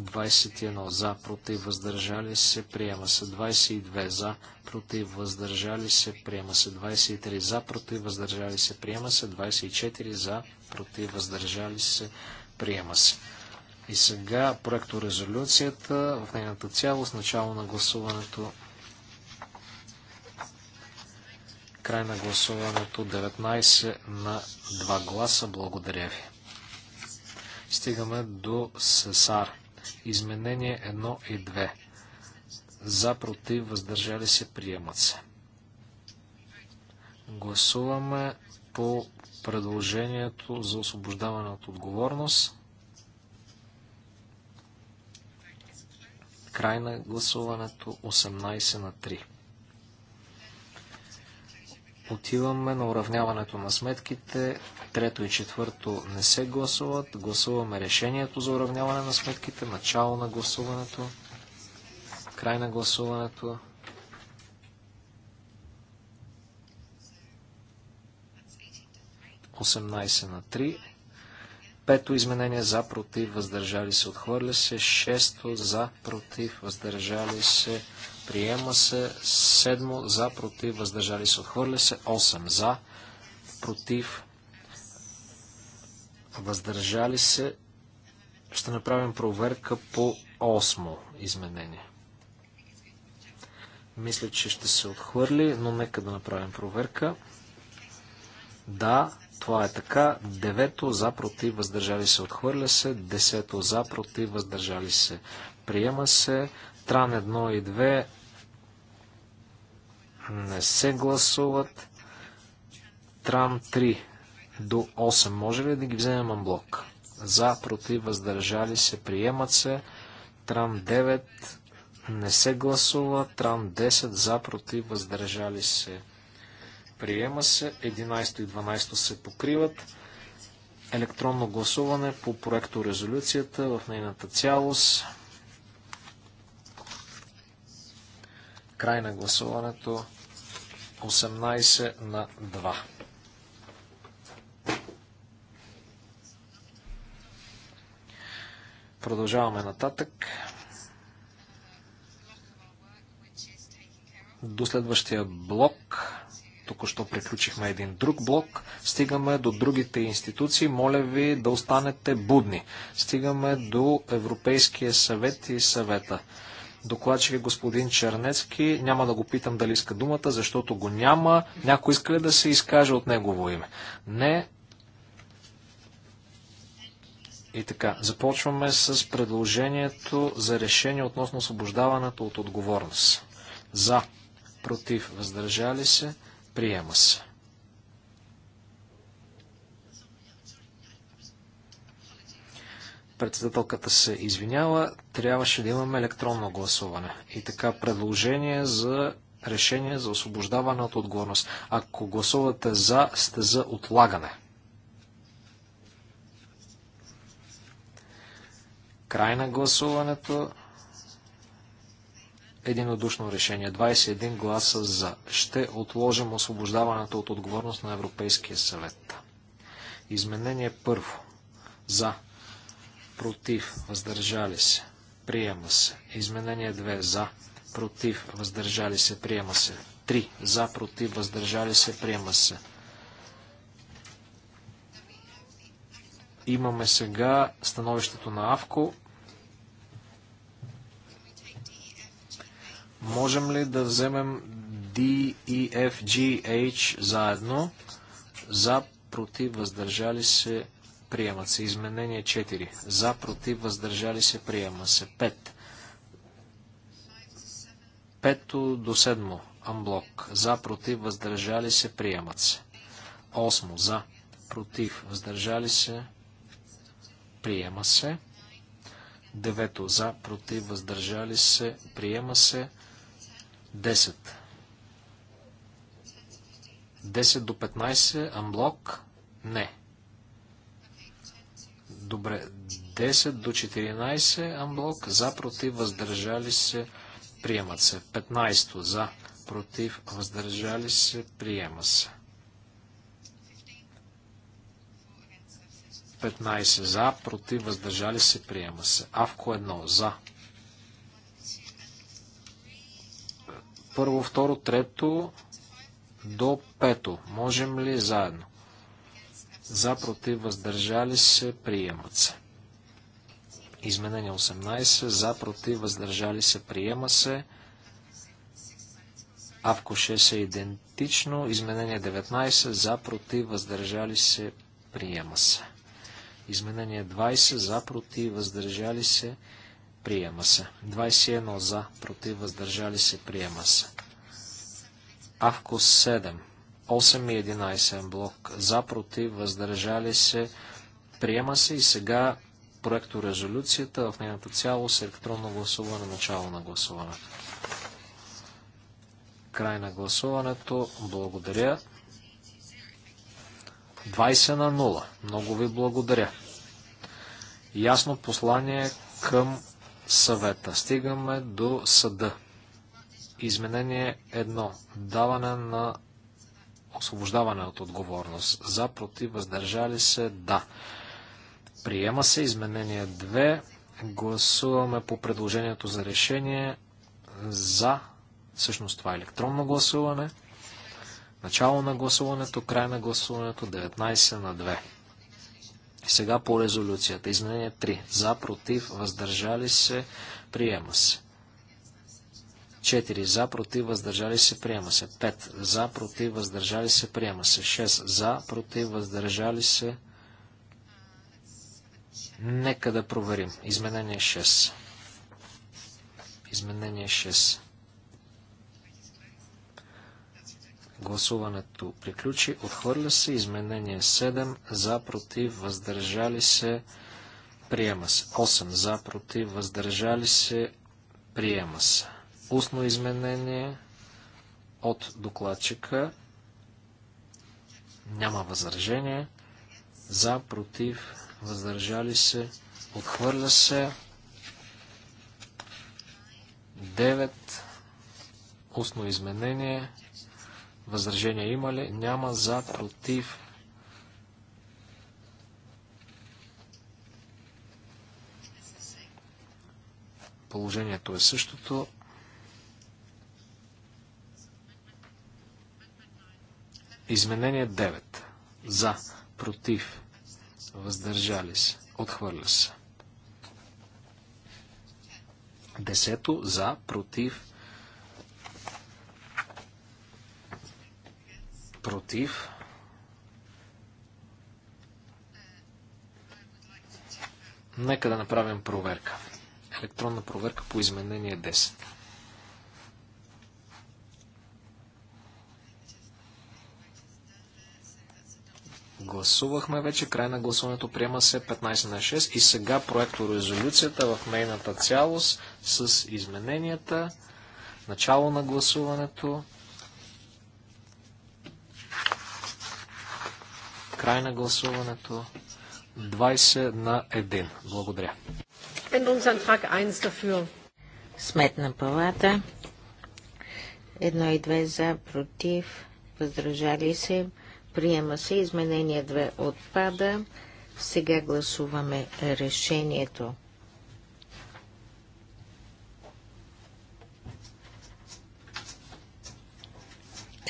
Speaker 4: 21 за, против, въздържали се, приема се 22 за, против, въздържали се, приема се 23 за, против, въздържали се, приема се 24 за, против, въздържали се, приема се. И сега проекторезолюцията в нейната цялост, начало на гласуването, край на гласуването 19 на 2 гласа. Благодаря ви. Стигаме до Сесар. Изменение 1 и 2. За, против, въздържали се, приемат се. Гласуваме по предложението за освобождаване от отговорност. Край на гласуването 18 на 3. Отиваме на уравняването на сметките. Трето и четвърто не се гласуват. Гласуваме решението за уравняване на сметките. Начало на гласуването. Край на гласуването. Осемнайсет на 3. Пето изменение за, против, въздържали се, отхвърля се. Шесто за, против, въздържали се, приема се. Седмо за, против, въздържали се, отхвърля се. Осем за, против, въздържали се. Ще направим проверка по осмо изменение. Мисля, че ще се отхвърли, но нека да направим проверка. Да, това е така. Девето за против въздържали се отхвърля се. Десето за против въздържали се приема се. Тран 1 и 2 не се гласуват. Тран 3 до 8. Може ли да ги вземем блок? За, против, въздържали се, приемат се. Тран 9 не се гласува. Тран 10 за, против, въздържали се, Приема се. 11 и 12 се покриват. Електронно гласуване по проекто резолюцията в нейната цялост. Край на гласуването 18 на 2. Продължаваме нататък. До следващия блок Току-що приключихме един друг блок. Стигаме до другите институции. Моля ви да останете будни. Стигаме до Европейския съвет и съвета. Докладчик е господин Чернецки. Няма да го питам дали иска думата, защото го няма. Някой иска ли да се изкаже от негово име? Не. И така, започваме с предложението за решение относно освобождаването от отговорност. За, против, въздържали се, Приема се. Председателката се извинява. Трябваше да имаме електронно гласуване. И така предложение за решение за освобождаване от отговорност. Ако гласувате за, сте за отлагане. Край на гласуването единодушно решение. 21 гласа за. Ще отложим освобождаването от отговорност на Европейския съвет. Изменение първо. За. Против. Въздържали се. Приема се. Изменение 2. За. Против. Въздържали се. Приема се. 3. За. Против. Въздържали се. Приема се. Имаме сега становището на АВКО. Можем ли да вземем D, E, F, G, H заедно? За, против, въздържали се, приемат се. Изменение 4. За, против, въздържали се, приема се. 5. Пето до седмо. Амблок. За, против, въздържали се, приемат се. 8. За, против, въздържали се, приема се. 9. За, против, въздържали се, приема се. 10. 10 до 15 амблок? Не. Добре. 10 до 14 амблок. За, против, въздържали се, приемат се. 15 за, против, въздържали се, приема се. 15 за, против, въздържали се, приема се. Авко 1 за, Първо, второ, трето до пето. Можем ли заедно? За, против, въздържали се, приемат се. Изменение 18. За, против, въздържали се, приема се. Авко 6 е идентично. Изменение 19. За, против, въздържали се, приема се. Изменение 20. За, против, въздържали се, приема се приема се. 21 за, против, въздържали се, приема се. Авко 7, 8 и 11 блок, за, против, въздържали се, приема се и сега проекто резолюцията в нейното цяло с електронно гласуване, начало на гласуването. Край на гласуването. Благодаря. 20 на 0. Много ви благодаря. Ясно послание към съвета. Стигаме до съда. Изменение едно. Даване на освобождаване от отговорност. За, против, въздържали се, да. Приема се изменение 2. Гласуваме по предложението за решение за, всъщност това е електронно гласуване. Начало на гласуването, край на гласуването, 19 на 2. Сега по резолюцията. Изменение 3. За, против, въздържали се, приема се. 4. За, против, въздържали се, приема се. 5. За, против, въздържали се, приема се. 6. За, против, въздържали се. Нека да проверим. Изменение 6. Изменение 6. Гласуването приключи. Отхвърля се. Изменение 7. За, против, въздържали се. Приема се. 8. За, против, въздържали се. Приема се. Устно изменение от докладчика. Няма възражение. За, против, въздържали се. Отхвърля се. 9. Устно изменение Възражения има ли? Няма за, против. Положението е същото. Изменение 9. За, против, въздържали се, отхвърля се. Десето за, против, Против. Нека да направим проверка. Електронна проверка по изменение 10. Гласувахме вече край на гласуването. Приема се 15 на 6. И сега проекто резолюцията в нейната цялост с измененията. Начало на гласуването. Край на гласуването. 20 на 1. Благодаря. Сметна палата.
Speaker 2: Едно и две за, против, въздържали се. Приема се. Изменение 2 отпада. Сега гласуваме решението.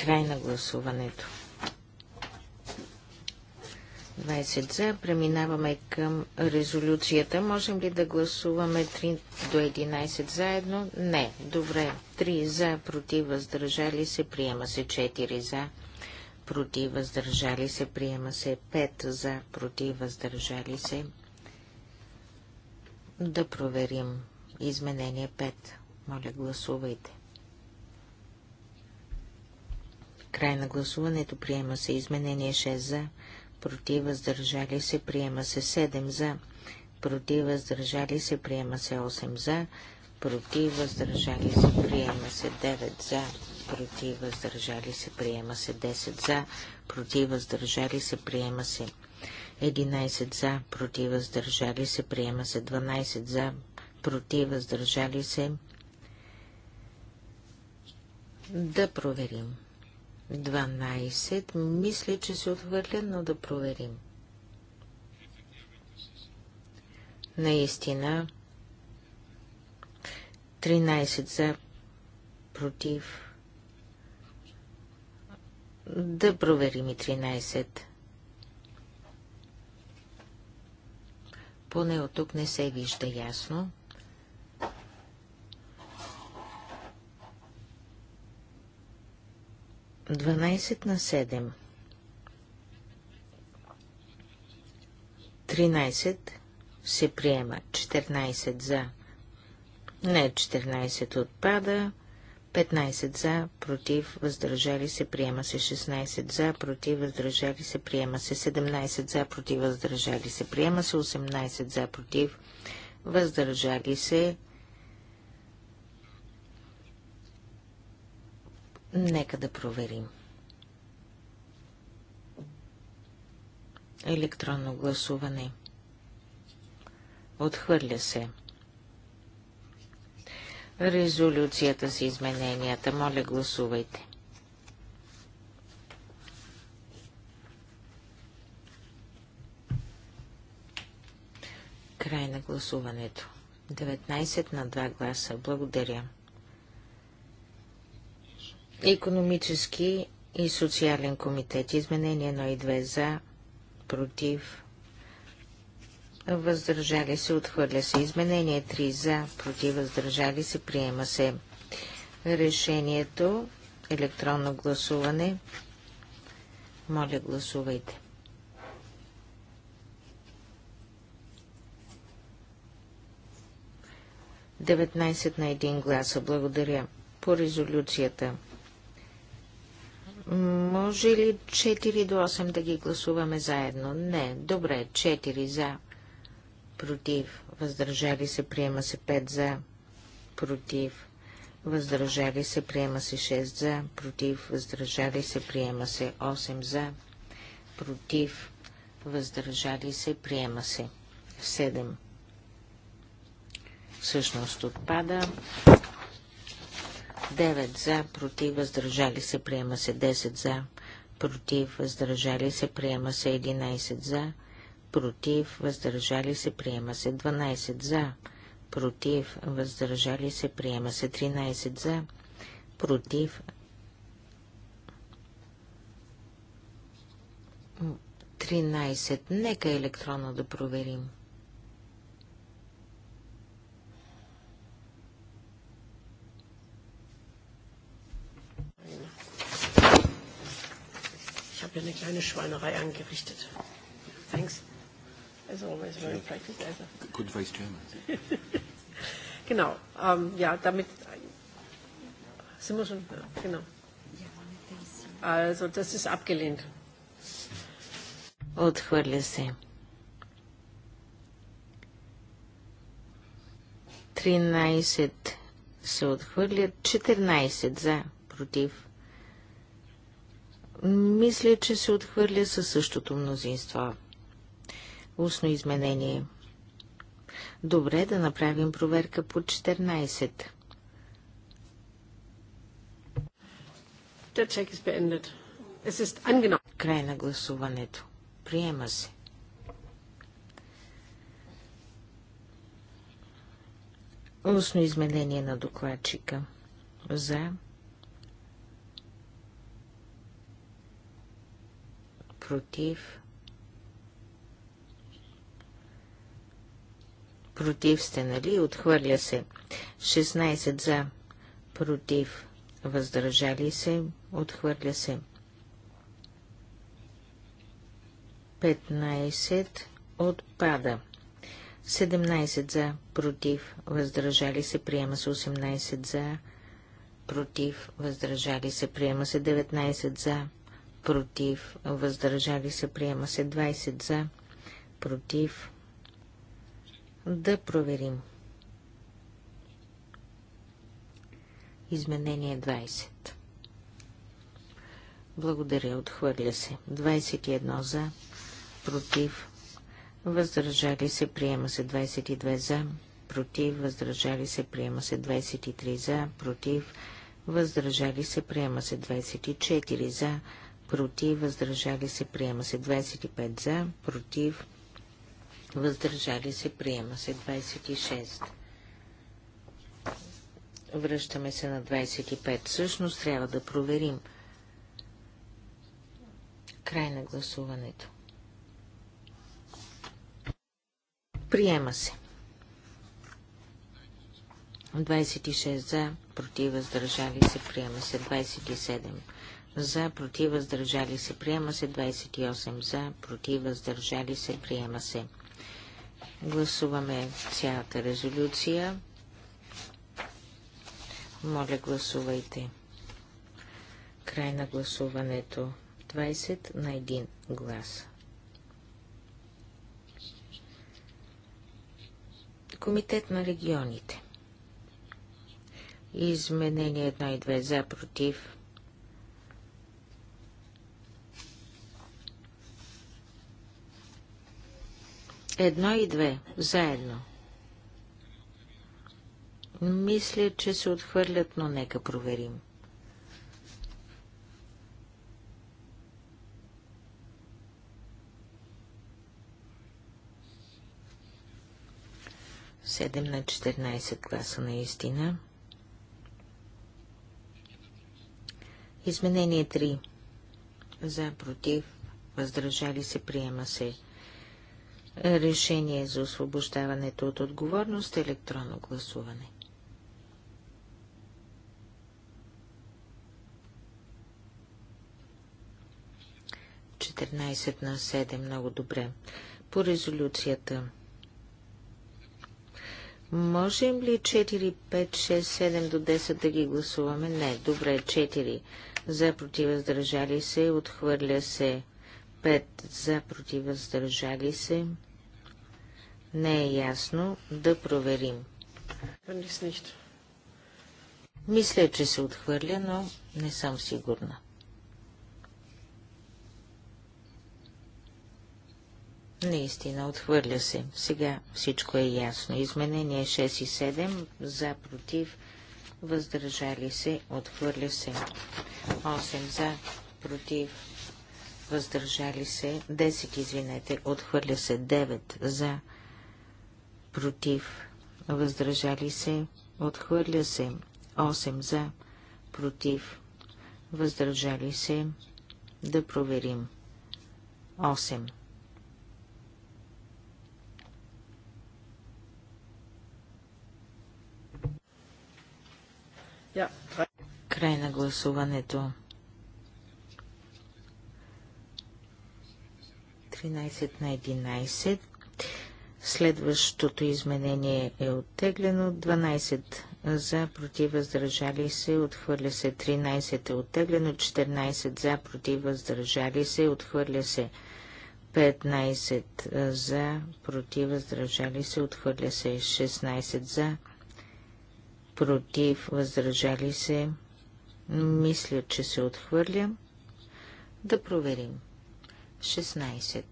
Speaker 2: Край на гласуването. 20 за. Преминаваме към резолюцията. Можем ли да гласуваме 3 до 11 заедно? Не. Добре. 3 за, против, въздържали се, приема се 4 за. Против, въздържали се, приема се 5 за, против, въздържали се. Да проверим. Изменение 5. Моля, гласувайте. Край на гласуването приема се изменение 6 за против въздържали се, приема се 7 за, против въздържали се, приема се 8 за, против въздържали се, приема се 9 за, против въздържали се, приема се 10 за, против въздържали се, приема се 11 за, против въздържали се, приема се 12 за, против въздържали се. Да проверим. 12. Мисля, че се отхвърля, но да проверим. Наистина. 13 за, против. Да проверим и 13. Поне от тук не се вижда ясно. 12 на 7. 13 се приема. 14 за. Не, 14 отпада. 15 за, против, въздържали се, приема се 16 за, против, въздържали се, приема се 17 за, против, въздържали се, приема се 18 за, против, въздържали се, Нека да проверим. Електронно гласуване. Отхвърля се. Резолюцията с измененията. Моля, гласувайте. Край на гласуването. 19 на 2 гласа. Благодаря. Економически и социален комитет. Изменение 1 и 2 за, против, въздържали се, отхвърля се. Изменение 3 за, против, въздържали се, приема се. Решението, електронно гласуване. Моля, гласувайте. Деветнайсет на един гласа. Благодаря. По резолюцията. Може ли 4 до 8 да ги гласуваме заедно? Не. Добре, 4 за, против, въздържали се, приема се 5 за, против, въздържали се, приема се 6 за, против, въздържали се, приема се 8 за, против, въздържали се, приема се 7. Всъщност отпада. 9 за, против, въздържали се, приема се 10 за, против, въздържали се, приема се 11 за, против, въздържали се, приема се 12 за, против, въздържали се, приема се 13 за, против, Тринайсет. Нека електронно да проверим.
Speaker 4: habe hier eine kleine Schweinerei angerichtet. Thanks. As always, very practice. Good vice German.
Speaker 1: genau. Um, ja, damit sind wir schon. Ja, genau. Also, das ist abgelehnt.
Speaker 2: Отхвърля се. 13 се отхвърлят, 14 за, против мисля, че се отхвърля със същото мнозинство. Устно изменение. Добре да направим проверка по 14. Край на гласуването. Приема се. Устно изменение на докладчика. За. против, против сте, нали? Отхвърля се. 16 за, против, въздържали се, отхвърля се. 15 отпада. 17 за, против, въздържали се, приема се 18 за, против, въздържали се, приема се 19 за, против, въздържали се, приема се 20 за, против. Да проверим. Изменение 20. Благодаря, отхвърля се. 21 за, против, въздържали се, приема се 22 за, против, въздържали се, приема се 23 за, против, въздържали се, приема се 24 за, против, въздържали се, приема се 25 за, против, въздържали се, приема се 26. Връщаме се на 25. Всъщност трябва да проверим. Край на гласуването. Приема се. 26 за, против, въздържали се, приема се 27 за, против, въздържали се, приема се. 28 за, против, въздържали се, приема се. Гласуваме цялата резолюция. Моля, гласувайте. Край на гласуването. 20 на 1 глас. Комитет на регионите. Изменение 1 и 2 за, против, Едно и две. Заедно. Мисля, че се отхвърлят, но нека проверим. Седем на 14 класа наистина. Изменение 3. За, против, въздържали се, приема се. Решение за освобождаването от отговорност е електронно гласуване. Четиринайсет на 7. Много добре. По резолюцията. Можем ли 4, 5, 6, 7 до 10 да ги гласуваме? Не. Добре, 4. За против въздържали се, отхвърля се. 5 за против въздържали се. Не е ясно да проверим. Мисля, че се отхвърля, но не съм сигурна. Наистина, отхвърля се. Сега всичко е ясно. Изменение 6 и 7 за против въздържали се, отхвърля се. 8 за против въздържали се 10, извинете, отхвърля се 9 за, против, въздържали се, отхвърля се 8 за, против, въздържали се, да проверим 8. Край на гласуването. 13 на 11. Следващото изменение е оттеглено. 12 за, против, въздържали се, отхвърля се. 13 е оттеглено. 14 за, против, въздържали се, отхвърля се. 15 за, против, въздържали се, отхвърля се. 16 за, против, въздържали се. Мисля, че се отхвърля. Да проверим. 16.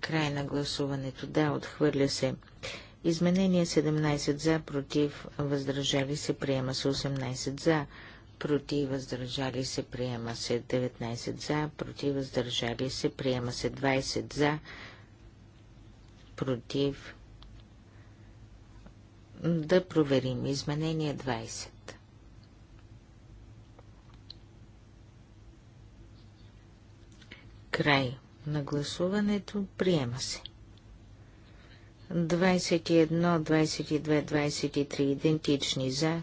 Speaker 2: Край на гласуването. Да, отхвърля се. Изменение 17 за, против, въздържали се, приема се 18 за, против, въздържали се, приема се 19 за, против, въздържали се, приема се 20 за, против. Да проверим. Изменение 20. Край на гласуването. Приема се. 21, 22, 23 идентични за.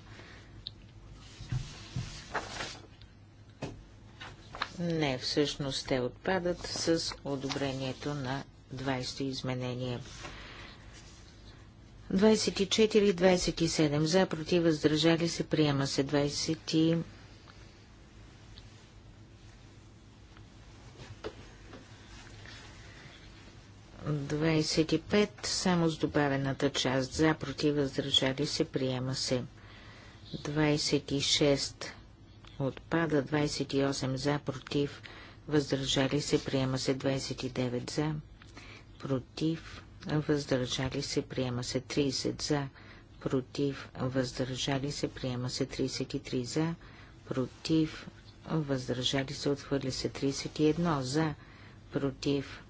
Speaker 2: Не, всъщност те отпадат с одобрението на 20 изменение. 24 и 27 за, против, въздържали се, приема се 28 25 само с добавената част за, против, въздържали се, приема се. 26 отпада, 28 за, против, въздържали се, приема се 29 за, против, въздържали се, приема се 30 за, против, въздържали се, приема се 33 за, против, въздържали се, отхвърли се 31 за, против,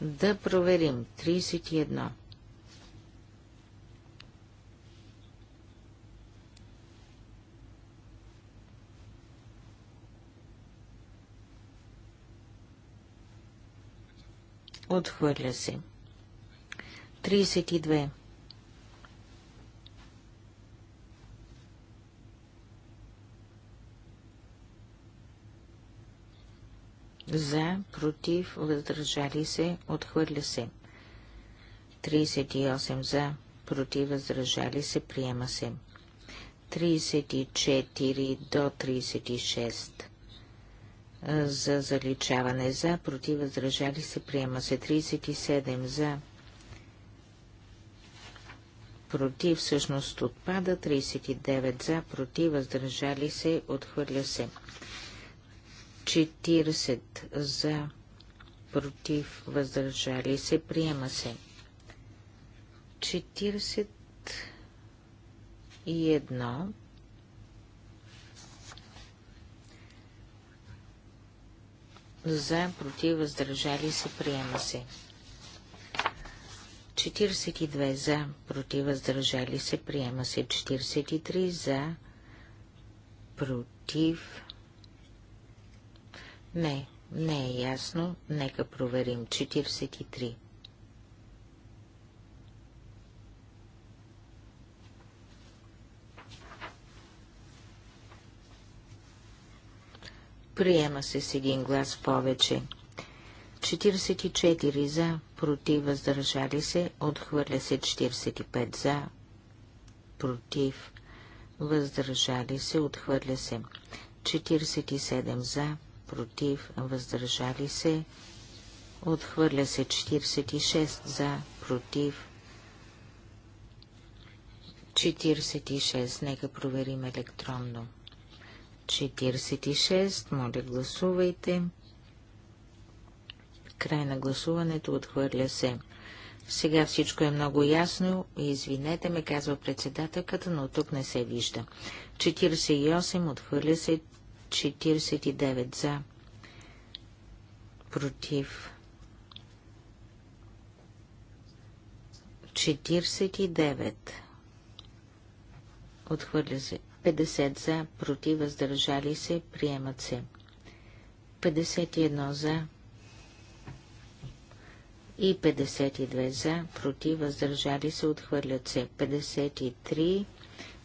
Speaker 2: Да проверим. 31. Отхвърля се. 32. за, против, въздържали се, отхвърля се. 38 за, против, въздържали се, приема се. 34 до 36 за заличаване за, против, въздържали се, приема се. 37 за, против, всъщност отпада. 39 за, против, въздържали се, отхвърля се. 40 за, против, въздържали се, приема се. 41 за, против, въздържали се, приема се. 42 за, против, въздържали се, приема се. 43 за, против, не, не е ясно. Нека проверим. 43. Приема се с един глас повече. 44 за, против, въздържали се, отхвърля се 45 за, против, въздържали се, отхвърля се 47 за, против, въздържали се. Отхвърля се 46 за, против. 46. Нека проверим електронно. 46. Моля, гласувайте. Край на гласуването отхвърля се. Сега всичко е много ясно. Извинете ме, казва председателката, но тук не се вижда. 48. Отхвърля се. 49 за, против 49. Отхвърля се. 50 за, против, въздържали се, приемат се. 51 за и 52 за, против, въздържали се, отхвърлят се. 53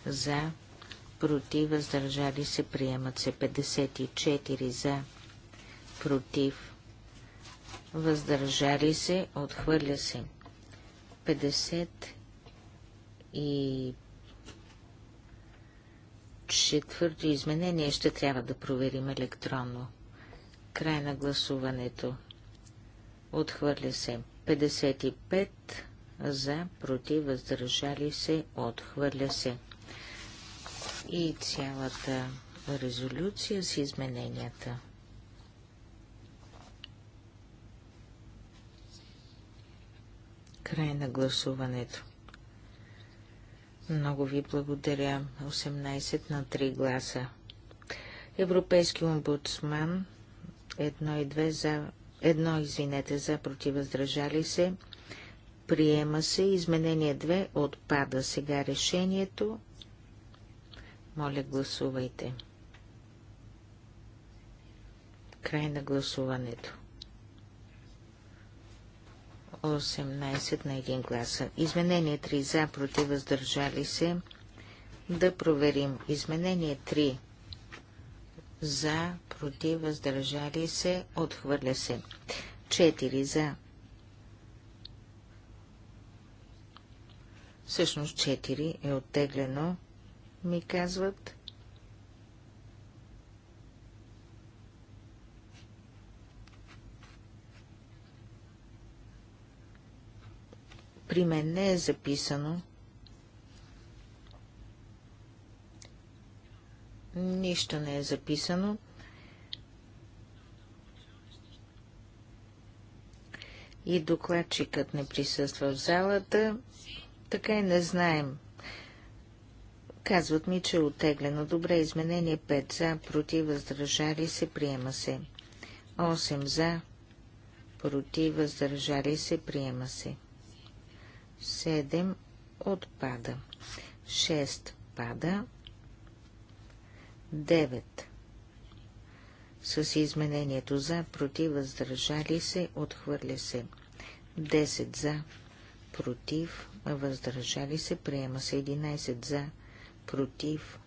Speaker 2: за, против, въздържали се, приемат се 54 за, против, въздържали се, отхвърля се 50 и четвърто изменение ще трябва да проверим електронно. Край на гласуването. Отхвърля се 55 за, против, въздържали се, отхвърля се и цялата резолюция с измененията. Край на гласуването. Много ви благодаря. 18 на 3 гласа. Европейски омбудсман. Едно и две за... Едно, извинете, за против въздържали се. Приема се. Изменение 2 отпада сега решението моля, гласувайте. Край на гласуването. 18 на 1 гласа. Изменение 3 за, против, въздържали се. Да проверим. Изменение 3 за, против, въздържали се, отхвърля се. 4 за. Всъщност 4 е оттеглено ми казват. При мен не е записано. Нищо не е записано. И докладчикът не присъства в залата, така и не знаем Казват ми, че е отеглено. Добре, изменение 5 за, против, въздържали се, приема се. 8 за, против, въздържали се, приема се. 7 отпада. 6 пада. 9 с изменението за, против, въздържали се, отхвърля се. 10 за, против, въздържали се, приема се. 11 за, против,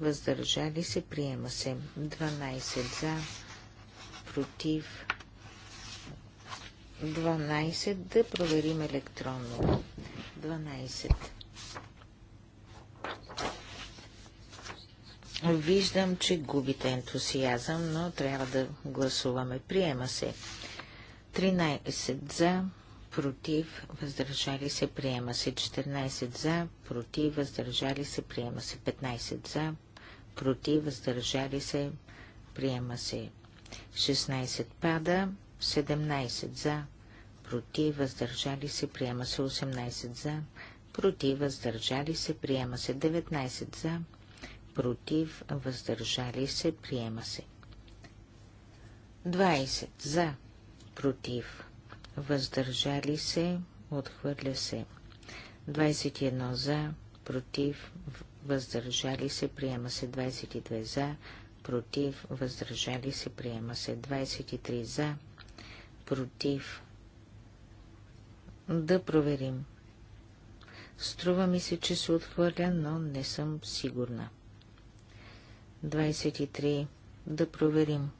Speaker 2: въздържали се, приема се. 12 за, против, 12 да проверим електронно. 12. Виждам, че губите ентусиазъм, но трябва да гласуваме. Приема се. 13 за, против, въздържали се, приема се 14 за, против, въздържали се, приема се 15 за, против, въздържали се, приема се 16 пада, 17 за, против, въздържали се, приема се 18 за, против, въздържали се, приема се 19 за, против, въздържали се, приема се 20 за, против, въздържали се, отхвърля се. 21 за, против, въздържали се, приема се 22 за, против, въздържали се, приема се 23 за, против. Да проверим. Струва ми се, че се отхвърля, но не съм сигурна. 23. Да проверим. 23.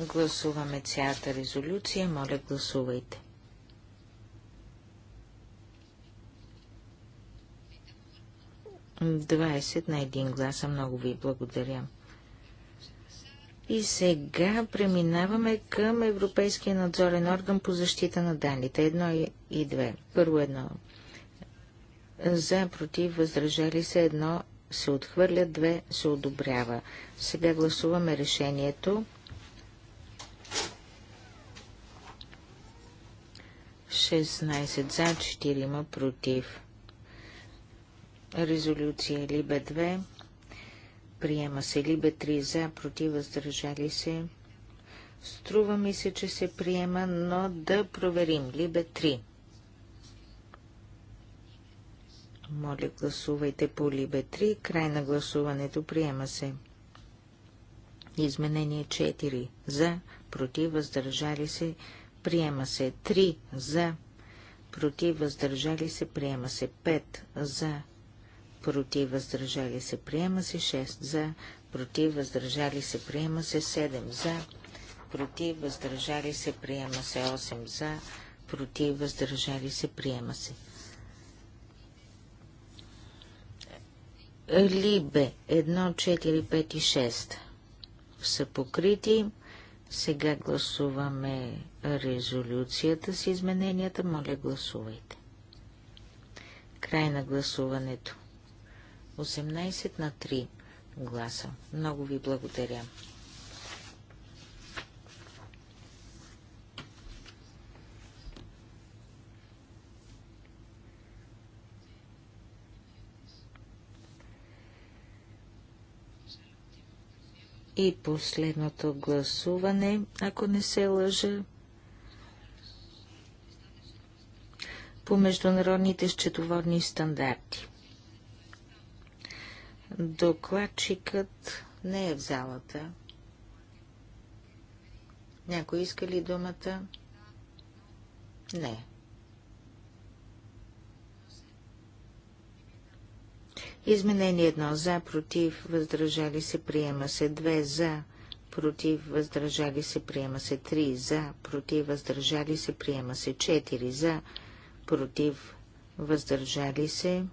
Speaker 2: Гласуваме цялата резолюция. Моля, гласувайте. Двадесет на един гласа. Много ви благодаря. И сега преминаваме към Европейския надзорен орган по защита на данните. Едно и две. Първо едно. За, против, въздържали се едно, се отхвърля, две, се одобрява. Сега гласуваме решението 16 за, 4 против. Резолюция Либе 2. Приема се Либе 3 за, против, въздържали се. Струва ми се, че се приема, но да проверим. Либе 3. Моля, гласувайте по Либе 3. Край на гласуването приема се. Изменение 4. За, против, въздържали се приема се 3 за, против, въздържали се, приема се 5 за, против, въздържали се, приема се 6 за, против, въздържали се, приема се 7 за, против, въздържали се, приема се 8 за, против, въздържали се, приема се. Либе 1, 4, 5 и 6 са покрити. Сега гласуваме резолюцията с измененията. Моля, гласувайте. Край на гласуването. 18 на 3 гласа. Много ви благодаря. И последното гласуване, ако не се лъжа, по международните счетоводни стандарти. Докладчикът не е в залата. Някой иска ли думата? Не. Изменение 1 за, против, въздържали се, приема се 2 за, против, въздържали се, приема се 3 за, против, въздържали се, приема се 4 за, против, въздържали се.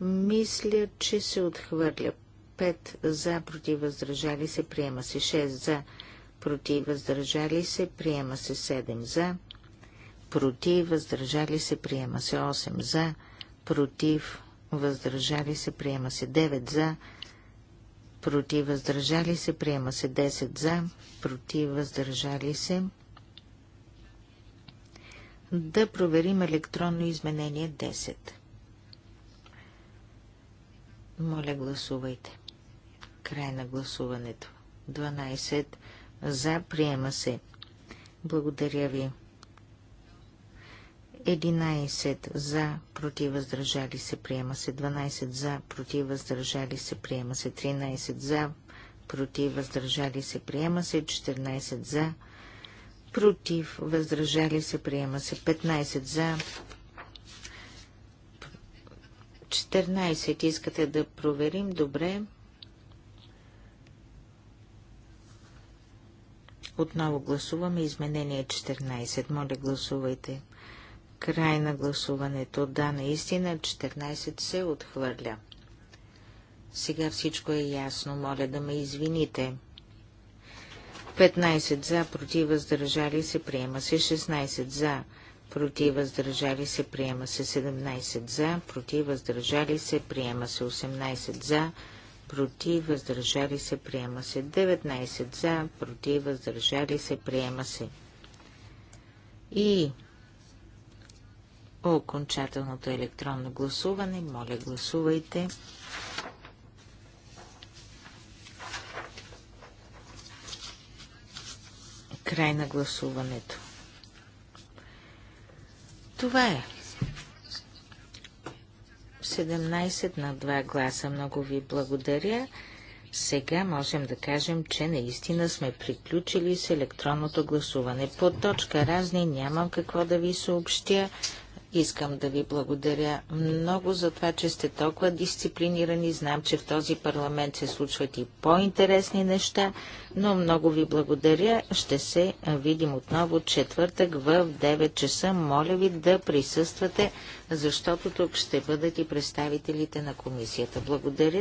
Speaker 2: Мисля, че се отхвърля 5 за, против, въздържали се, приема се 6 за, против, въздържали се, приема се 7 за, против, въздържали се, приема се 8 за, против, въздържали се, приема се 9 за, против, въздържали се, приема се 10 за, против, въздържали се. Да проверим електронно изменение 10. Моля, гласувайте. Край на гласуването. 12 за, приема се. Благодаря ви. 11 за, против, въздържали се, приема се. 12 за, против, въздържали се, приема се. 13 за, против, въздържали се, приема се. 14 за, против, въздържали се, приема се. 15 за, 14 искате да проверим, добре. Отново гласуваме изменение 14. Моля, гласувайте. Край на гласуването. Да, наистина 14 се отхвърля. Сега всичко е ясно. Моля да ме извините. 15 за, против, въздържали се, приема се 16 за, против, въздържали се, приема се 17 за, против, въздържали се, приема се 18 за, против, въздържали се, приема се 19 за, против, въздържали се, приема се. И окончателното електронно гласуване. Моля, гласувайте. Край на гласуването. Това е. 17 на 2 гласа. Много ви благодаря. Сега можем да кажем, че наистина сме приключили с електронното гласуване. По точка разни нямам какво да ви съобщя. Искам да ви благодаря много за това, че сте толкова дисциплинирани. Знам, че в този парламент се случват и по-интересни неща, но много ви благодаря. Ще се видим отново четвъртък в 9 часа. Моля ви да присъствате, защото тук ще бъдат и представителите на комисията. Благодаря.